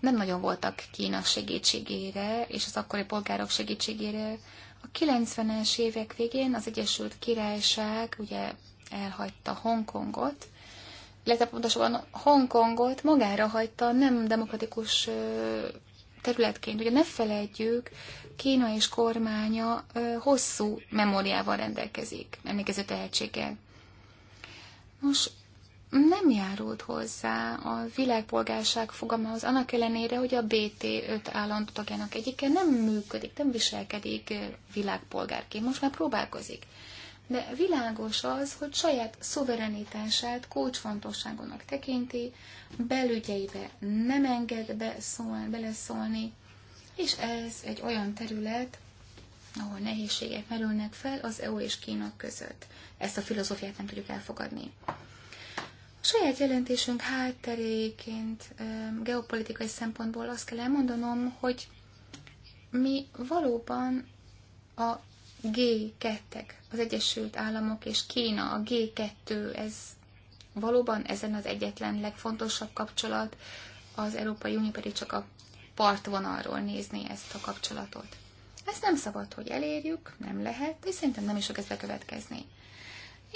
nem nagyon voltak Kína segítségére, és az akkori polgárok segítségére. A 90-es évek végén az Egyesült Királyság ugye elhagyta Hongkongot, illetve pontosabban Hongkongot magára hagyta nem demokratikus területként. Ugye ne felejtjük, Kína és kormánya hosszú memóriával rendelkezik, emlékező tehetséggel. Nos, nem járult hozzá a világpolgárság fogalmához, annak ellenére, hogy a BT 5 állandó egyike nem működik, nem viselkedik világpolgárként, most már próbálkozik. De világos az, hogy saját szuverenitását kulcsfontosságonak tekinti, belügyeibe nem enged beszól, beleszólni, és ez egy olyan terület, ahol nehézségek merülnek fel az EU és Kína között. Ezt a filozófiát nem tudjuk elfogadni. A saját jelentésünk hátteréként geopolitikai szempontból azt kell elmondanom, hogy mi valóban a g 2 az Egyesült Államok és Kína, a G2, ez valóban ezen az egyetlen legfontosabb kapcsolat, az Európai Unió pedig csak a partvonalról nézni ezt a kapcsolatot. Ezt nem szabad, hogy elérjük, nem lehet, és szerintem nem is fog ez bekövetkezni.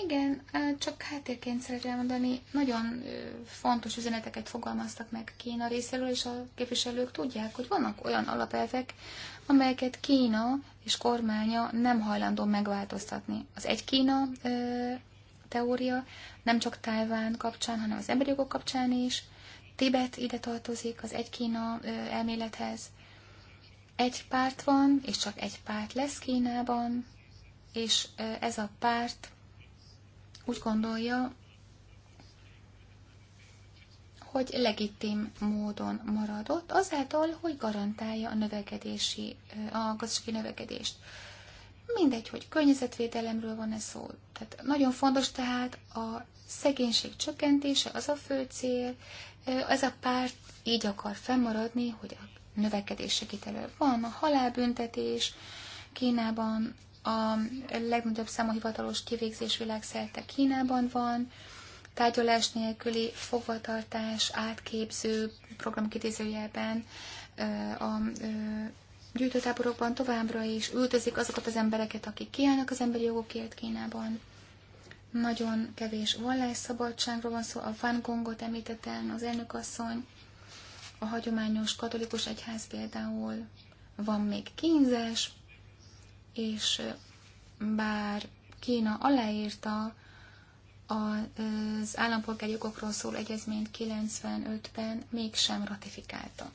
Igen, csak háttérként szeretném mondani. nagyon fontos üzeneteket fogalmaztak meg Kína részéről, és a képviselők tudják, hogy vannak olyan alapelvek, amelyeket Kína és kormánya nem hajlandó megváltoztatni. Az egy Kína teória nem csak Tájván kapcsán, hanem az emberi jogok kapcsán is, Tibet ide tartozik az egy Kína elmélethez. Egy párt van, és csak egy párt lesz Kínában, és ez a párt úgy gondolja, hogy legitim módon maradott, azáltal, hogy garantálja a növekedési, a gazdasági növekedést. Mindegy, hogy környezetvédelemről van-e szó. Tehát nagyon fontos tehát a szegénység csökkentése, az a fő cél, ez a párt így akar fennmaradni, hogy a növekedés segít elő. Van a halálbüntetés, Kínában a legnagyobb számú hivatalos kivégzés világszerte Kínában van, tárgyalás nélküli fogvatartás, átképző programkitézőjelben a gyűjtőtáborokban továbbra is ültözik azokat az embereket, akik kiállnak az emberi jogokért Kínában. Nagyon kevés vallásszabadságról van szó, a Van Gongot említett el az elnökasszony, a hagyományos katolikus egyház például van még kínzás, és bár Kína aláírta az állampolgári jogokról szól egyezményt 95-ben, mégsem ratifikálta.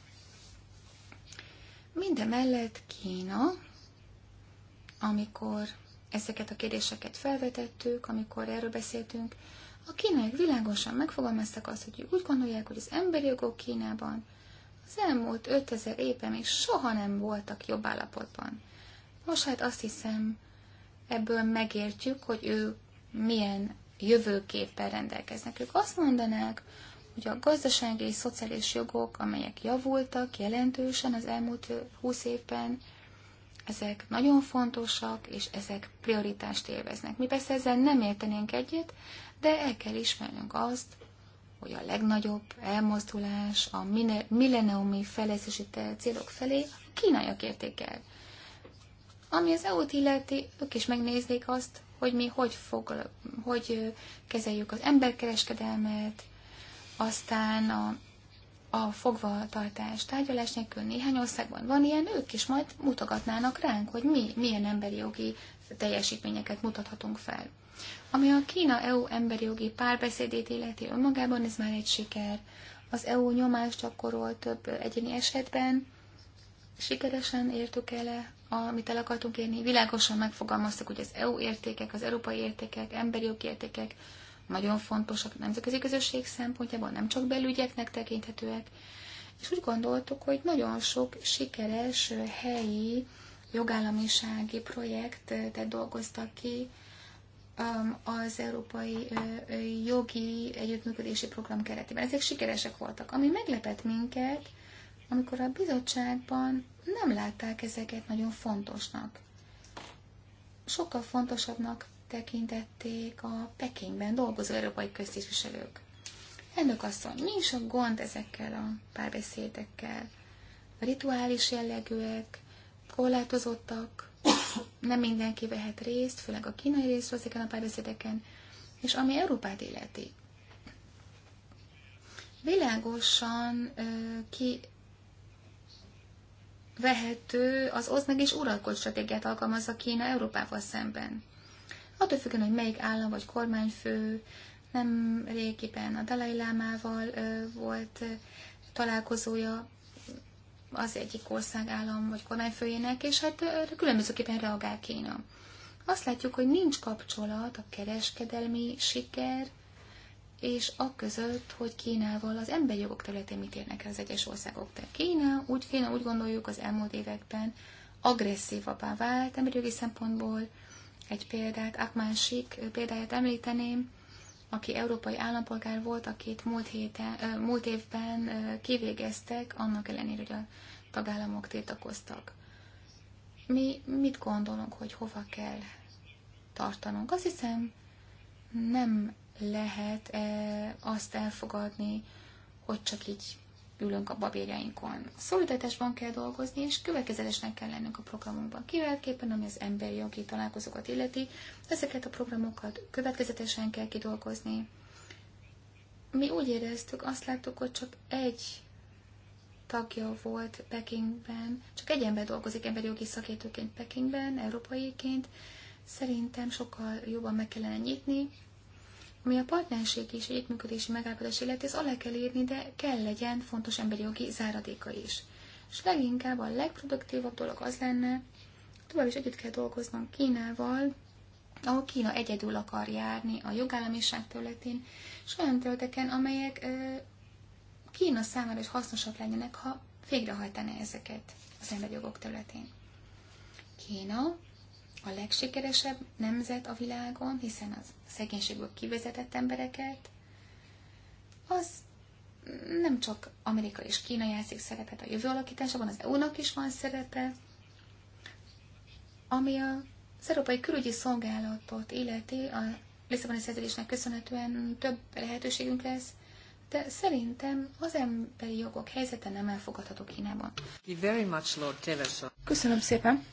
Mindemellett Kína, amikor ezeket a kérdéseket felvetettük, amikor erről beszéltünk, a kínaiak világosan megfogalmaztak azt, hogy úgy gondolják, hogy az emberi jogok Kínában az elmúlt 5000 évben még soha nem voltak jobb állapotban. Most hát azt hiszem, ebből megértjük, hogy ő milyen jövőképpen rendelkeznek. Ők azt mondanák, hogy a gazdasági és szociális jogok, amelyek javultak jelentősen az elmúlt húsz évben, ezek nagyon fontosak, és ezek prioritást élveznek. Mi persze ezzel nem értenénk egyet, de el kell ismernünk azt, hogy a legnagyobb elmozdulás a milleniumi fejlesztési célok felé a kínaiak érték el. Ami az EU-t illeti, ők is megnéznék azt, hogy mi hogy, fog, hogy kezeljük az emberkereskedelmet, aztán a, a fogvatartás tárgyalás nélkül néhány országban van ilyen, ők is majd mutogatnának ránk, hogy mi milyen emberi jogi teljesítményeket mutathatunk fel. Ami a Kína-EU emberi jogi párbeszédét illeti önmagában, ez már egy siker. Az EU nyomást gyakorol több egyéni esetben, sikeresen értük el, amit el akartunk érni, világosan megfogalmaztuk, hogy az EU értékek, az európai értékek, emberi jogi értékek, nagyon fontosak nemzetközi közösség szempontjából, nem csak belügyeknek tekinthetőek, és úgy gondoltuk, hogy nagyon sok sikeres helyi jogállamisági projektet dolgoztak ki az Európai Jogi Együttműködési Program keretében. Ezek sikeresek voltak. Ami meglepett minket, amikor a bizottságban nem látták ezeket nagyon fontosnak. Sokkal fontosabbnak tekintették a Pekingben dolgozó európai köztisztviselők. Elnök asszony, mi is a gond ezekkel a párbeszédekkel? A rituális jellegűek, korlátozottak, nem mindenki vehet részt, főleg a kínai részt ezeken a párbeszédeken, és ami Európát illeti. Világosan ki vehető az osznak és uralkodó stratégiát alkalmazza Kína Európával szemben. Attól függően, hogy melyik állam vagy kormányfő nem régiben a Dalai Lámával volt találkozója az egyik ország állam vagy kormányfőjének, és hát különbözőképpen reagál Kína. Azt látjuk, hogy nincs kapcsolat a kereskedelmi siker és a között, hogy Kínával az emberi jogok területén mit érnek el az egyes országok. De Kína úgy, Kína úgy gondoljuk az elmúlt években agresszívabbá vált emberi jogi szempontból, egy példát, Akmán másik példáját említeném, aki európai állampolgár volt, akit múlt, héten, múlt évben kivégeztek, annak ellenére, hogy a tagállamok tiltakoztak. Mi mit gondolunk, hogy hova kell tartanunk? Azt hiszem, nem lehet azt elfogadni, hogy csak így ülünk a babérjainkon. Szolidatásban kell dolgozni, és következetesnek kell lennünk a programunkban. Kiváltképpen, ami az emberi jogi találkozókat illeti, ezeket a programokat következetesen kell kidolgozni. Mi úgy éreztük, azt láttuk, hogy csak egy tagja volt Pekingben, csak egy ember dolgozik emberi jogi szakértőként Pekingben, európaiként. Szerintem sokkal jobban meg kellene nyitni, ami a partnerség és együttműködési megállapodás illeti, az alá kell írni, de kell legyen fontos emberi jogi záradéka is. És leginkább a legproduktívabb dolog az lenne, tovább is együtt kell dolgoznom Kínával, ahol Kína egyedül akar járni a jogállamiság területén, és olyan területeken, amelyek Kína számára is hasznosak lennének, ha végrehajtaná ezeket az emberi jogok területén. Kína a legsikeresebb nemzet a világon, hiszen az szegénységből kivezetett embereket, az nem csak Amerika és Kína játszik szerepet a jövő alakításában, az EU-nak is van szerepe, ami az Európai Külügyi Szolgálatot illeti, a Lisszaboni szerződésnek köszönhetően több lehetőségünk lesz, de szerintem az emberi jogok helyzete nem elfogadható Kínában. Köszönöm szépen!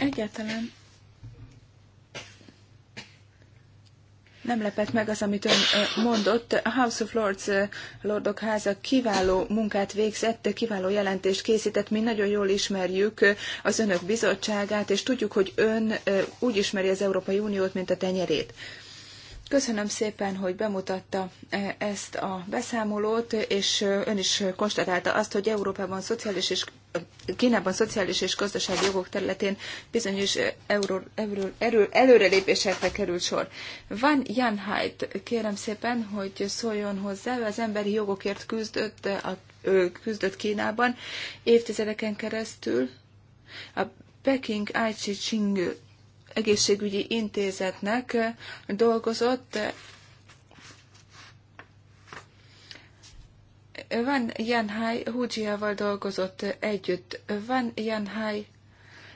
Egyáltalán nem lepett meg az, amit ön eh, mondott. A House of Lords, eh, Lordok háza kiváló munkát végzett, kiváló jelentést készített. Mi nagyon jól ismerjük eh, az önök bizottságát, és tudjuk, hogy ön úgy ismeri az Európai Uniót, mint a tenyerét. Köszönöm szépen, hogy bemutatta ezt a beszámolót, és ön is konstatálta azt, hogy Európában szociális és Kínában szociális és gazdasági jogok területén bizonyos euró, euró, erő, előrelépésekre került sor. Van Jan Janhajt, kérem szépen, hogy szóljon hozzá, az emberi jogokért küzdött, a, küzdött Kínában évtizedeken keresztül. A Peking Aichi Ching egészségügyi intézetnek dolgozott, Van Janhai Húgyiával dolgozott együtt. Van Janhai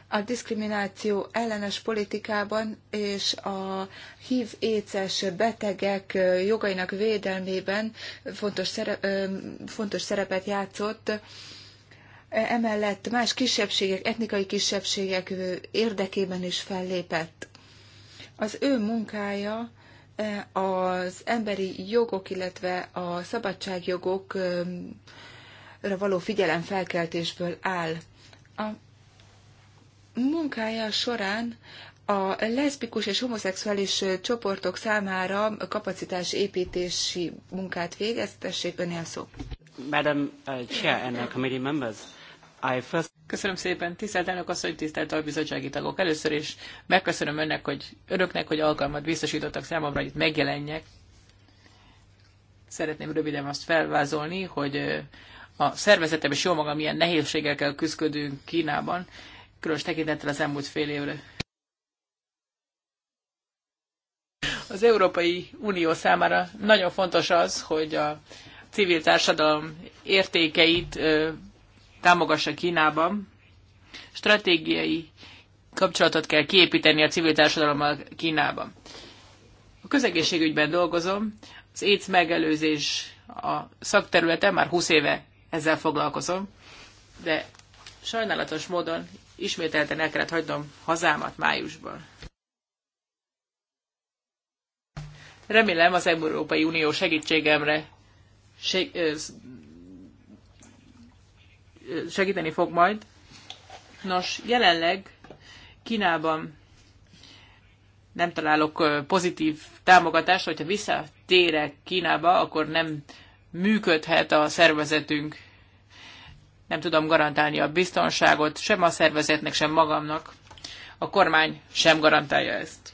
a diszkrimináció ellenes politikában és a hív éces betegek jogainak védelmében fontos, szerep, fontos szerepet játszott. Emellett más kisebbségek, etnikai kisebbségek érdekében is fellépett. Az ő munkája az emberi jogok, illetve a szabadságjogokra való figyelemfelkeltésből áll. A munkája során a leszbikus és homoszexuális csoportok számára kapacitás építési munkát végeztessék, önél szó. Madam uh, Chair and Committee Members, Köszönöm szépen, tisztelt elnök asszony, tisztelt bizottsági tagok. Először is megköszönöm önnek, hogy, önöknek, hogy alkalmat biztosítottak számomra, hogy itt megjelenjek. Szeretném röviden azt felvázolni, hogy a szervezetem és jó magam milyen nehézségekkel küzdködünk Kínában, különös tekintettel az elmúlt fél évre. Az Európai Unió számára nagyon fontos az, hogy a civil társadalom értékeit támogassa Kínában. Stratégiai kapcsolatot kell kiépíteni a civil társadalommal Kínában. A közegészségügyben dolgozom, az AIDS megelőzés a szakterülete, már 20 éve ezzel foglalkozom, de sajnálatos módon ismételten el kellett hagynom hazámat májusban. Remélem az Európai Unió segítségemre segíteni fog majd. Nos, jelenleg Kínában nem találok pozitív támogatást, hogyha visszatérek Kínába, akkor nem működhet a szervezetünk. Nem tudom garantálni a biztonságot, sem a szervezetnek, sem magamnak. A kormány sem garantálja ezt.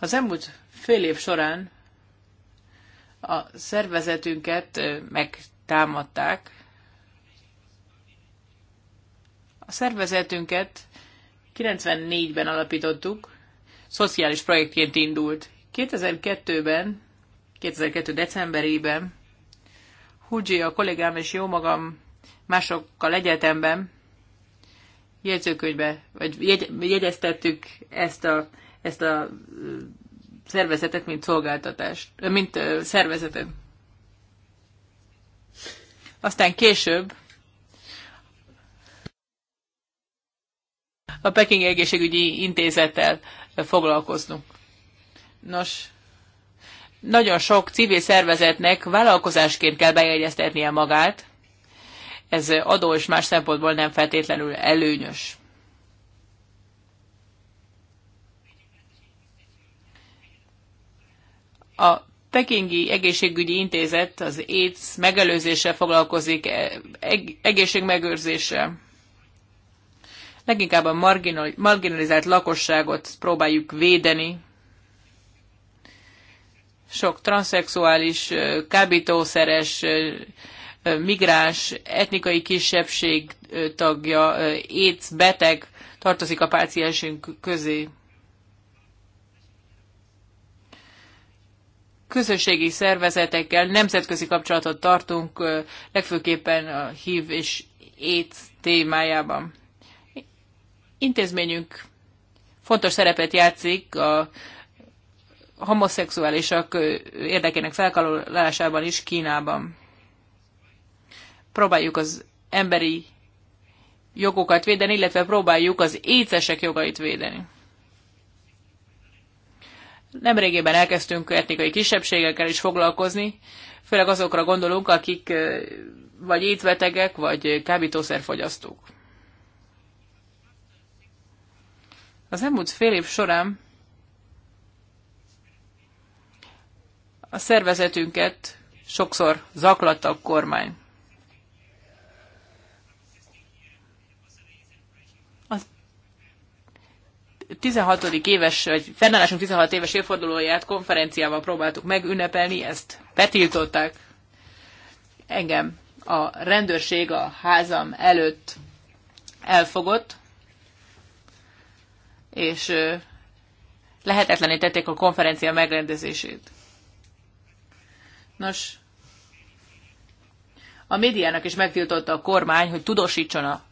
Az elmúlt fél év során a szervezetünket megtámadták. A szervezetünket 94-ben alapítottuk, szociális projektként indult. 2002-ben, 2002. decemberében Hugyi, a kollégám és jó magam másokkal egyetemben jegyzőkönyvbe, vagy jegy, jegyeztettük ezt a, ezt a szervezetet, mint szolgáltatást, mint szervezetet. Aztán később a Peking Egészségügyi Intézettel foglalkoznunk. Nos, nagyon sok civil szervezetnek vállalkozásként kell bejegyeztetnie magát, ez adó és más szempontból nem feltétlenül előnyös. A Pekingi Egészségügyi Intézet az AIDS megelőzéssel foglalkozik, e, egészségmegőrzéssel. Leginkább a marginalizált lakosságot próbáljuk védeni. Sok transzexuális, kábítószeres, migráns, etnikai kisebbség tagja, AIDS beteg tartozik a páciensünk közé. közösségi szervezetekkel nemzetközi kapcsolatot tartunk, legfőképpen a HIV és AIDS témájában. Intézményünk fontos szerepet játszik a homoszexuálisak érdekének felkalolásában is Kínában. Próbáljuk az emberi jogokat védeni, illetve próbáljuk az écesek jogait védeni. Nemrégében elkezdtünk etnikai kisebbségekkel is foglalkozni, főleg azokra gondolunk, akik vagy étvetegek, vagy kábítószerfogyasztók. Az elmúlt fél év során a szervezetünket sokszor zaklatta a kormány. 16. éves, vagy fennállásunk 16 éves évfordulóját konferenciával próbáltuk megünnepelni, ezt betiltották. Engem a rendőrség a házam előtt elfogott, és lehetetlenítették a konferencia megrendezését. Nos, a médiának is megtiltotta a kormány, hogy tudósítson a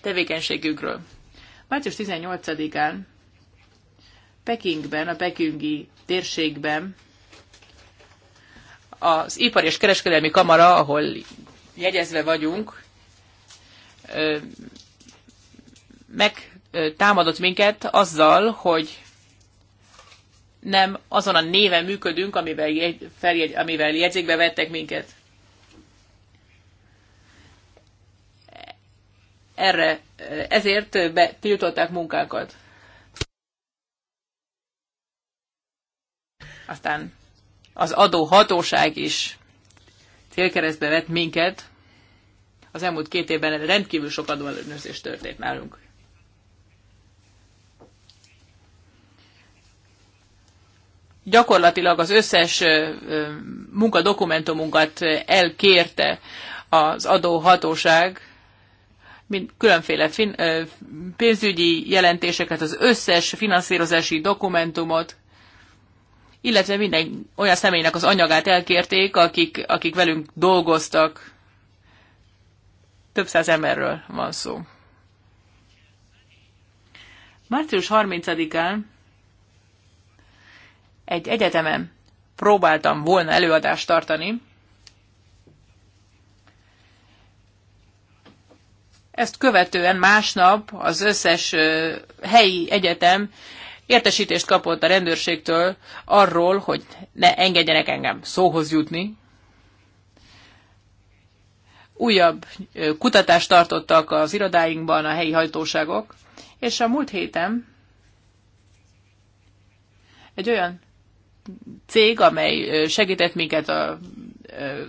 tevékenységükről. Március 18-án Pekingben, a pekingi térségben az Ipar és Kereskedelmi Kamara, ahol jegyezve vagyunk, megtámadott minket azzal, hogy nem azon a néven működünk, amivel, jegy, amivel jegyzékbe vettek minket. erre, ezért betiltották munkákat. Aztán az adó hatóság is célkeresztbe vett minket. Az elmúlt két évben rendkívül sok adóellenőrzés történt nálunk. Gyakorlatilag az összes munkadokumentumunkat elkérte az adóhatóság, mind különféle fin, ö, pénzügyi jelentéseket, az összes finanszírozási dokumentumot, illetve minden olyan személynek az anyagát elkérték, akik, akik velünk dolgoztak. Több száz emberről van szó. Március 30-án egy egyetemen próbáltam volna előadást tartani, Ezt követően másnap az összes helyi egyetem értesítést kapott a rendőrségtől arról, hogy ne engedjenek engem szóhoz jutni. Újabb kutatást tartottak az irodáinkban a helyi hajtóságok, és a múlt héten egy olyan cég, amely segített minket a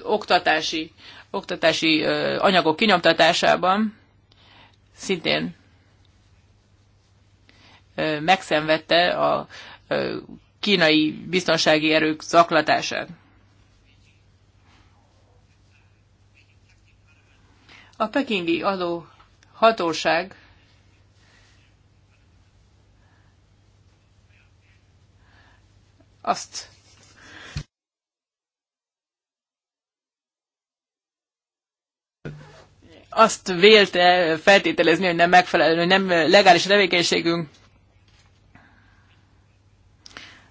oktatási, oktatási anyagok kinyomtatásában, szintén megszenvedte a kínai biztonsági erők zaklatását. A pekingi adó hatóság azt azt vélte eh, feltételezni, hogy nem megfelelő, hogy nem eh, legális tevékenységünk.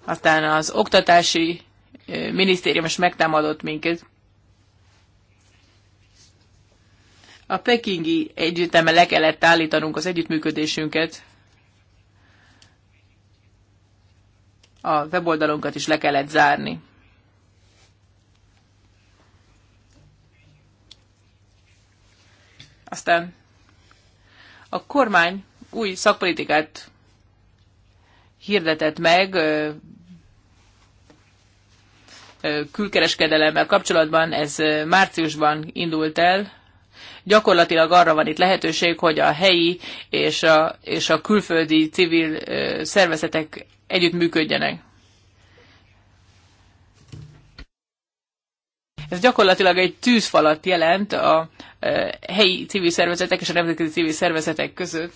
Aztán az oktatási eh, minisztérium is megtámadott minket. A pekingi együttemmel le kellett állítanunk az együttműködésünket. A weboldalunkat is le kellett zárni. Aztán a kormány új szakpolitikát hirdetett meg külkereskedelemmel kapcsolatban, ez márciusban indult el. Gyakorlatilag arra van itt lehetőség, hogy a helyi és a, és a külföldi civil szervezetek együttműködjenek. Ez gyakorlatilag egy tűzfalat jelent a e, helyi civil szervezetek és a nemzetközi civil szervezetek között.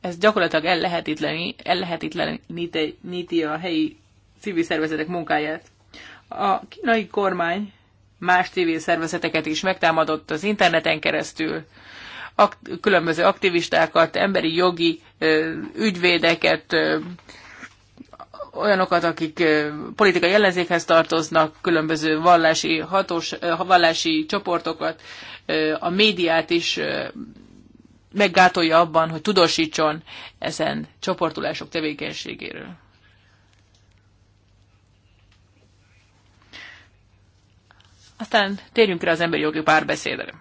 Ez gyakorlatilag ellehetetleníti a helyi civil szervezetek munkáját. A kínai kormány más civil szervezeteket is megtámadott az interneten keresztül, ak- különböző aktivistákat, emberi jogi e, ügyvédeket, ö, e, olyanokat, akik politikai ellenzékhez tartoznak, különböző vallási, hatós, vallási csoportokat, a médiát is meggátolja abban, hogy tudósítson ezen csoportulások tevékenységéről. Aztán térjünk rá az emberi jogi párbeszédre.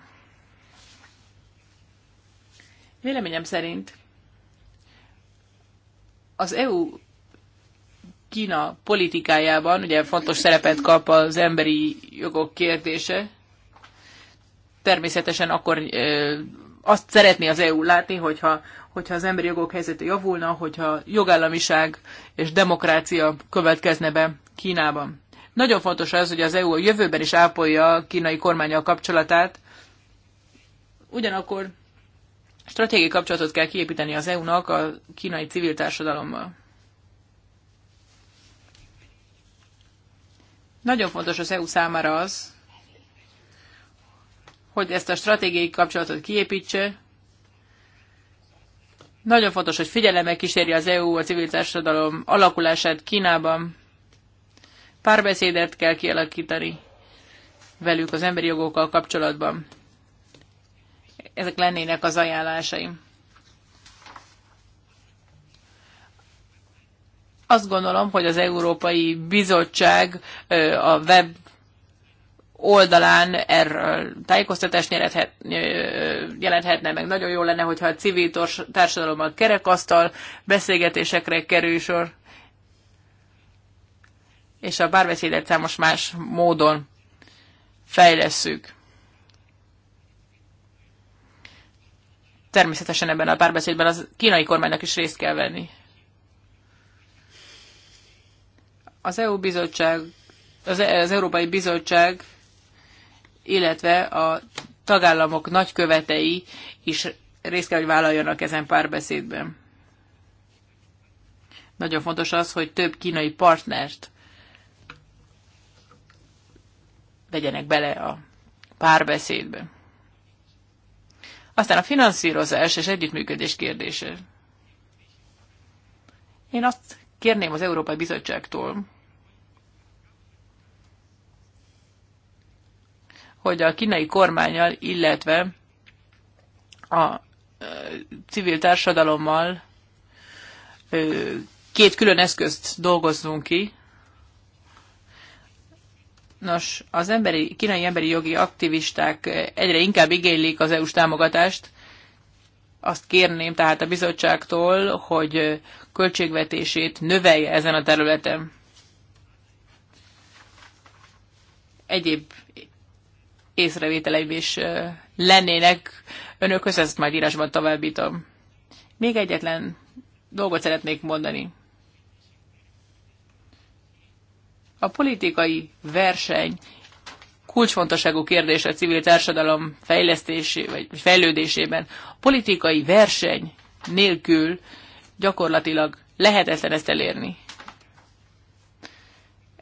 Véleményem szerint az EU Kína politikájában ugye fontos szerepet kap az emberi jogok kérdése. Természetesen akkor azt szeretné az EU látni, hogyha, hogyha az emberi jogok helyzete javulna, hogyha jogállamiság és demokrácia következne be Kínában. Nagyon fontos az, hogy az EU a jövőben is ápolja a kínai kormányjal kapcsolatát, ugyanakkor stratégiai kapcsolatot kell kiépíteni az EU-nak a kínai civil társadalommal. Nagyon fontos az EU számára az, hogy ezt a stratégiai kapcsolatot kiépítse. Nagyon fontos, hogy figyelemmel kíséri az EU a civil társadalom alakulását Kínában. Párbeszédet kell kialakítani velük az emberi jogokkal kapcsolatban. Ezek lennének az ajánlásaim. Azt gondolom, hogy az Európai Bizottság a web oldalán erről tájékoztatást jelenthet, jelenthetne, meg nagyon jó lenne, hogyha a civil társadalommal kerekasztal beszélgetésekre kerül sor, és a párbeszédet számos más módon fejlesszük. Természetesen ebben a párbeszédben az kínai kormánynak is részt kell venni. Az EU bizottság, az, e- az Európai Bizottság, illetve a tagállamok nagykövetei is részt kell, hogy vállaljanak ezen párbeszédben. Nagyon fontos az, hogy több kínai partnert vegyenek bele a párbeszédbe. Aztán a finanszírozás és együttműködés kérdése. Én azt kérném az Európai Bizottságtól, hogy a kínai kormányal, illetve a civil társadalommal két külön eszközt dolgozzunk ki. Nos, az emberi, kínai emberi jogi aktivisták egyre inkább igénylik az EU-s támogatást, azt kérném tehát a bizottságtól, hogy költségvetését növelje ezen a területen. Egyéb észrevételeim is lennének önökhöz, ezt majd írásban továbbítom. Még egyetlen dolgot szeretnék mondani. A politikai verseny kulcsfontosságú kérdés a civil társadalom fejlesztésé vagy fejlődésében. A politikai verseny nélkül gyakorlatilag lehetetlen ezt elérni.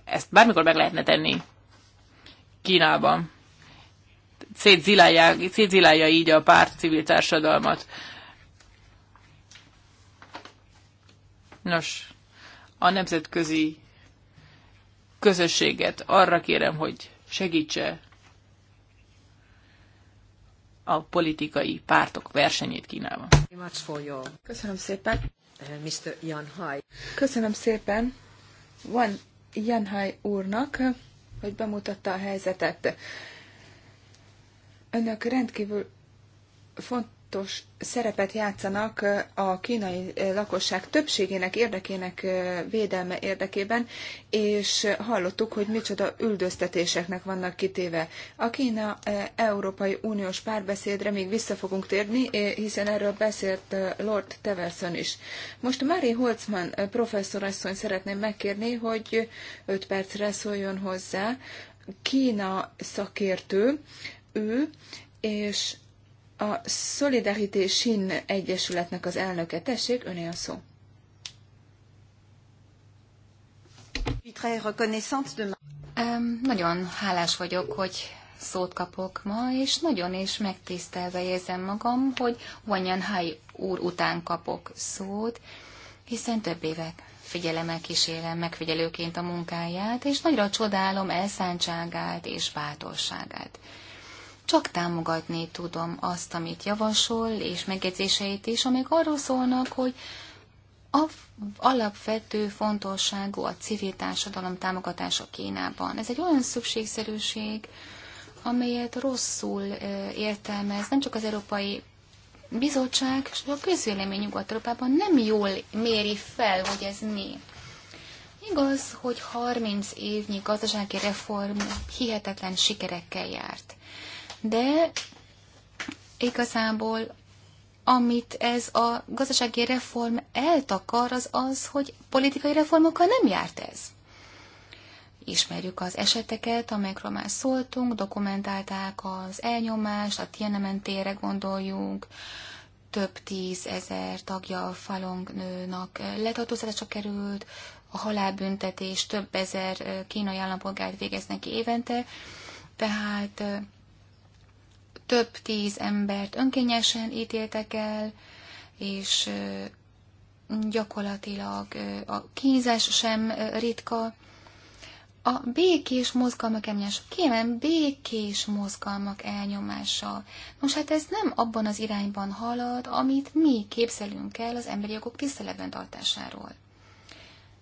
Ezt bármikor meg lehetne tenni Kínában. szétzilálja így a párt civil társadalmat. Nos, a nemzetközi közösséget arra kérem, hogy segítse a politikai pártok versenyét Kínában. Köszönöm szépen. Mr. Jan Hai. Köszönöm szépen. Van Jan Hai úrnak, hogy bemutatta a helyzetet. Önök rendkívül font fontos szerepet játszanak a kínai lakosság többségének érdekének védelme érdekében, és hallottuk, hogy micsoda üldöztetéseknek vannak kitéve. A Kína-Európai Uniós párbeszédre még vissza fogunk térni, hiszen erről beszélt Lord Teverson is. Most Mari Holzman professzorasszony szeretném megkérni, hogy 5 percre szóljon hozzá. Kína szakértő, ő, és a Solidarité Sin Egyesületnek az elnöke. Tessék, öné a szó. Um, nagyon hálás vagyok, hogy szót kapok ma, és nagyon is megtisztelve érzem magam, hogy Wanyan Hai úr után kapok szót, hiszen több évek figyelemmel kísérem megfigyelőként a munkáját, és nagyra csodálom elszántságát és bátorságát. Csak támogatni tudom azt, amit javasol, és megjegyzéseit is, amik arról szólnak, hogy a alapvető fontosságú a civil társadalom támogatása Kínában. Ez egy olyan szükségszerűség, amelyet rosszul értelmez nem csak az Európai Bizottság, és a közvélemény Nyugat-Európában nem jól méri fel, hogy ez mi. Igaz, hogy 30 évnyi gazdasági reform hihetetlen sikerekkel járt de igazából amit ez a gazdasági reform eltakar, az az, hogy politikai reformokkal nem járt ez. Ismerjük az eseteket, amelyekről már szóltunk, dokumentálták az elnyomást, a Tiananmen tére gondoljunk, több tízezer tagja a falong nőnak letartóztatásra került, a halálbüntetés több ezer kínai állampolgárt végeznek évente, tehát több tíz embert önkényesen ítéltek el, és gyakorlatilag a kínzás sem ritka. A békés mozgalmak elnyomása, kérem, békés mozgalmak elnyomása. Nos, hát ez nem abban az irányban halad, amit mi képzelünk el az emberi jogok tiszteletben tartásáról.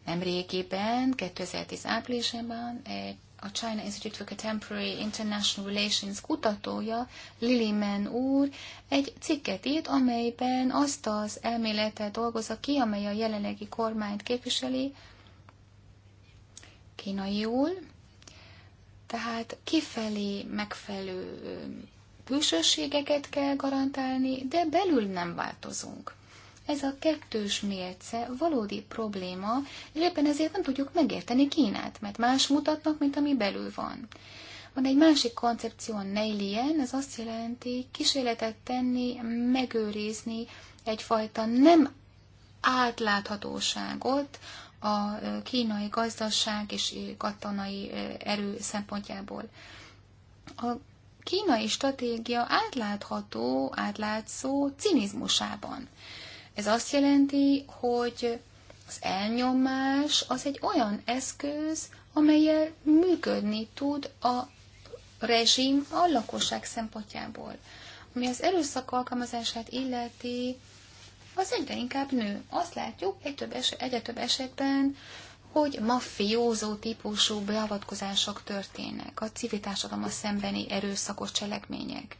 Nemrégiben, 2010 áprilisában egy a China Institute for Contemporary International Relations kutatója, Lili Men úr egy cikket írt, amelyben azt az elméletet dolgozza ki, amely a jelenlegi kormányt képviseli kínaiul, tehát kifelé megfelelő külsőségeket kell garantálni, de belül nem változunk. Ez a kettős mérce valódi probléma, és éppen ezért nem tudjuk megérteni Kínát, mert más mutatnak, mint ami belül van. Van egy másik koncepció, a Neilien, ez azt jelenti kísérletet tenni, megőrizni egyfajta nem átláthatóságot a kínai gazdaság és katonai erő szempontjából. A kínai stratégia átlátható, átlátszó cinizmusában. Ez azt jelenti, hogy az elnyomás az egy olyan eszköz, amelyel működni tud a rezsim a lakosság szempontjából. Ami az erőszak alkalmazását illeti, az egyre inkább nő. Azt látjuk egy több eset, egyre több esetben, hogy mafiózó típusú beavatkozások történnek, a civil társadalma szembeni erőszakos cselekmények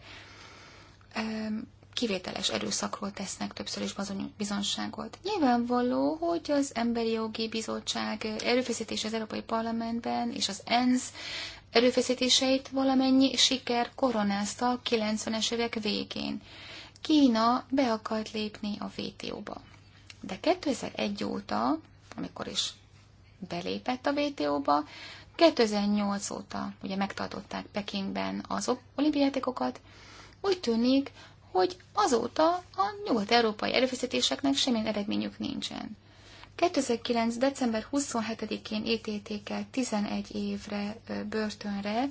kivételes erőszakról tesznek többször is bizonságot. Nyilvánvaló, hogy az Emberi Jogi Bizottság erőfeszítése az Európai Parlamentben és az ENSZ erőfeszítéseit valamennyi siker koronázta a 90-es évek végén. Kína be akart lépni a WTO-ba. De 2001 óta, amikor is belépett a WTO-ba, 2008 óta ugye megtartották Pekingben az olimpiátékokat, úgy tűnik, hogy azóta a nyugat-európai erőfeszítéseknek semmilyen eredményük nincsen. 2009. december 27-én ítélték el 11 évre börtönre.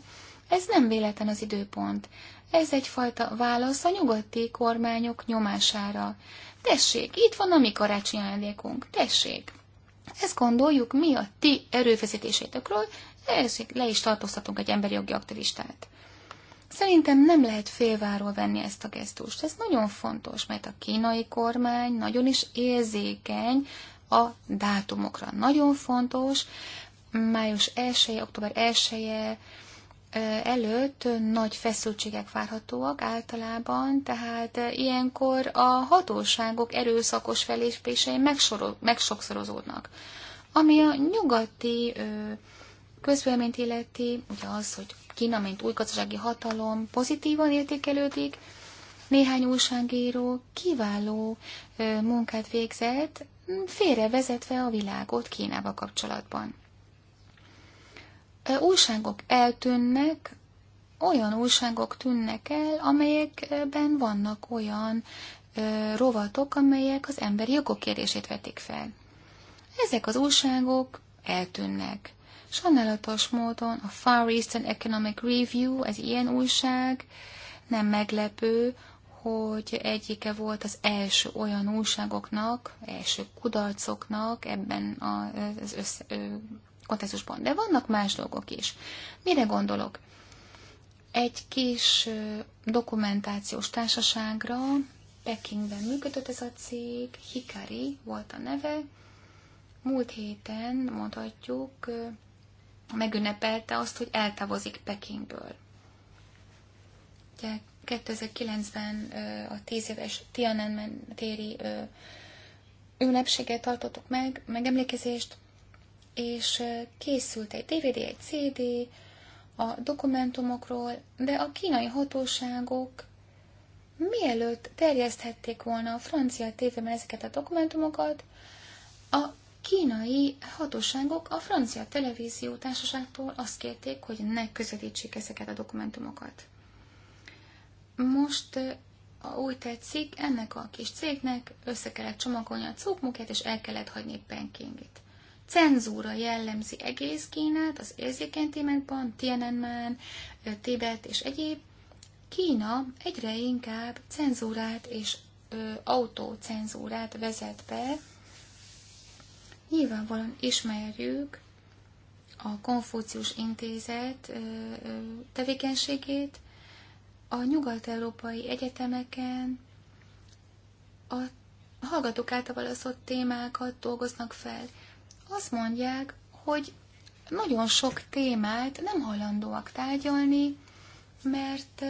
Ez nem véletlen az időpont. Ez egyfajta válasz a nyugati kormányok nyomására. Tessék, itt van a mi karácsonyi ajándékunk, tessék! Ezt gondoljuk mi a ti erőfeszítésétökről, ezért le is tartóztatunk egy emberi jogi aktivistát. Szerintem nem lehet félváról venni ezt a gesztust. Ez nagyon fontos, mert a kínai kormány nagyon is érzékeny a dátumokra. Nagyon fontos, május 1 -e, október 1 -e előtt nagy feszültségek várhatóak általában, tehát ilyenkor a hatóságok erőszakos felépései megsokszorozódnak. Ami a nyugati közvéleményt illeti, ugye az, hogy Kína, mint új gazdasági hatalom pozitívan értékelődik. Néhány újságíró kiváló munkát végzett, félrevezetve a világot Kínába kapcsolatban. Újságok eltűnnek, olyan újságok tűnnek el, amelyekben vannak olyan rovatok, amelyek az emberi jogok kérdését vetik fel. Ezek az újságok eltűnnek. Sajnálatos módon a Far Eastern Economic Review, ez ilyen újság, nem meglepő, hogy egyike volt az első olyan újságoknak, első kudarcoknak ebben az össze, kontextusban. De vannak más dolgok is. Mire gondolok? Egy kis dokumentációs társaságra Pekingben működött ez a cég, Hikari volt a neve. Múlt héten, mondhatjuk, megünnepelte azt, hogy eltávozik Pekingből. Ugye 2009-ben a tíz éves Tiananmen téri ünnepséget tartottuk meg, megemlékezést, és készült egy DVD, egy CD a dokumentumokról, de a kínai hatóságok mielőtt terjeszthették volna a francia tévében ezeket a dokumentumokat, a kínai hatóságok a francia televízió társaságtól azt kérték, hogy ne közvetítsék ezeket a dokumentumokat. Most eh, úgy tetszik, ennek a kis cégnek össze kellett csomagolni a cukmunkát, és el kellett hagyni Pekingit. Cenzúra jellemzi egész Kínát, az érzékeny témákban, Tiananmen, eh, Tibet és egyéb. Kína egyre inkább cenzúrát és eh, autócenzúrát vezet be, Nyilvánvalóan ismerjük a Konfúcius Intézet tevékenységét, a nyugat-európai egyetemeken a hallgatók által válaszolt témákat dolgoznak fel. Azt mondják, hogy nagyon sok témát nem hajlandóak tárgyalni, mert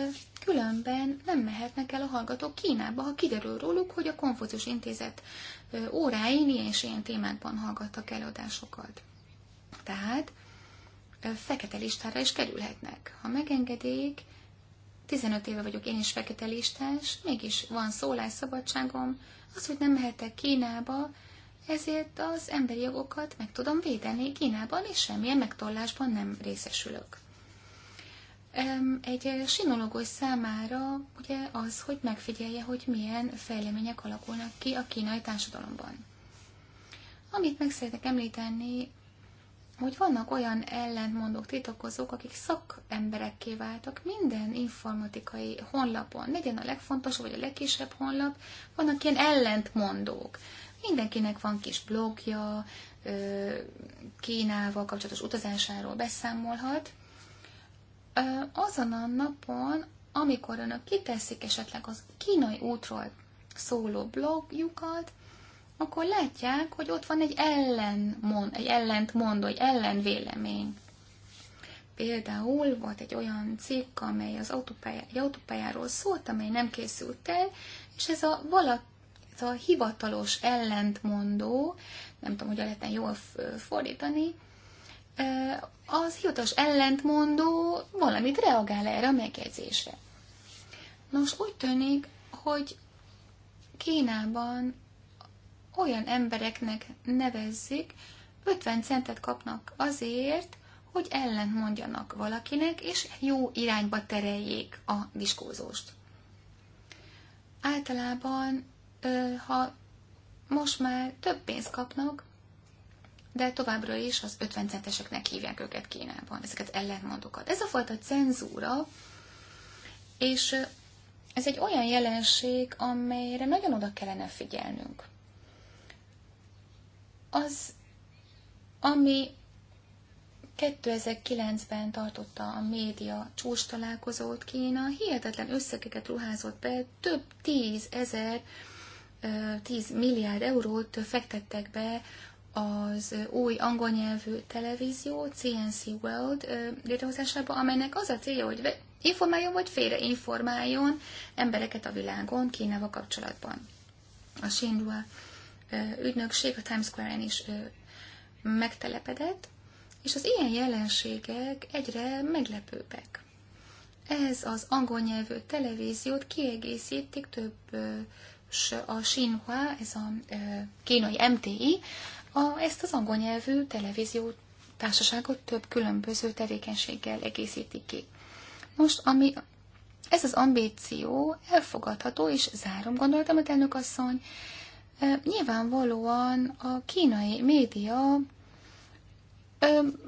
különben nem mehetnek el a hallgatók Kínába, ha kiderül róluk, hogy a Konfucius Intézet óráin ilyen és ilyen témákban hallgattak előadásokat. Tehát fekete listára is kerülhetnek. Ha megengedik, 15 éve vagyok én is fekete listás, mégis van szólásszabadságom, az, hogy nem mehetek Kínába, ezért az emberi jogokat meg tudom védeni Kínában, és semmilyen megtollásban nem részesülök egy eh, sinológus számára ugye az, hogy megfigyelje, hogy milyen fejlemények alakulnak ki a kínai társadalomban. Amit meg szeretek említeni, hogy vannak olyan ellentmondók, titokozók, akik szakemberekké váltak minden informatikai honlapon, legyen a legfontosabb vagy a legkisebb honlap, vannak ilyen ellentmondók. Mindenkinek van kis blogja, Kínával kapcsolatos utazásáról beszámolhat, azon a napon, amikor önök kiteszik esetleg az kínai útról szóló blogjukat, akkor látják, hogy ott van egy ellenmond, egy ellentmondó, egy ellenvélemény. Például volt egy olyan cikk, amely az autópályá, egy autópályáról szólt, amely nem készült el, és ez a, valak, ez a hivatalos ellentmondó, nem tudom, hogy lehetne jól fordítani, az hivatalos ellentmondó valamit reagál erre a megjegyzésre. Nos, úgy tűnik, hogy Kínában olyan embereknek nevezzük, 50 centet kapnak azért, hogy ellent mondjanak valakinek, és jó irányba tereljék a diskózóst. Általában, ha most már több pénzt kapnak, de továbbra is az 50 centeseknek hívják őket Kínában, ezeket ellentmondókat. Ez a fajta cenzúra, és ez egy olyan jelenség, amelyre nagyon oda kellene figyelnünk. Az, ami 2009-ben tartotta a média csúcs találkozót Kína, hihetetlen összegeket ruházott be, több tízezer, tíz milliárd eurót fektettek be az új angol nyelvű televízió, CNC World létrehozásába, amelynek az a célja, hogy informáljon vagy félreinformáljon embereket a világon Kínával kapcsolatban. A Shinhua ügynökség a Times Square-en is megtelepedett, és az ilyen jelenségek egyre meglepőbbek. Ez az angol nyelvű televíziót kiegészítik több a Xinhua, ez a kínai MTI, a, ezt az angol nyelvű televízió társaságot több különböző tevékenységgel egészítik ki. Most, ami ez az ambíció elfogadható, és zárom gondolatomat, elnök asszony, nyilvánvalóan a kínai média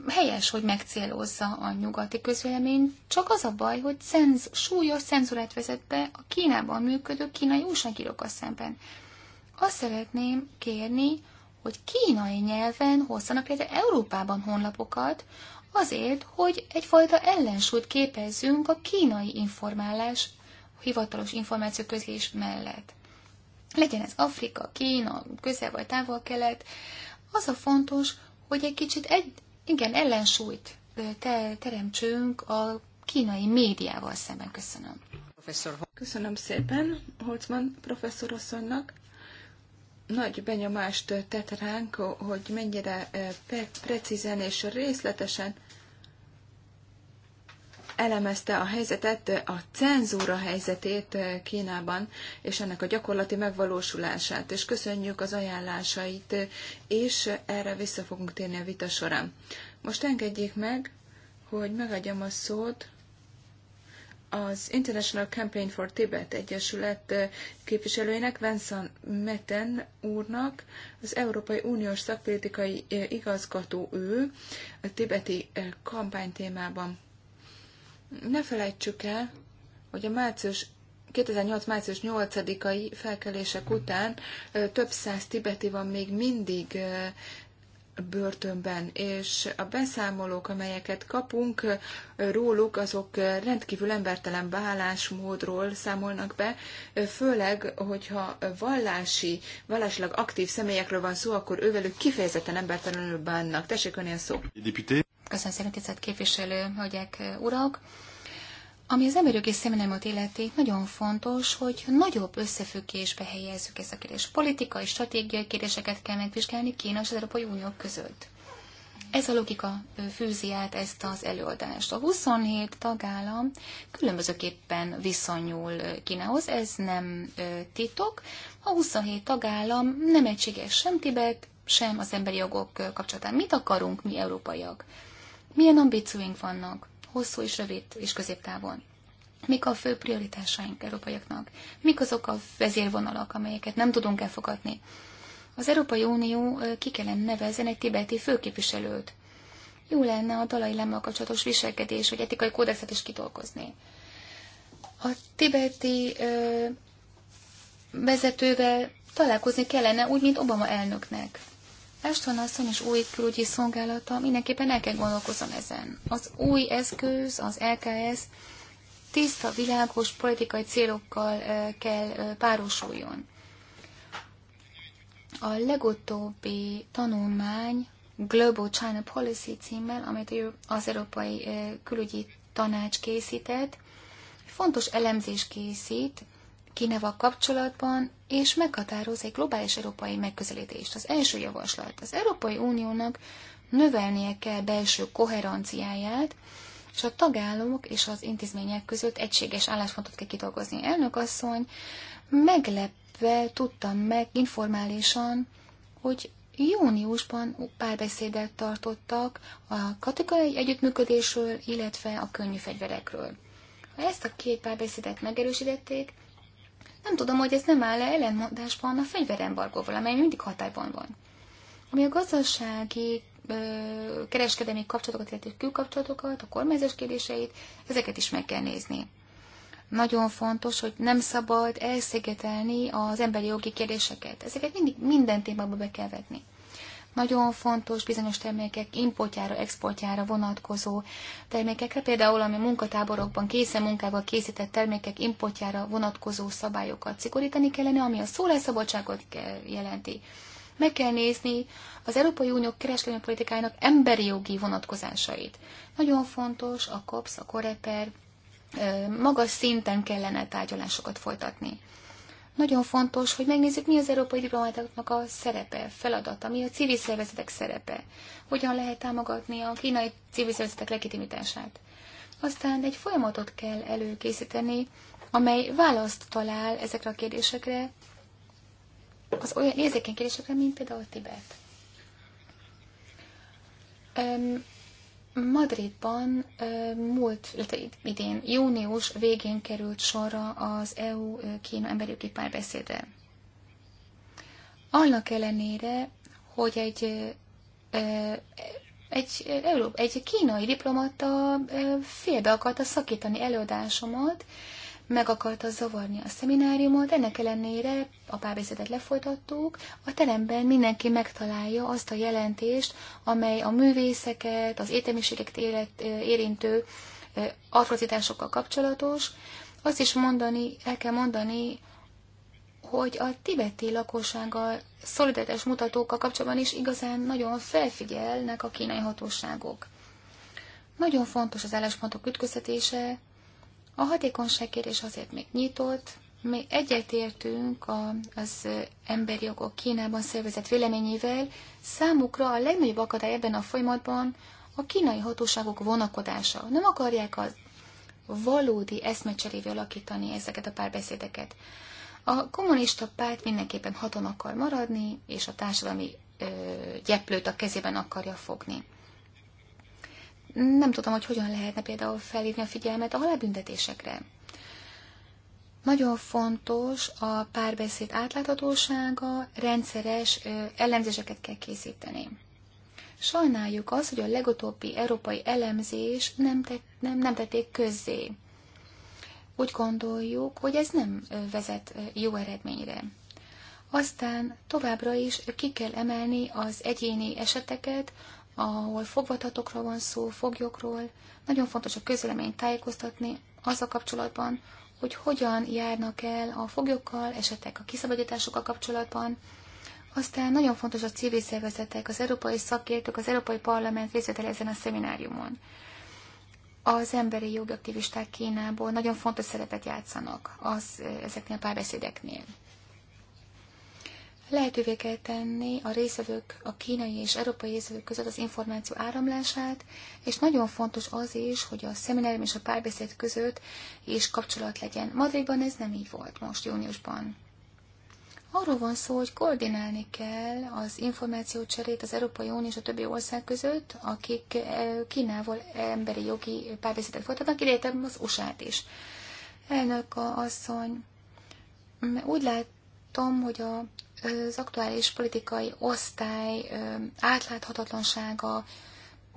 helyes, hogy megcélozza a nyugati közvélemény, csak az a baj, hogy szenz, súlyos cenzúrát vezet be a Kínában működő kínai újságírókkal szemben. Azt szeretném kérni, hogy kínai nyelven hozzanak létre Európában honlapokat, azért, hogy egyfajta ellensúlyt képezzünk a kínai informálás, a hivatalos információ közlés mellett. Legyen ez Afrika, Kína, közel vagy távol-kelet, az a fontos, hogy egy kicsit egy, igen, ellensúlyt te, teremtsünk a kínai médiával szemben. Köszönöm. Köszönöm szépen Holtzman professzorasszonynak nagy benyomást tett ránk, hogy mennyire eh, precízen és részletesen elemezte a helyzetet, a cenzúra helyzetét eh, Kínában, és ennek a gyakorlati megvalósulását, és köszönjük az ajánlásait, és erre vissza fogunk térni a vita során. Most engedjék meg, hogy megadjam a szót az International Campaign for Tibet Egyesület eh, képviselőjének, Vincent Meten úrnak, az Európai Uniós szakpolitikai eh, igazgató ő, a tibeti eh, kampány témában. Ne felejtsük el, hogy a március 2008. március 8-ai felkelések után több száz tibeti van még mindig börtönben, és a beszámolók, amelyeket kapunk róluk, azok rendkívül embertelen bálásmódról számolnak be, főleg, hogyha vallási, vallásilag aktív személyekről van szó, akkor ővelük kifejezetten embertelenül bánnak. Tessék önél szó. Köszönöm szépen, tisztelt képviselő, hölgyek, urak! Ami az emberjogi szemináriumot illeti, nagyon fontos, hogy nagyobb összefüggésbe helyezzük ezt a kérdést. Politikai, stratégiai kérdéseket kell megvizsgálni Kína és az Európai Unió között. Ez a logika fűzi át ezt az előadást. A 27 tagállam különbözőképpen viszonyul Kínához, ez nem titok. A 27 tagállam nem egységes sem Tibet, sem az emberi jogok kapcsolatán. Mit akarunk mi európaiak? Milyen ambícióink vannak? hosszú és rövid és középtávon. Mik a fő prioritásaink európaiaknak? Mik azok a vezérvonalak, amelyeket nem tudunk elfogadni? Az Európai Unió ki kellene nevezzen egy tibeti főképviselőt. Jó lenne a dalai lemmal kapcsolatos viselkedés, vagy etikai kódexet is kidolgozni. A tibeti ö, vezetővel találkozni kellene, úgy, mint Obama elnöknek. Eston asszony és új külügyi szolgálata mindenképpen el kell gondolkozom ezen. Az új eszköz, az LKS tiszta, világos politikai célokkal kell párosuljon. A legutóbbi tanulmány Global China Policy címmel, amit az Európai Külügyi Tanács készített, fontos elemzés készít Kínával kapcsolatban, és meghatároz egy globális európai megközelítést. Az első javaslat. Az Európai Uniónak növelnie kell belső koherenciáját, és a tagállamok és az intézmények között egységes álláspontot kell kidolgozni. Elnök asszony meglepve tudtam meg informálisan, hogy júniusban párbeszédet tartottak a katikai együttműködésről, illetve a könnyű fegyverekről. Ha ezt a két párbeszédet megerősítették, nem tudom, hogy ez nem áll-e ellenmondásban a fegyverembargóval, amely mindig hatályban van. Ami a gazdasági, kereskedelmi kapcsolatokat, illetve külkapcsolatokat, a kormányzás kérdéseit, ezeket is meg kell nézni. Nagyon fontos, hogy nem szabad elszigetelni az emberi jogi kérdéseket. Ezeket mindig minden témába be kell vetni nagyon fontos bizonyos termékek importjára, exportjára vonatkozó termékekre, például ami munkatáborokban készen munkával készített termékek importjára vonatkozó szabályokat szigorítani kellene, ami a szólásszabadságot jelenti. Meg kell nézni az Európai Unió kereskedelmi politikájának emberi jogi vonatkozásait. Nagyon fontos a COPS, a COREPER, magas szinten kellene tárgyalásokat folytatni. Nagyon fontos, hogy megnézzük, mi az európai diplomátoknak a szerepe, feladata, mi a civil szervezetek szerepe, hogyan lehet támogatni a kínai civil szervezetek legitimitását. Aztán egy folyamatot kell előkészíteni, amely választ talál ezekre a kérdésekre, az olyan érzékeny kérdésekre, mint például a Tibet. Madridban múlt, illetve idén, június végén került sorra az EU-Kína jogi párbeszédre. Annak ellenére, hogy egy, egy, egy kínai diplomata félbe akarta szakítani előadásomat, meg akarta zavarni a szemináriumot, ennek ellenére a párbeszédet lefolytattuk, a teremben mindenki megtalálja azt a jelentést, amely a művészeket, az étemiségeket élet, érintő atrocitásokkal kapcsolatos. Azt is mondani, el kell mondani, hogy a tibeti lakossággal szolidaritás mutatókkal kapcsolatban is igazán nagyon felfigyelnek a kínai hatóságok. Nagyon fontos az álláspontok ütközetése, a kérdés azért még nyitott, mi egyetértünk az emberi jogok Kínában szervezett véleményével, számukra a legnagyobb akadály ebben a folyamatban a kínai hatóságok vonakodása. Nem akarják az valódi eszmecserévé alakítani ezeket a párbeszédeket. A kommunista párt mindenképpen haton akar maradni, és a társadalmi ö, gyeplőt a kezében akarja fogni nem tudom, hogy hogyan lehetne például felhívni a figyelmet a halálbüntetésekre. Nagyon fontos a párbeszéd átláthatósága, rendszeres elemzéseket kell készíteni. Sajnáljuk azt, hogy a legutóbbi európai elemzés nem, tett, nem, nem tették közzé. Úgy gondoljuk, hogy ez nem vezet jó eredményre. Aztán továbbra is ki kell emelni az egyéni eseteket, ahol fogvathatókról van szó, foglyokról. Nagyon fontos a közvéleményt tájékoztatni az a kapcsolatban, hogy hogyan járnak el a foglyokkal, esetek a kiszabadításokkal kapcsolatban. Aztán nagyon fontos a civil szervezetek, az európai szakértők, az európai parlament részvétel ezen a szemináriumon. Az emberi jogi aktivisták Kínából nagyon fontos szerepet játszanak az, eh, ezeknél a párbeszédeknél lehetővé kell tenni a részvevők, a kínai és európai részvevők között az információ áramlását, és nagyon fontos az is, hogy a szeminárium és a párbeszéd között is kapcsolat legyen. Madridban ez nem így volt most júniusban. Arról van szó, hogy koordinálni kell az információcserét az Európai Unió és a többi ország között, akik eh, Kínával emberi jogi párbeszédet folytatnak, illetve az usa is. Elnök asszony, úgy látom, hogy a az aktuális politikai osztály átláthatatlansága,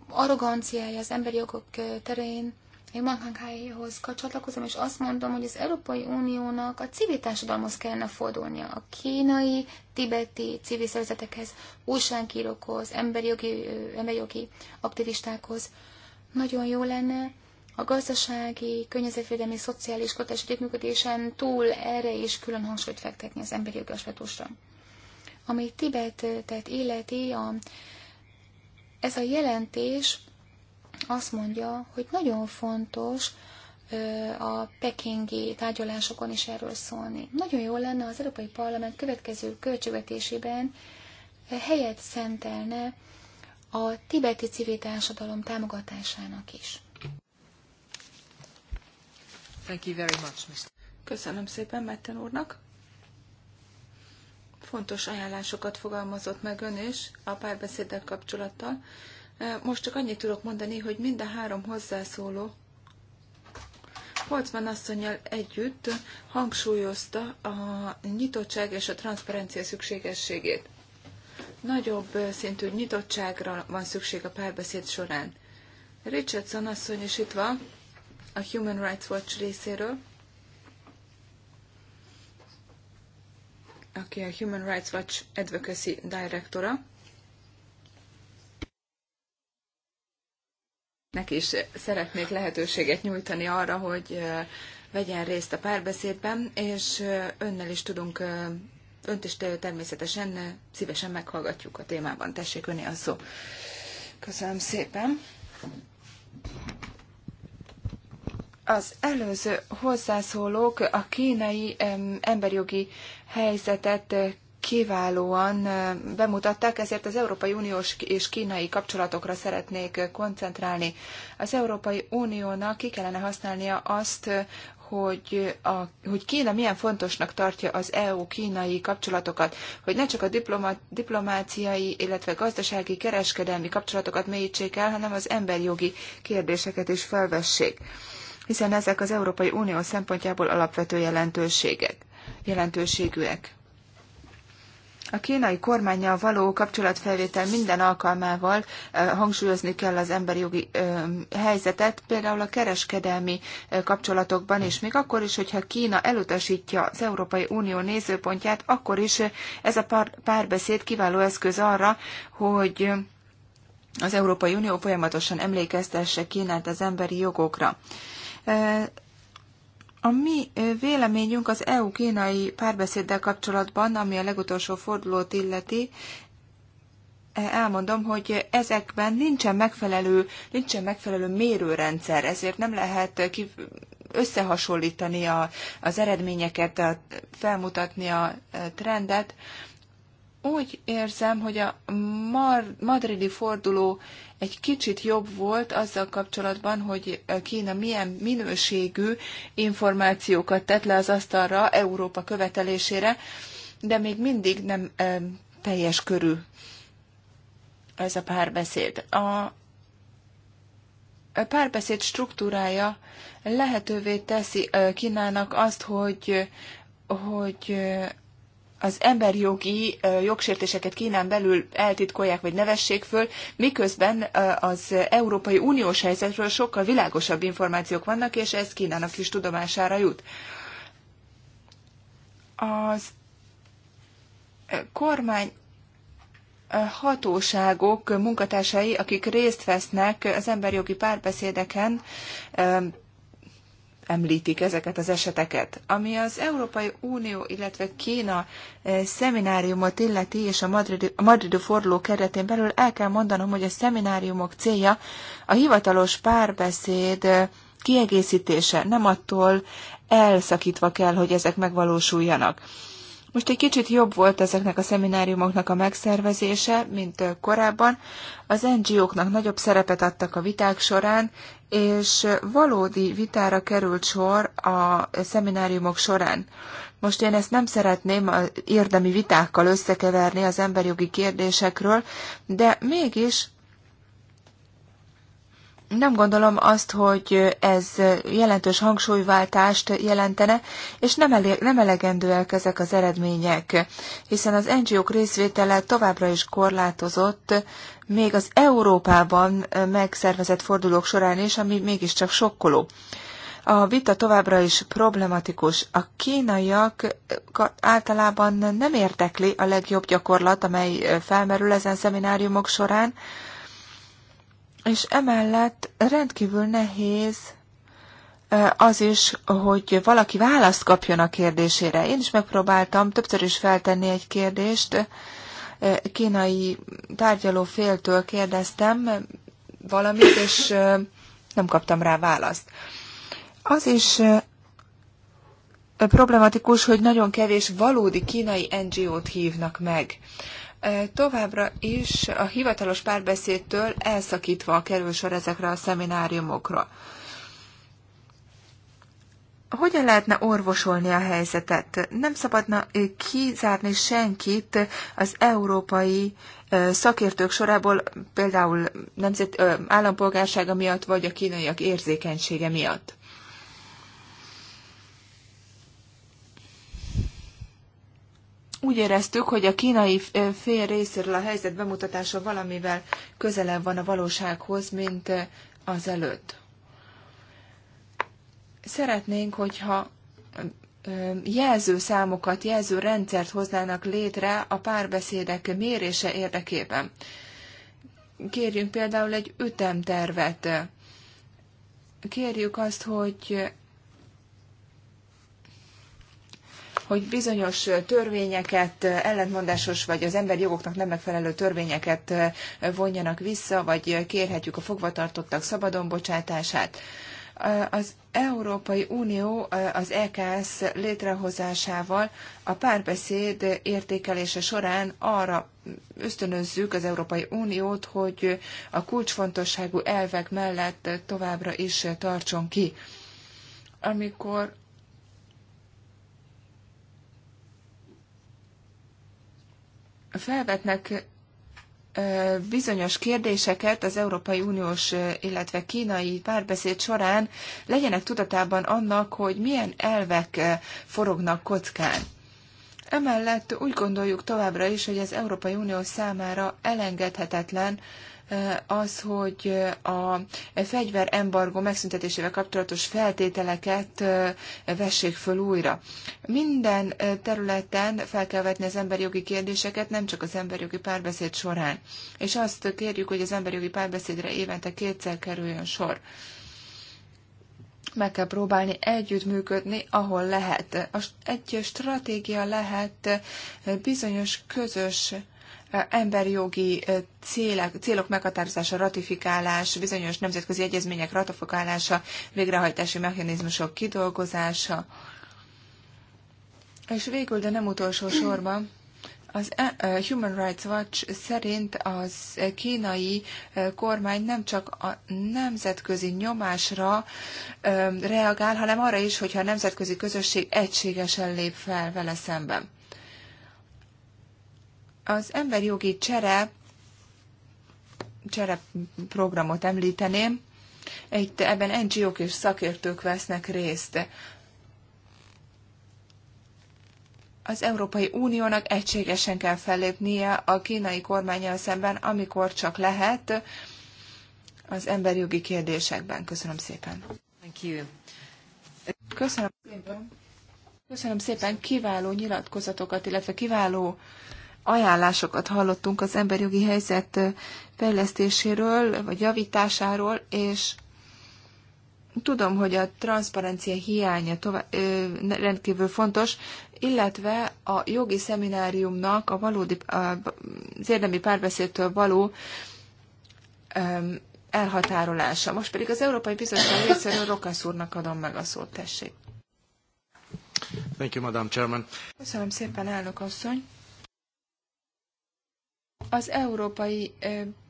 arroganciája az emberi jogok terén. Én Mankankájhoz csatlakozom, és azt mondom, hogy az Európai Uniónak a civil társadalomhoz kellene fordulnia, a kínai, tibeti civil szervezetekhez, újságírókhoz, emberi jogi, emberi jogi aktivistákhoz. Nagyon jó lenne, a gazdasági, környezetvédelmi, szociális kötelező együttműködésen túl erre is külön hangsúlyt fektetni az emberi jogi aspektusra. Ami Tibetet illeti, a, ez a jelentés azt mondja, hogy nagyon fontos a pekingi tárgyalásokon is erről szólni. Nagyon jó lenne az Európai Parlament következő költségvetésében helyet szentelne a tibeti civil társadalom támogatásának is. Thank you very much, Mr. Köszönöm szépen Metten úrnak. Fontos ajánlásokat fogalmazott meg ön is a párbeszédek kapcsolattal. Most csak annyit tudok mondani, hogy mind a három hozzászóló Holtzman asszonyjal együtt hangsúlyozta a nyitottság és a transzparencia szükségességét. Nagyobb szintű nyitottságra van szükség a párbeszéd során. Richardson asszony is itt van, a Human Rights Watch részéről. aki a Human Rights Watch Advocacy Directora. Neki is szeretnék lehetőséget nyújtani arra, hogy vegyen részt a párbeszédben, és önnel is tudunk, önt is természetesen szívesen meghallgatjuk a témában. Tessék öné a szó. Köszönöm szépen. Az előző hozzászólók a kínai emberjogi helyzetet eh, kiválóan eh, bemutatták, ezért az Európai Uniós és kínai kapcsolatokra szeretnék eh, koncentrálni. Az Európai Uniónak ki kellene használnia azt, hogy, a, hogy Kína milyen fontosnak tartja az EU-kínai kapcsolatokat, hogy ne csak a diploma, diplomáciai, illetve gazdasági, kereskedelmi kapcsolatokat mélyítsék el, hanem az emberjogi kérdéseket is felvessék hiszen ezek az Európai Unió szempontjából alapvető jelentőségek, jelentőségűek. A kínai kormányjal való kapcsolatfelvétel minden alkalmával hangsúlyozni kell az emberi jogi helyzetet, például a kereskedelmi kapcsolatokban is. Még akkor is, hogyha Kína elutasítja az Európai Unió nézőpontját, akkor is ez a párbeszéd kiváló eszköz arra, hogy az Európai Unió folyamatosan emlékeztesse Kínát az emberi jogokra. A mi véleményünk az EU-kínai párbeszéddel kapcsolatban, ami a legutolsó fordulót illeti, e, elmondom, hogy ezekben nincsen megfelelő, nincsen megfelelő mérőrendszer, ezért nem lehet ki, összehasonlítani a, az eredményeket, a, felmutatni a e, trendet úgy érzem, hogy a mar- madridi forduló egy kicsit jobb volt azzal kapcsolatban, hogy eh, Kína milyen minőségű információkat tett le az asztalra Európa követelésére, de még mindig nem e, teljes körű ez a párbeszéd. A párbeszéd struktúrája lehetővé teszi eh, Kínának azt, hogy hogy az emberjogi jogsértéseket Kínán belül eltitkolják vagy nevessék föl, miközben az Európai Uniós helyzetről sokkal világosabb információk vannak, és ez Kínának is tudomására jut. Az kormány hatóságok munkatársai, akik részt vesznek az emberjogi párbeszédeken, említik ezeket az eseteket. Ami az Európai Unió, illetve Kína e, szemináriumot illeti, és a madridi, madridi forduló keretén belül el kell mondanom, hogy a szemináriumok célja a hivatalos párbeszéd e, kiegészítése, nem attól elszakítva kell, hogy ezek megvalósuljanak. Most egy kicsit jobb volt ezeknek a szemináriumoknak a megszervezése, mint korábban. Az NGO-knak nagyobb szerepet adtak a viták során, és valódi vitára került sor a szemináriumok során. Most én ezt nem szeretném érdemi vitákkal összekeverni az emberjogi kérdésekről, de mégis nem gondolom azt, hogy ez jelentős hangsúlyváltást jelentene, és nem, elég, nem elegendőek ezek az eredmények, hiszen az NGO-k részvétele továbbra is korlátozott, még az Európában megszervezett fordulók során is, ami mégiscsak sokkoló. A vita továbbra is problematikus. A kínaiak általában nem érdekli a legjobb gyakorlat, amely felmerül ezen szemináriumok során, és emellett rendkívül nehéz az is, hogy valaki választ kapjon a kérdésére. Én is megpróbáltam többször is feltenni egy kérdést, kínai tárgyaló féltől kérdeztem valamit, és nem kaptam rá választ. Az is problematikus, hogy nagyon kevés valódi kínai NGO-t hívnak meg továbbra is a hivatalos párbeszédtől elszakítva kerül sor ezekre a szemináriumokra. Hogyan lehetne orvosolni a helyzetet? Nem szabadna kizárni senkit az európai szakértők sorából, például nemzet, állampolgársága miatt, vagy a kínaiak érzékenysége miatt. úgy éreztük, hogy a kínai fél részéről a helyzet bemutatása valamivel közelebb van a valósághoz, mint az előtt. Szeretnénk, hogyha jelzőszámokat, jelzőrendszert hoznának létre a párbeszédek mérése érdekében. Kérjünk például egy ütemtervet. Kérjük azt, hogy hogy bizonyos törvényeket, ellentmondásos vagy az emberi jogoknak nem megfelelő törvényeket vonjanak vissza, vagy kérhetjük a fogvatartottak szabadon bocsátását. Az Európai Unió az EKS létrehozásával a párbeszéd értékelése során arra ösztönözzük az Európai Uniót, hogy a kulcsfontosságú elvek mellett továbbra is tartson ki. Amikor felvetnek bizonyos kérdéseket az Európai Uniós, illetve kínai párbeszéd során legyenek tudatában annak, hogy milyen elvek forognak kockán. Emellett úgy gondoljuk továbbra is, hogy az Európai Unió számára elengedhetetlen, az, hogy a fegyver embargo megszüntetésével kapcsolatos feltételeket vessék föl újra. Minden területen fel kell vetni az emberi jogi kérdéseket, nem csak az emberi jogi párbeszéd során. És azt kérjük, hogy az emberi jogi párbeszédre évente kétszer kerüljön sor meg kell próbálni együttműködni, ahol lehet. Egy stratégia lehet bizonyos közös emberjogi célek, célok meghatározása, ratifikálás, bizonyos nemzetközi egyezmények ratifikálása, végrehajtási mechanizmusok kidolgozása. És végül, de nem utolsó sorban, az Human Rights Watch szerint az kínai kormány nem csak a nemzetközi nyomásra reagál, hanem arra is, hogyha a nemzetközi közösség egységesen lép fel vele szemben. Az emberjogi csere, csere programot említeném. Itt ebben NGO-k és szakértők vesznek részt. Az Európai Uniónak egységesen kell fellépnie a kínai kormányjal szemben, amikor csak lehet az emberjogi kérdésekben. Köszönöm szépen. Thank you. Köszönöm szépen. Köszönöm szépen kiváló nyilatkozatokat, illetve kiváló ajánlásokat hallottunk az emberjogi helyzet fejlesztéséről, vagy javításáról, és tudom, hogy a transzparencia hiánya tovább, ö, rendkívül fontos, illetve a jogi szemináriumnak a valódi, a, az érdemi párbeszédtől való ö, elhatárolása. Most pedig az Európai Bizottság részéről Rokasz úrnak adom meg a szót, tessék. Thank you, Madam Chairman. Köszönöm szépen, elnök asszony. Az Európai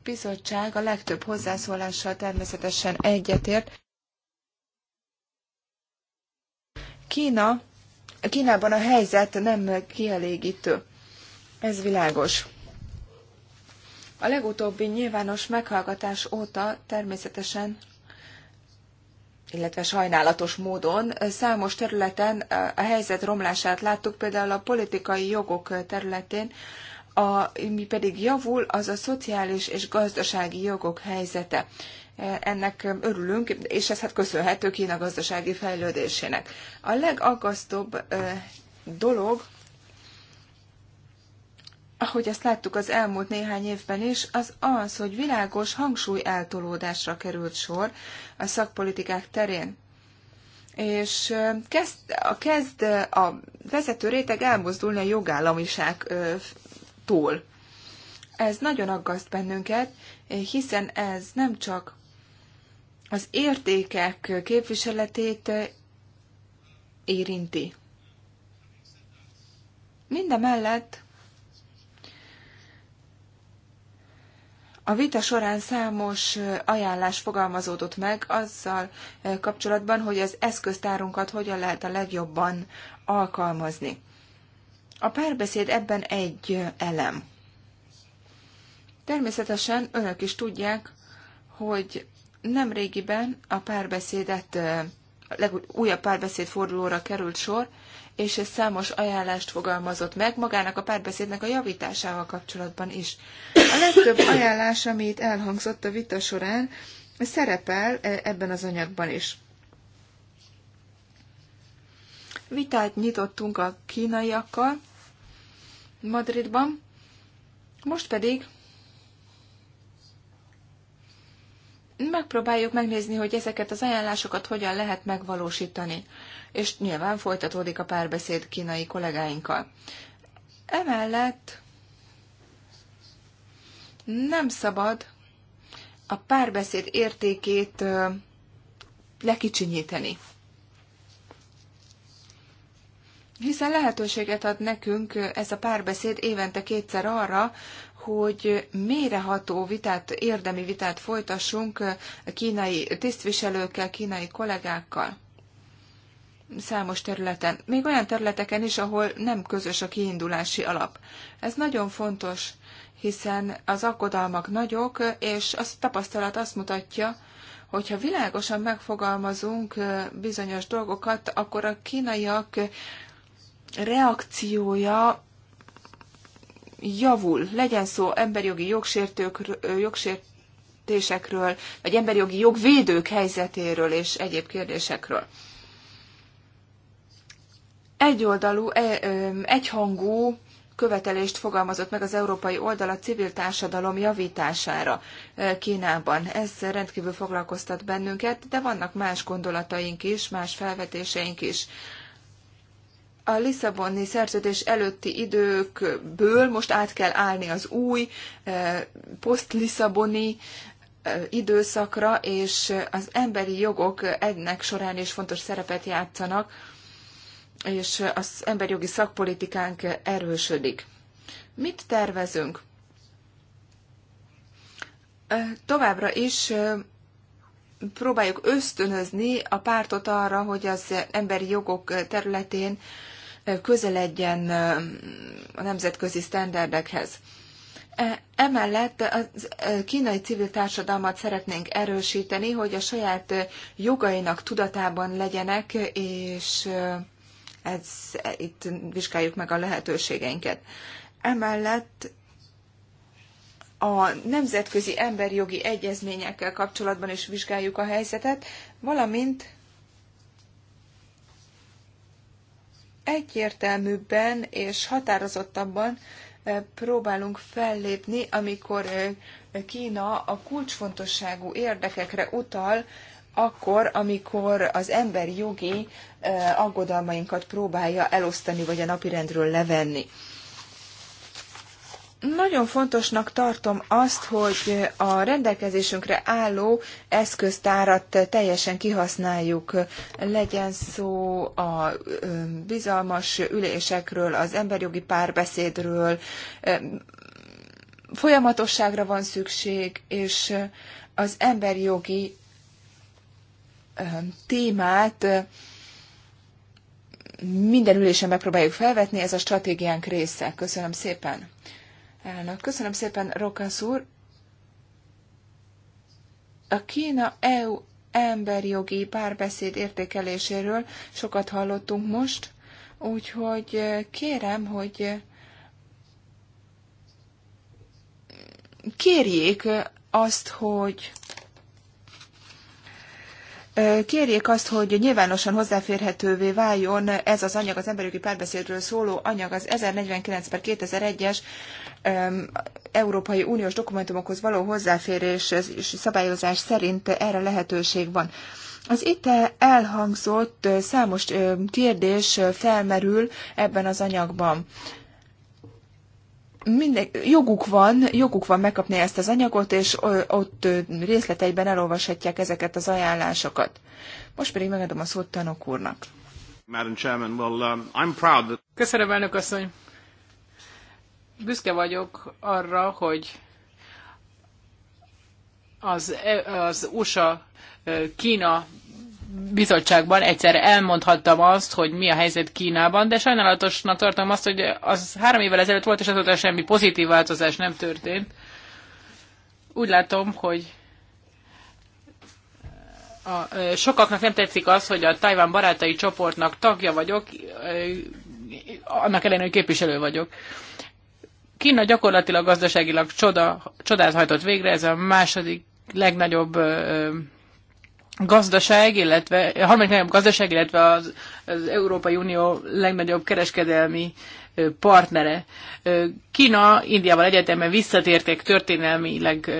Bizottság a legtöbb hozzászólással természetesen egyetért. Kína, Kínában a helyzet nem kielégítő. Ez világos. A legutóbbi nyilvános meghallgatás óta természetesen illetve sajnálatos módon számos területen a helyzet romlását láttuk, például a politikai jogok területén, a mi pedig javul, az a szociális és gazdasági jogok helyzete. E, ennek örülünk, és ez hát köszönhető Kína gazdasági fejlődésének. A legaggasztóbb e, dolog, ahogy ezt láttuk az elmúlt néhány évben is, az az, hogy világos hangsúly eltolódásra került sor a szakpolitikák terén. És e, kezd a, kezd a vezető réteg elmozdulni a jogállamiság túl. Ez nagyon aggaszt bennünket, hiszen ez nem csak az értékek képviseletét eh, érinti. Mindemellett A vita során számos eh, ajánlás fogalmazódott meg azzal eh, kapcsolatban, hogy az eszköztárunkat hogyan lehet a legjobban alkalmazni. A párbeszéd ebben egy elem. Természetesen önök is tudják, hogy nem régiben a párbeszédet, a legújabb párbeszéd fordulóra került sor, és ez számos ajánlást fogalmazott meg magának a párbeszédnek a javításával kapcsolatban is. A legtöbb ajánlás, amit elhangzott a vita során, szerepel ebben az anyagban is. Vitát nyitottunk a kínaiakkal, Madridban. Most pedig megpróbáljuk megnézni, hogy ezeket az ajánlásokat hogyan lehet megvalósítani, és nyilván folytatódik a párbeszéd kínai kollégáinkkal. Emellett nem szabad a párbeszéd értékét lekicsinyíteni. hiszen lehetőséget ad nekünk ez a párbeszéd évente kétszer arra, hogy méreható vitát, érdemi vitát folytassunk kínai tisztviselőkkel, kínai kollégákkal számos területen, még olyan területeken is, ahol nem közös a kiindulási alap. Ez nagyon fontos, hiszen az aggodalmak nagyok, és a tapasztalat azt mutatja, hogyha világosan megfogalmazunk bizonyos dolgokat, akkor a kínaiak reakciója javul. Legyen szó emberjogi jogsértők, jogsértésekről, vagy emberjogi jogvédők helyzetéről és egyéb kérdésekről. Egyoldalú, e, egyhangú követelést fogalmazott meg az európai oldal a civil társadalom javítására Kínában. Ez rendkívül foglalkoztat bennünket, de vannak más gondolataink is, más felvetéseink is a Lisszaboni szerződés előtti időkből most át kell állni az új eh, poszt-Lisszaboni eh, időszakra, és az emberi jogok ennek során is fontos szerepet játszanak, és az emberi jogi szakpolitikánk erősödik. Mit tervezünk? Eh, továbbra is próbáljuk ösztönözni a pártot arra, hogy az emberi jogok területén közeledjen a nemzetközi sztenderdekhez. E, emellett a kínai civil társadalmat szeretnénk erősíteni, hogy a saját jogainak tudatában legyenek, és ez, e, itt vizsgáljuk meg a lehetőségeinket. Emellett a nemzetközi emberjogi egyezményekkel kapcsolatban is vizsgáljuk a helyzetet, valamint egyértelműbben és határozottabban eh, próbálunk fellépni, amikor eh, Kína a kulcsfontosságú érdekekre utal, akkor, amikor az emberi jogi eh, aggodalmainkat próbálja elosztani vagy a napirendről levenni. Nagyon fontosnak tartom azt, hogy a rendelkezésünkre álló eszköztárat teljesen kihasználjuk. Legyen szó a bizalmas ülésekről, az emberjogi párbeszédről, folyamatosságra van szükség, és az emberjogi témát minden ülésen megpróbáljuk felvetni, ez a stratégiánk része. Köszönöm szépen! Elnök, köszönöm szépen, Rokasz úr. A Kína-EU emberjogi párbeszéd értékeléséről sokat hallottunk most, úgyhogy kérem, hogy kérjék azt, hogy kérjék azt, hogy nyilvánosan hozzáférhetővé váljon ez az anyag, az emberi jogi párbeszédről szóló anyag, az 1049 per 2001-es Európai Uniós dokumentumokhoz való hozzáférés és szabályozás szerint erre lehetőség van. Az itt elhangzott számos kérdés felmerül ebben az anyagban minden, joguk van, joguk van megkapni ezt az anyagot, és ott részleteiben elolvashatják ezeket az ajánlásokat. Most pedig megadom a szót tanok úrnak. Madam Chairman, well, um, I'm proud that... Köszönöm, elnök asszony. Büszke vagyok arra, hogy az, az USA Kína bizottságban egyszer elmondhattam azt, hogy mi a helyzet Kínában, de sajnálatosnak tartom azt, hogy az három évvel ezelőtt volt, és azóta semmi pozitív változás nem történt. Úgy látom, hogy a, sokaknak nem tetszik az, hogy a Tajván barátai csoportnak tagja vagyok, annak ellenére, hogy képviselő vagyok. Kína gyakorlatilag gazdaságilag csoda, csodát hajtott végre, ez a második legnagyobb gazdaság, illetve a harmadik legnagyobb gazdaság, illetve az, az Európai Unió legnagyobb kereskedelmi partnere. Kína Indiával egyetemben visszatértek történelmileg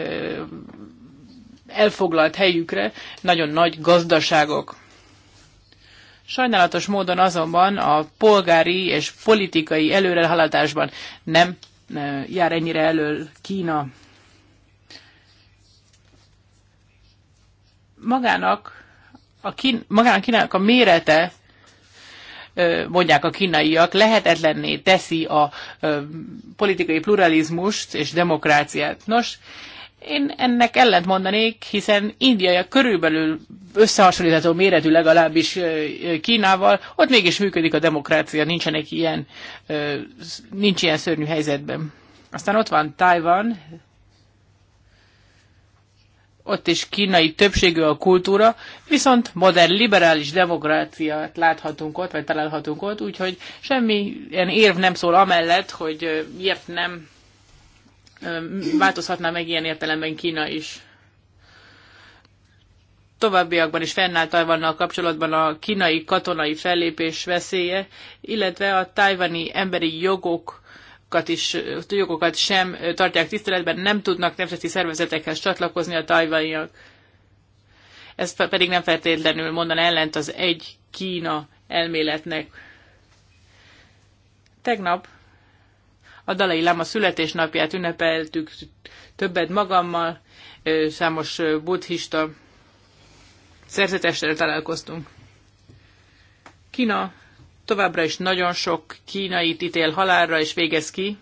elfoglalt helyükre, nagyon nagy gazdaságok. Sajnálatos módon azonban a polgári és politikai előrehaladásban nem jár ennyire elől Kína. magának a, kín, magának Kínának a mérete mondják a kínaiak, lehetetlenné teszi a politikai pluralizmust és demokráciát. Nos, én ennek ellent mondanék, hiszen India körülbelül összehasonlítható méretű legalábbis Kínával, ott mégis működik a demokrácia, nincsenek ilyen, nincs ilyen szörnyű helyzetben. Aztán ott van Taiwan ott is kínai többségű a kultúra, viszont modern liberális demokráciát láthatunk ott, vagy találhatunk ott, úgyhogy semmi ilyen érv nem szól amellett, hogy miért nem változhatná meg ilyen értelemben Kína is. Továbbiakban is fennáll Tajvannal kapcsolatban a kínai katonai fellépés veszélye, illetve a tajvani emberi jogok jogokat, is, jogokat sem tartják tiszteletben, nem tudnak nemzeti szervezetekhez csatlakozni a tajvaiak. Ez pedig nem feltétlenül mondan ellent az egy Kína elméletnek. Tegnap a Dalai Lama születésnapját ünnepeltük többet magammal, számos buddhista szerzetestel találkoztunk. Kína továbbra is nagyon sok kínait ítél halálra és végez ki.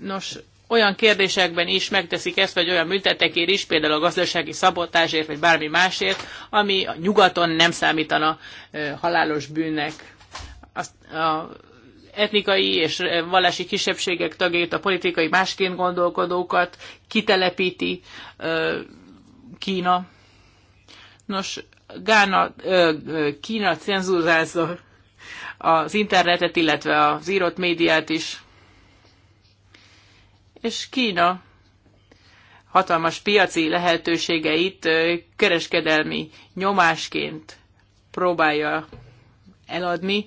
Nos, olyan kérdésekben is megteszik ezt, vagy olyan büntetekért is, például a gazdasági szabotásért, vagy bármi másért, ami a nyugaton nem számítana halálos bűnnek. Azt, a etnikai és vallási kisebbségek tagjait, a politikai másként gondolkodókat kitelepíti Kína. Nos, Gána, Kína cenzúrázza az internetet, illetve az írott médiát is. És Kína hatalmas piaci lehetőségeit kereskedelmi nyomásként próbálja eladni.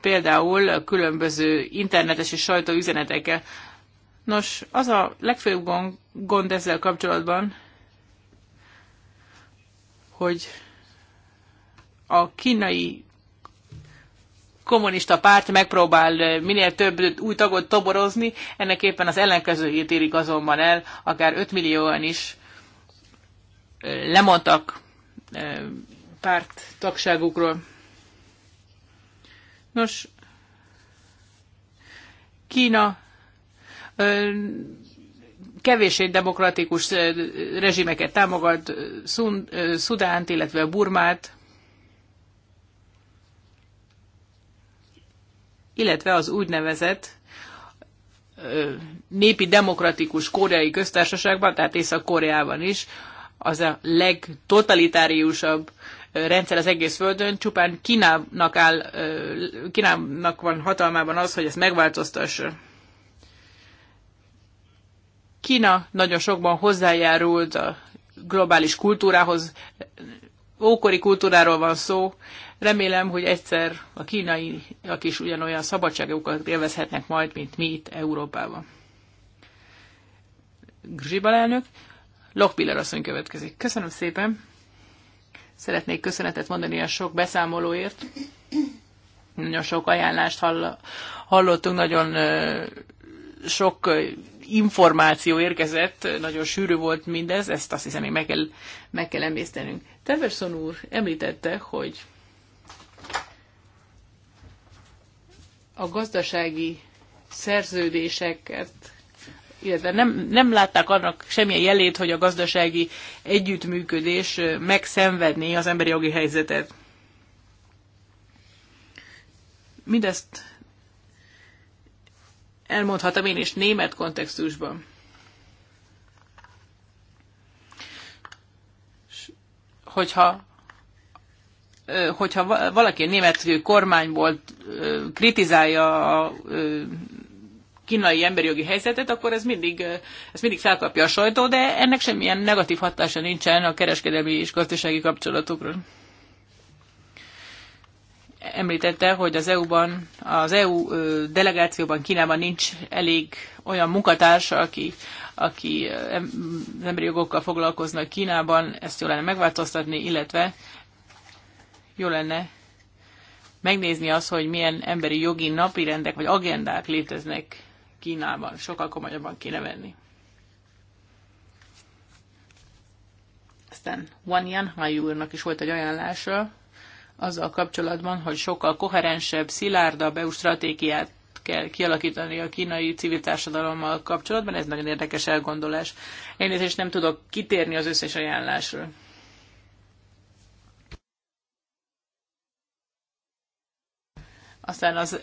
Például a különböző internetes és sajtóüzenetekkel. Nos, az a legfőbb gond, gond ezzel kapcsolatban, hogy a kínai kommunista párt megpróbál eh, minél több új tagot toborozni, ennek éppen az ellenkezőjét érik azonban el, akár 5 millióan is eh, lemondtak eh, párt tagságukról. Nos, Kína kevéssé demokratikus rezsimeket támogat, Szudánt, illetve Burmát, illetve az úgynevezett népi demokratikus koreai köztársaságban, tehát Észak-Koreában is, az a legtotalitáriusabb rendszer az egész földön, csupán Kínának, áll, Kínának van hatalmában az, hogy ezt megváltoztassa. Kína nagyon sokban hozzájárult a globális kultúrához, ókori kultúráról van szó. Remélem, hogy egyszer a kínaiak is ugyanolyan szabadságokat élvezhetnek majd, mint mi itt Európában. Grzsibal elnök, Lochbiller asszony következik. Köszönöm szépen. Szeretnék köszönetet mondani a sok beszámolóért. Nagyon sok ajánlást hall, hallottunk, nagyon sok információ érkezett, nagyon sűrű volt mindez, ezt azt hiszem, még meg kell, meg kell emésztenünk. Teverson úr említette, hogy a gazdasági szerződéseket, illetve nem, nem látták annak semmilyen jelét, hogy a gazdasági együttműködés megszenvedné az emberi jogi helyzetet. Mindezt elmondhatom én is német kontextusban. Hogyha hogyha valaki a német kormányból kritizálja a kínai emberi jogi helyzetet, akkor ez mindig, ez mindig felkapja a sajtó, de ennek semmilyen negatív hatása nincsen a kereskedelmi és gazdasági kapcsolatokról említette, hogy az EU-ban, az EU delegációban Kínában nincs elég olyan munkatárs, aki, aki az emberi jogokkal foglalkoznak Kínában, ezt jól lenne megváltoztatni, illetve jó lenne megnézni azt, hogy milyen emberi jogi napirendek vagy agendák léteznek Kínában. Sokkal komolyabban kéne venni. Aztán Wan Yanhai úrnak is volt egy ajánlása, azzal kapcsolatban, hogy sokkal koherensebb, szilárdabb EU stratégiát kell kialakítani a kínai civil társadalommal kapcsolatban, ez nagyon érdekes elgondolás. Én is nem tudok kitérni az összes ajánlásról. Aztán az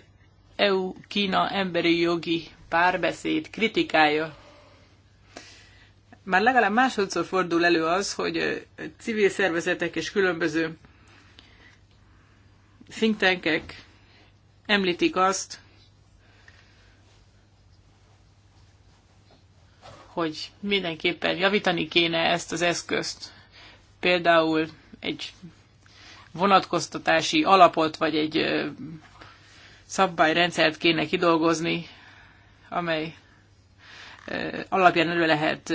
EU-Kína emberi jogi párbeszéd kritikája. Már legalább másodszor fordul elő az, hogy civil szervezetek és különböző think tankek említik azt, hogy mindenképpen javítani kéne ezt az eszközt. Például egy vonatkoztatási alapot, vagy egy szabályrendszert kéne kidolgozni, amely alapján elő lehet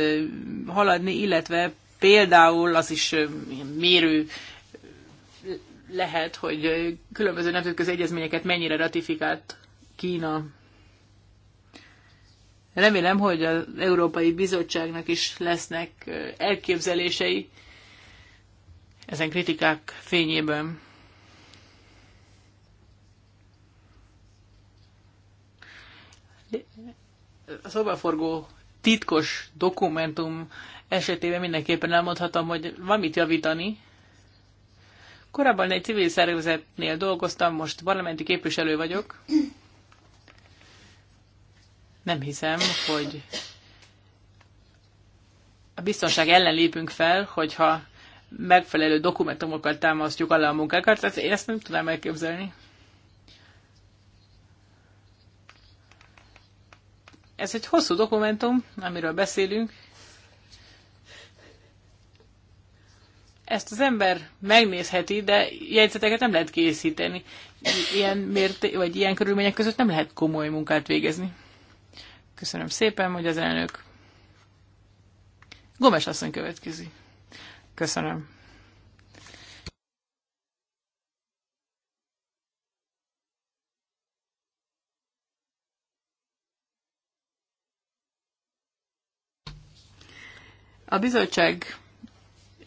haladni, illetve például az is mérő lehet, hogy különböző nemzetközi egyezményeket mennyire ratifikált Kína. Remélem, hogy az Európai Bizottságnak is lesznek elképzelései ezen kritikák fényében. A szobaforgó titkos dokumentum esetében mindenképpen elmondhatom, hogy van mit javítani, Korábban egy civil szervezetnél dolgoztam, most parlamenti képviselő vagyok. Nem hiszem, hogy a biztonság ellen lépünk fel, hogyha megfelelő dokumentumokat támasztjuk alá a munkákat, tehát én ezt nem tudom elképzelni. Ez egy hosszú dokumentum, amiről beszélünk, ezt az ember megnézheti, de jegyzeteket nem lehet készíteni. Ilyen, mérté- vagy ilyen körülmények között nem lehet komoly munkát végezni. Köszönöm szépen, hogy az elnök. Gomes asszony következik. Köszönöm. A bizottság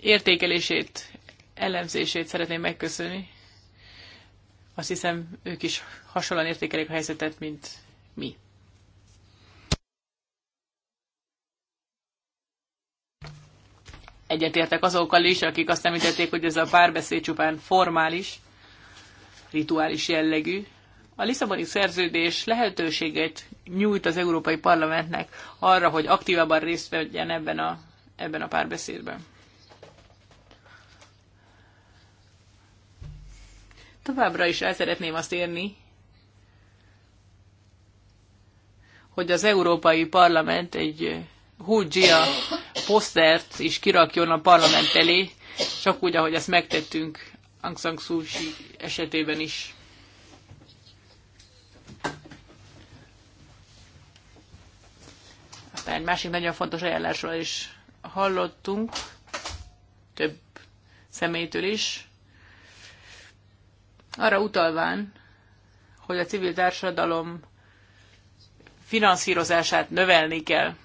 értékelését, elemzését szeretném megköszönni. Azt hiszem, ők is hasonlóan értékelik a helyzetet, mint mi. Egyetértek azokkal is, akik azt említették, hogy ez a párbeszéd csupán formális, rituális jellegű. A Lisszaboni szerződés lehetőséget nyújt az Európai Parlamentnek arra, hogy aktívabban részt vegyen ebben a, ebben a párbeszédben. Továbbra is el szeretném azt érni, hogy az Európai Parlament egy Jia posztert is kirakjon a parlament elé, csak úgy, ahogy ezt megtettünk Aung San Suu Kyi esetében is. Aztán egy másik nagyon fontos ajánlásról is hallottunk, több személytől is arra utalván, hogy a civil társadalom finanszírozását növelni kell,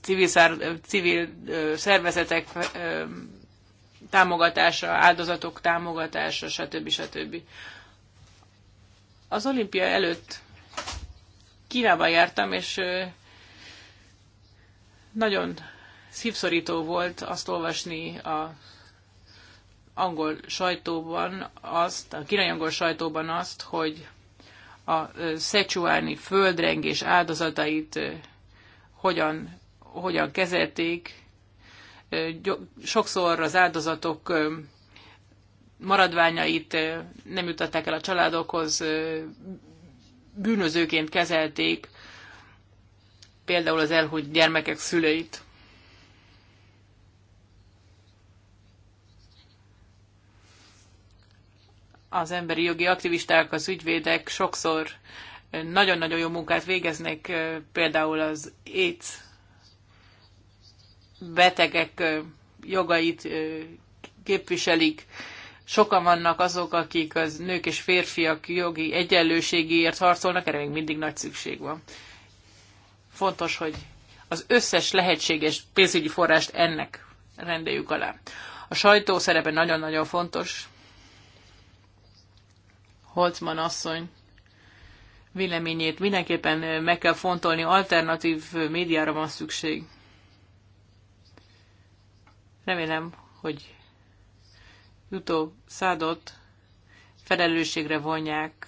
civil, szár, civil szervezetek támogatása, áldozatok támogatása, stb. stb. Az olimpia előtt Kínában jártam, és nagyon szívszorító volt azt olvasni a angol sajtóban azt, a királyi angol sajtóban azt, hogy a szecsuáni földrengés áldozatait hogyan, hogyan kezelték. Sokszor az áldozatok maradványait nem jutották el a családokhoz, bűnözőként kezelték, például az elhunyt gyermekek szüleit. az emberi jogi aktivisták, az ügyvédek sokszor nagyon-nagyon jó munkát végeznek, például az AIDS betegek jogait képviselik. Sokan vannak azok, akik az nők és férfiak jogi egyenlőségéért harcolnak, erre még mindig nagy szükség van. Fontos, hogy az összes lehetséges pénzügyi forrást ennek rendeljük alá. A sajtó szerepe nagyon-nagyon fontos. Holzman asszony véleményét mindenképpen meg kell fontolni, alternatív médiára van szükség. Remélem, hogy jutó szádot felelősségre vonják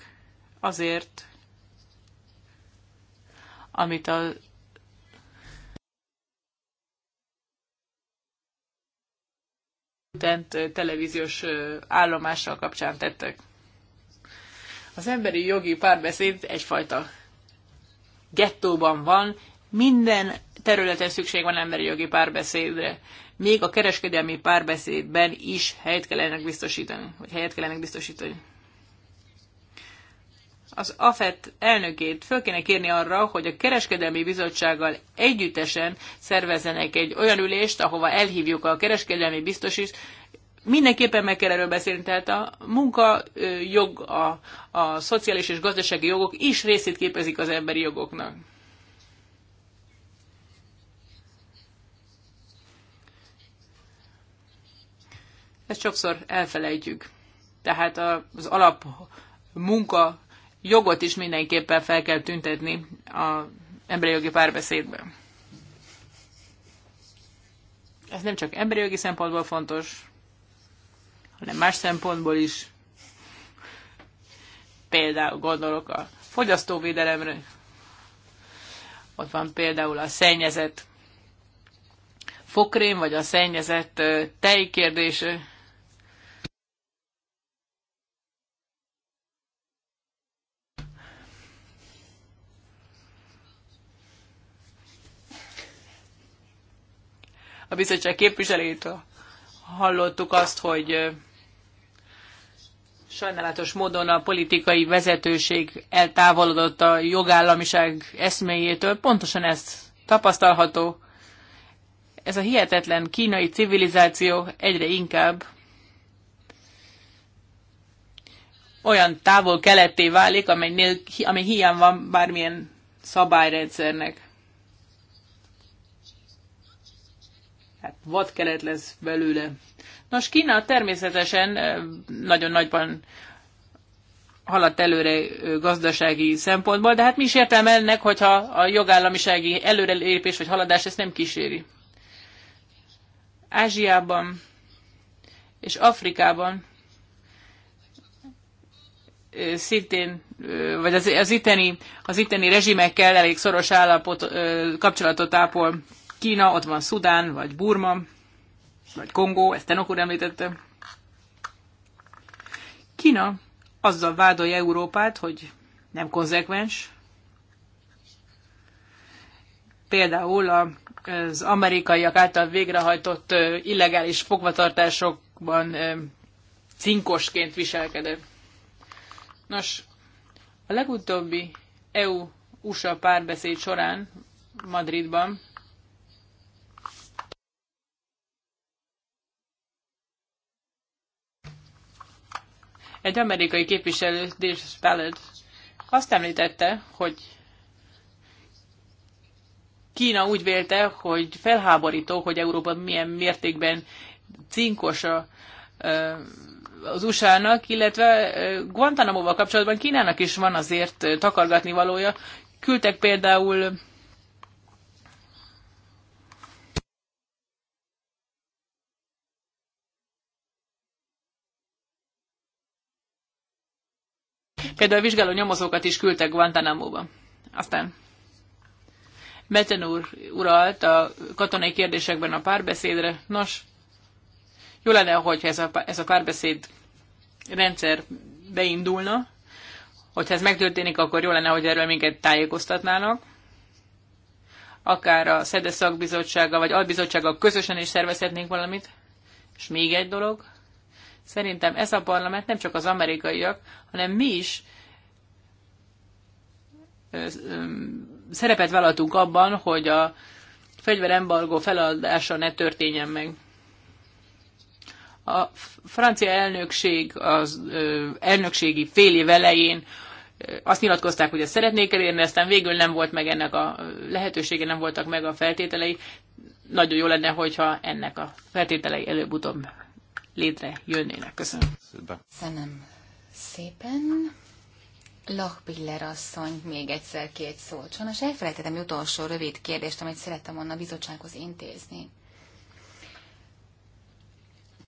azért, amit a televíziós állomással kapcsán tettek. Az emberi jogi párbeszéd egyfajta gettóban van, minden területen szükség van emberi jogi párbeszédre. Még a kereskedelmi párbeszédben is helyet kellene biztosítani, vagy helyet kellene biztosítani. Az AFET elnökét föl kéne kérni arra, hogy a kereskedelmi bizottsággal együttesen szervezzenek egy olyan ülést, ahova elhívjuk a kereskedelmi biztosítást mindenképpen meg kell erről beszélni, tehát a jog, a, a szociális és gazdasági jogok is részét képezik az emberi jogoknak. Ezt sokszor elfelejtjük. Tehát az alap munka jogot is mindenképpen fel kell tüntetni az emberi jogi párbeszédben. Ez nem csak emberi jogi szempontból fontos, hanem más szempontból is. Például gondolok a fogyasztóvédelemre, ott van például a szennyezett fokrém, vagy a szennyezett tej kérdése. A bizottság képviselőjétől hallottuk azt, hogy Sajnálatos módon a politikai vezetőség eltávolodott a jogállamiság eszméjétől. Pontosan ezt tapasztalható. Ez a hihetetlen kínai civilizáció egyre inkább olyan távol keletté válik, amely, amely hiány van bármilyen szabályrendszernek. hát vadkelet lesz belőle. Nos, Kína természetesen nagyon nagyban haladt előre gazdasági szempontból, de hát mi is értelme ennek, hogyha a jogállamisági előrelépés vagy haladás ezt nem kíséri. Ázsiában és Afrikában szintén, vagy az, az, itteni, az itteni rezsimekkel elég szoros állapot, kapcsolatot ápol Kína, ott van Szudán, vagy Burma, vagy Kongó, ezt Tenok úr említette. Kína azzal vádolja Európát, hogy nem konzekvens. Például az amerikaiak által végrehajtott illegális fogvatartásokban cinkosként viselkedő. Nos, a legutóbbi EU-USA párbeszéd során Madridban Egy amerikai képviselő, Dave Ballard, azt említette, hogy Kína úgy vélte, hogy felháborító, hogy Európa milyen mértékben cinkos a, az USA-nak, illetve Guantanamo-val kapcsolatban Kínának is van azért takargatni valója. Küldtek például Például a vizsgáló nyomozókat is küldtek guantanamo ba Aztán Meten úr uralt a katonai kérdésekben a párbeszédre. Nos, jó lenne, hogyha ez a, ez a párbeszéd rendszer beindulna, hogyha ez megtörténik, akkor jó lenne, hogy erről minket tájékoztatnának. Akár a SZEDE szakbizottsága, vagy albizottsága közösen is szervezhetnénk valamit. És még egy dolog. Szerintem ez a parlament nem csak az amerikaiak, hanem mi is szerepet vállaltunk abban, hogy a fegyverembargó feladása ne történjen meg. A francia elnökség az elnökségi fél év elején azt nyilatkozták, hogy ezt szeretnék elérni, aztán végül nem volt meg ennek a lehetősége, nem voltak meg a feltételei. Nagyon jó lenne, hogyha ennek a feltételei előbb-utóbb létrejönnének. Köszönöm. Köszönöm szépen. Lachbiller asszony, még egyszer két szót. Sajnos elfelejtettem utolsó rövid kérdést, amit szerettem volna a bizottsághoz intézni.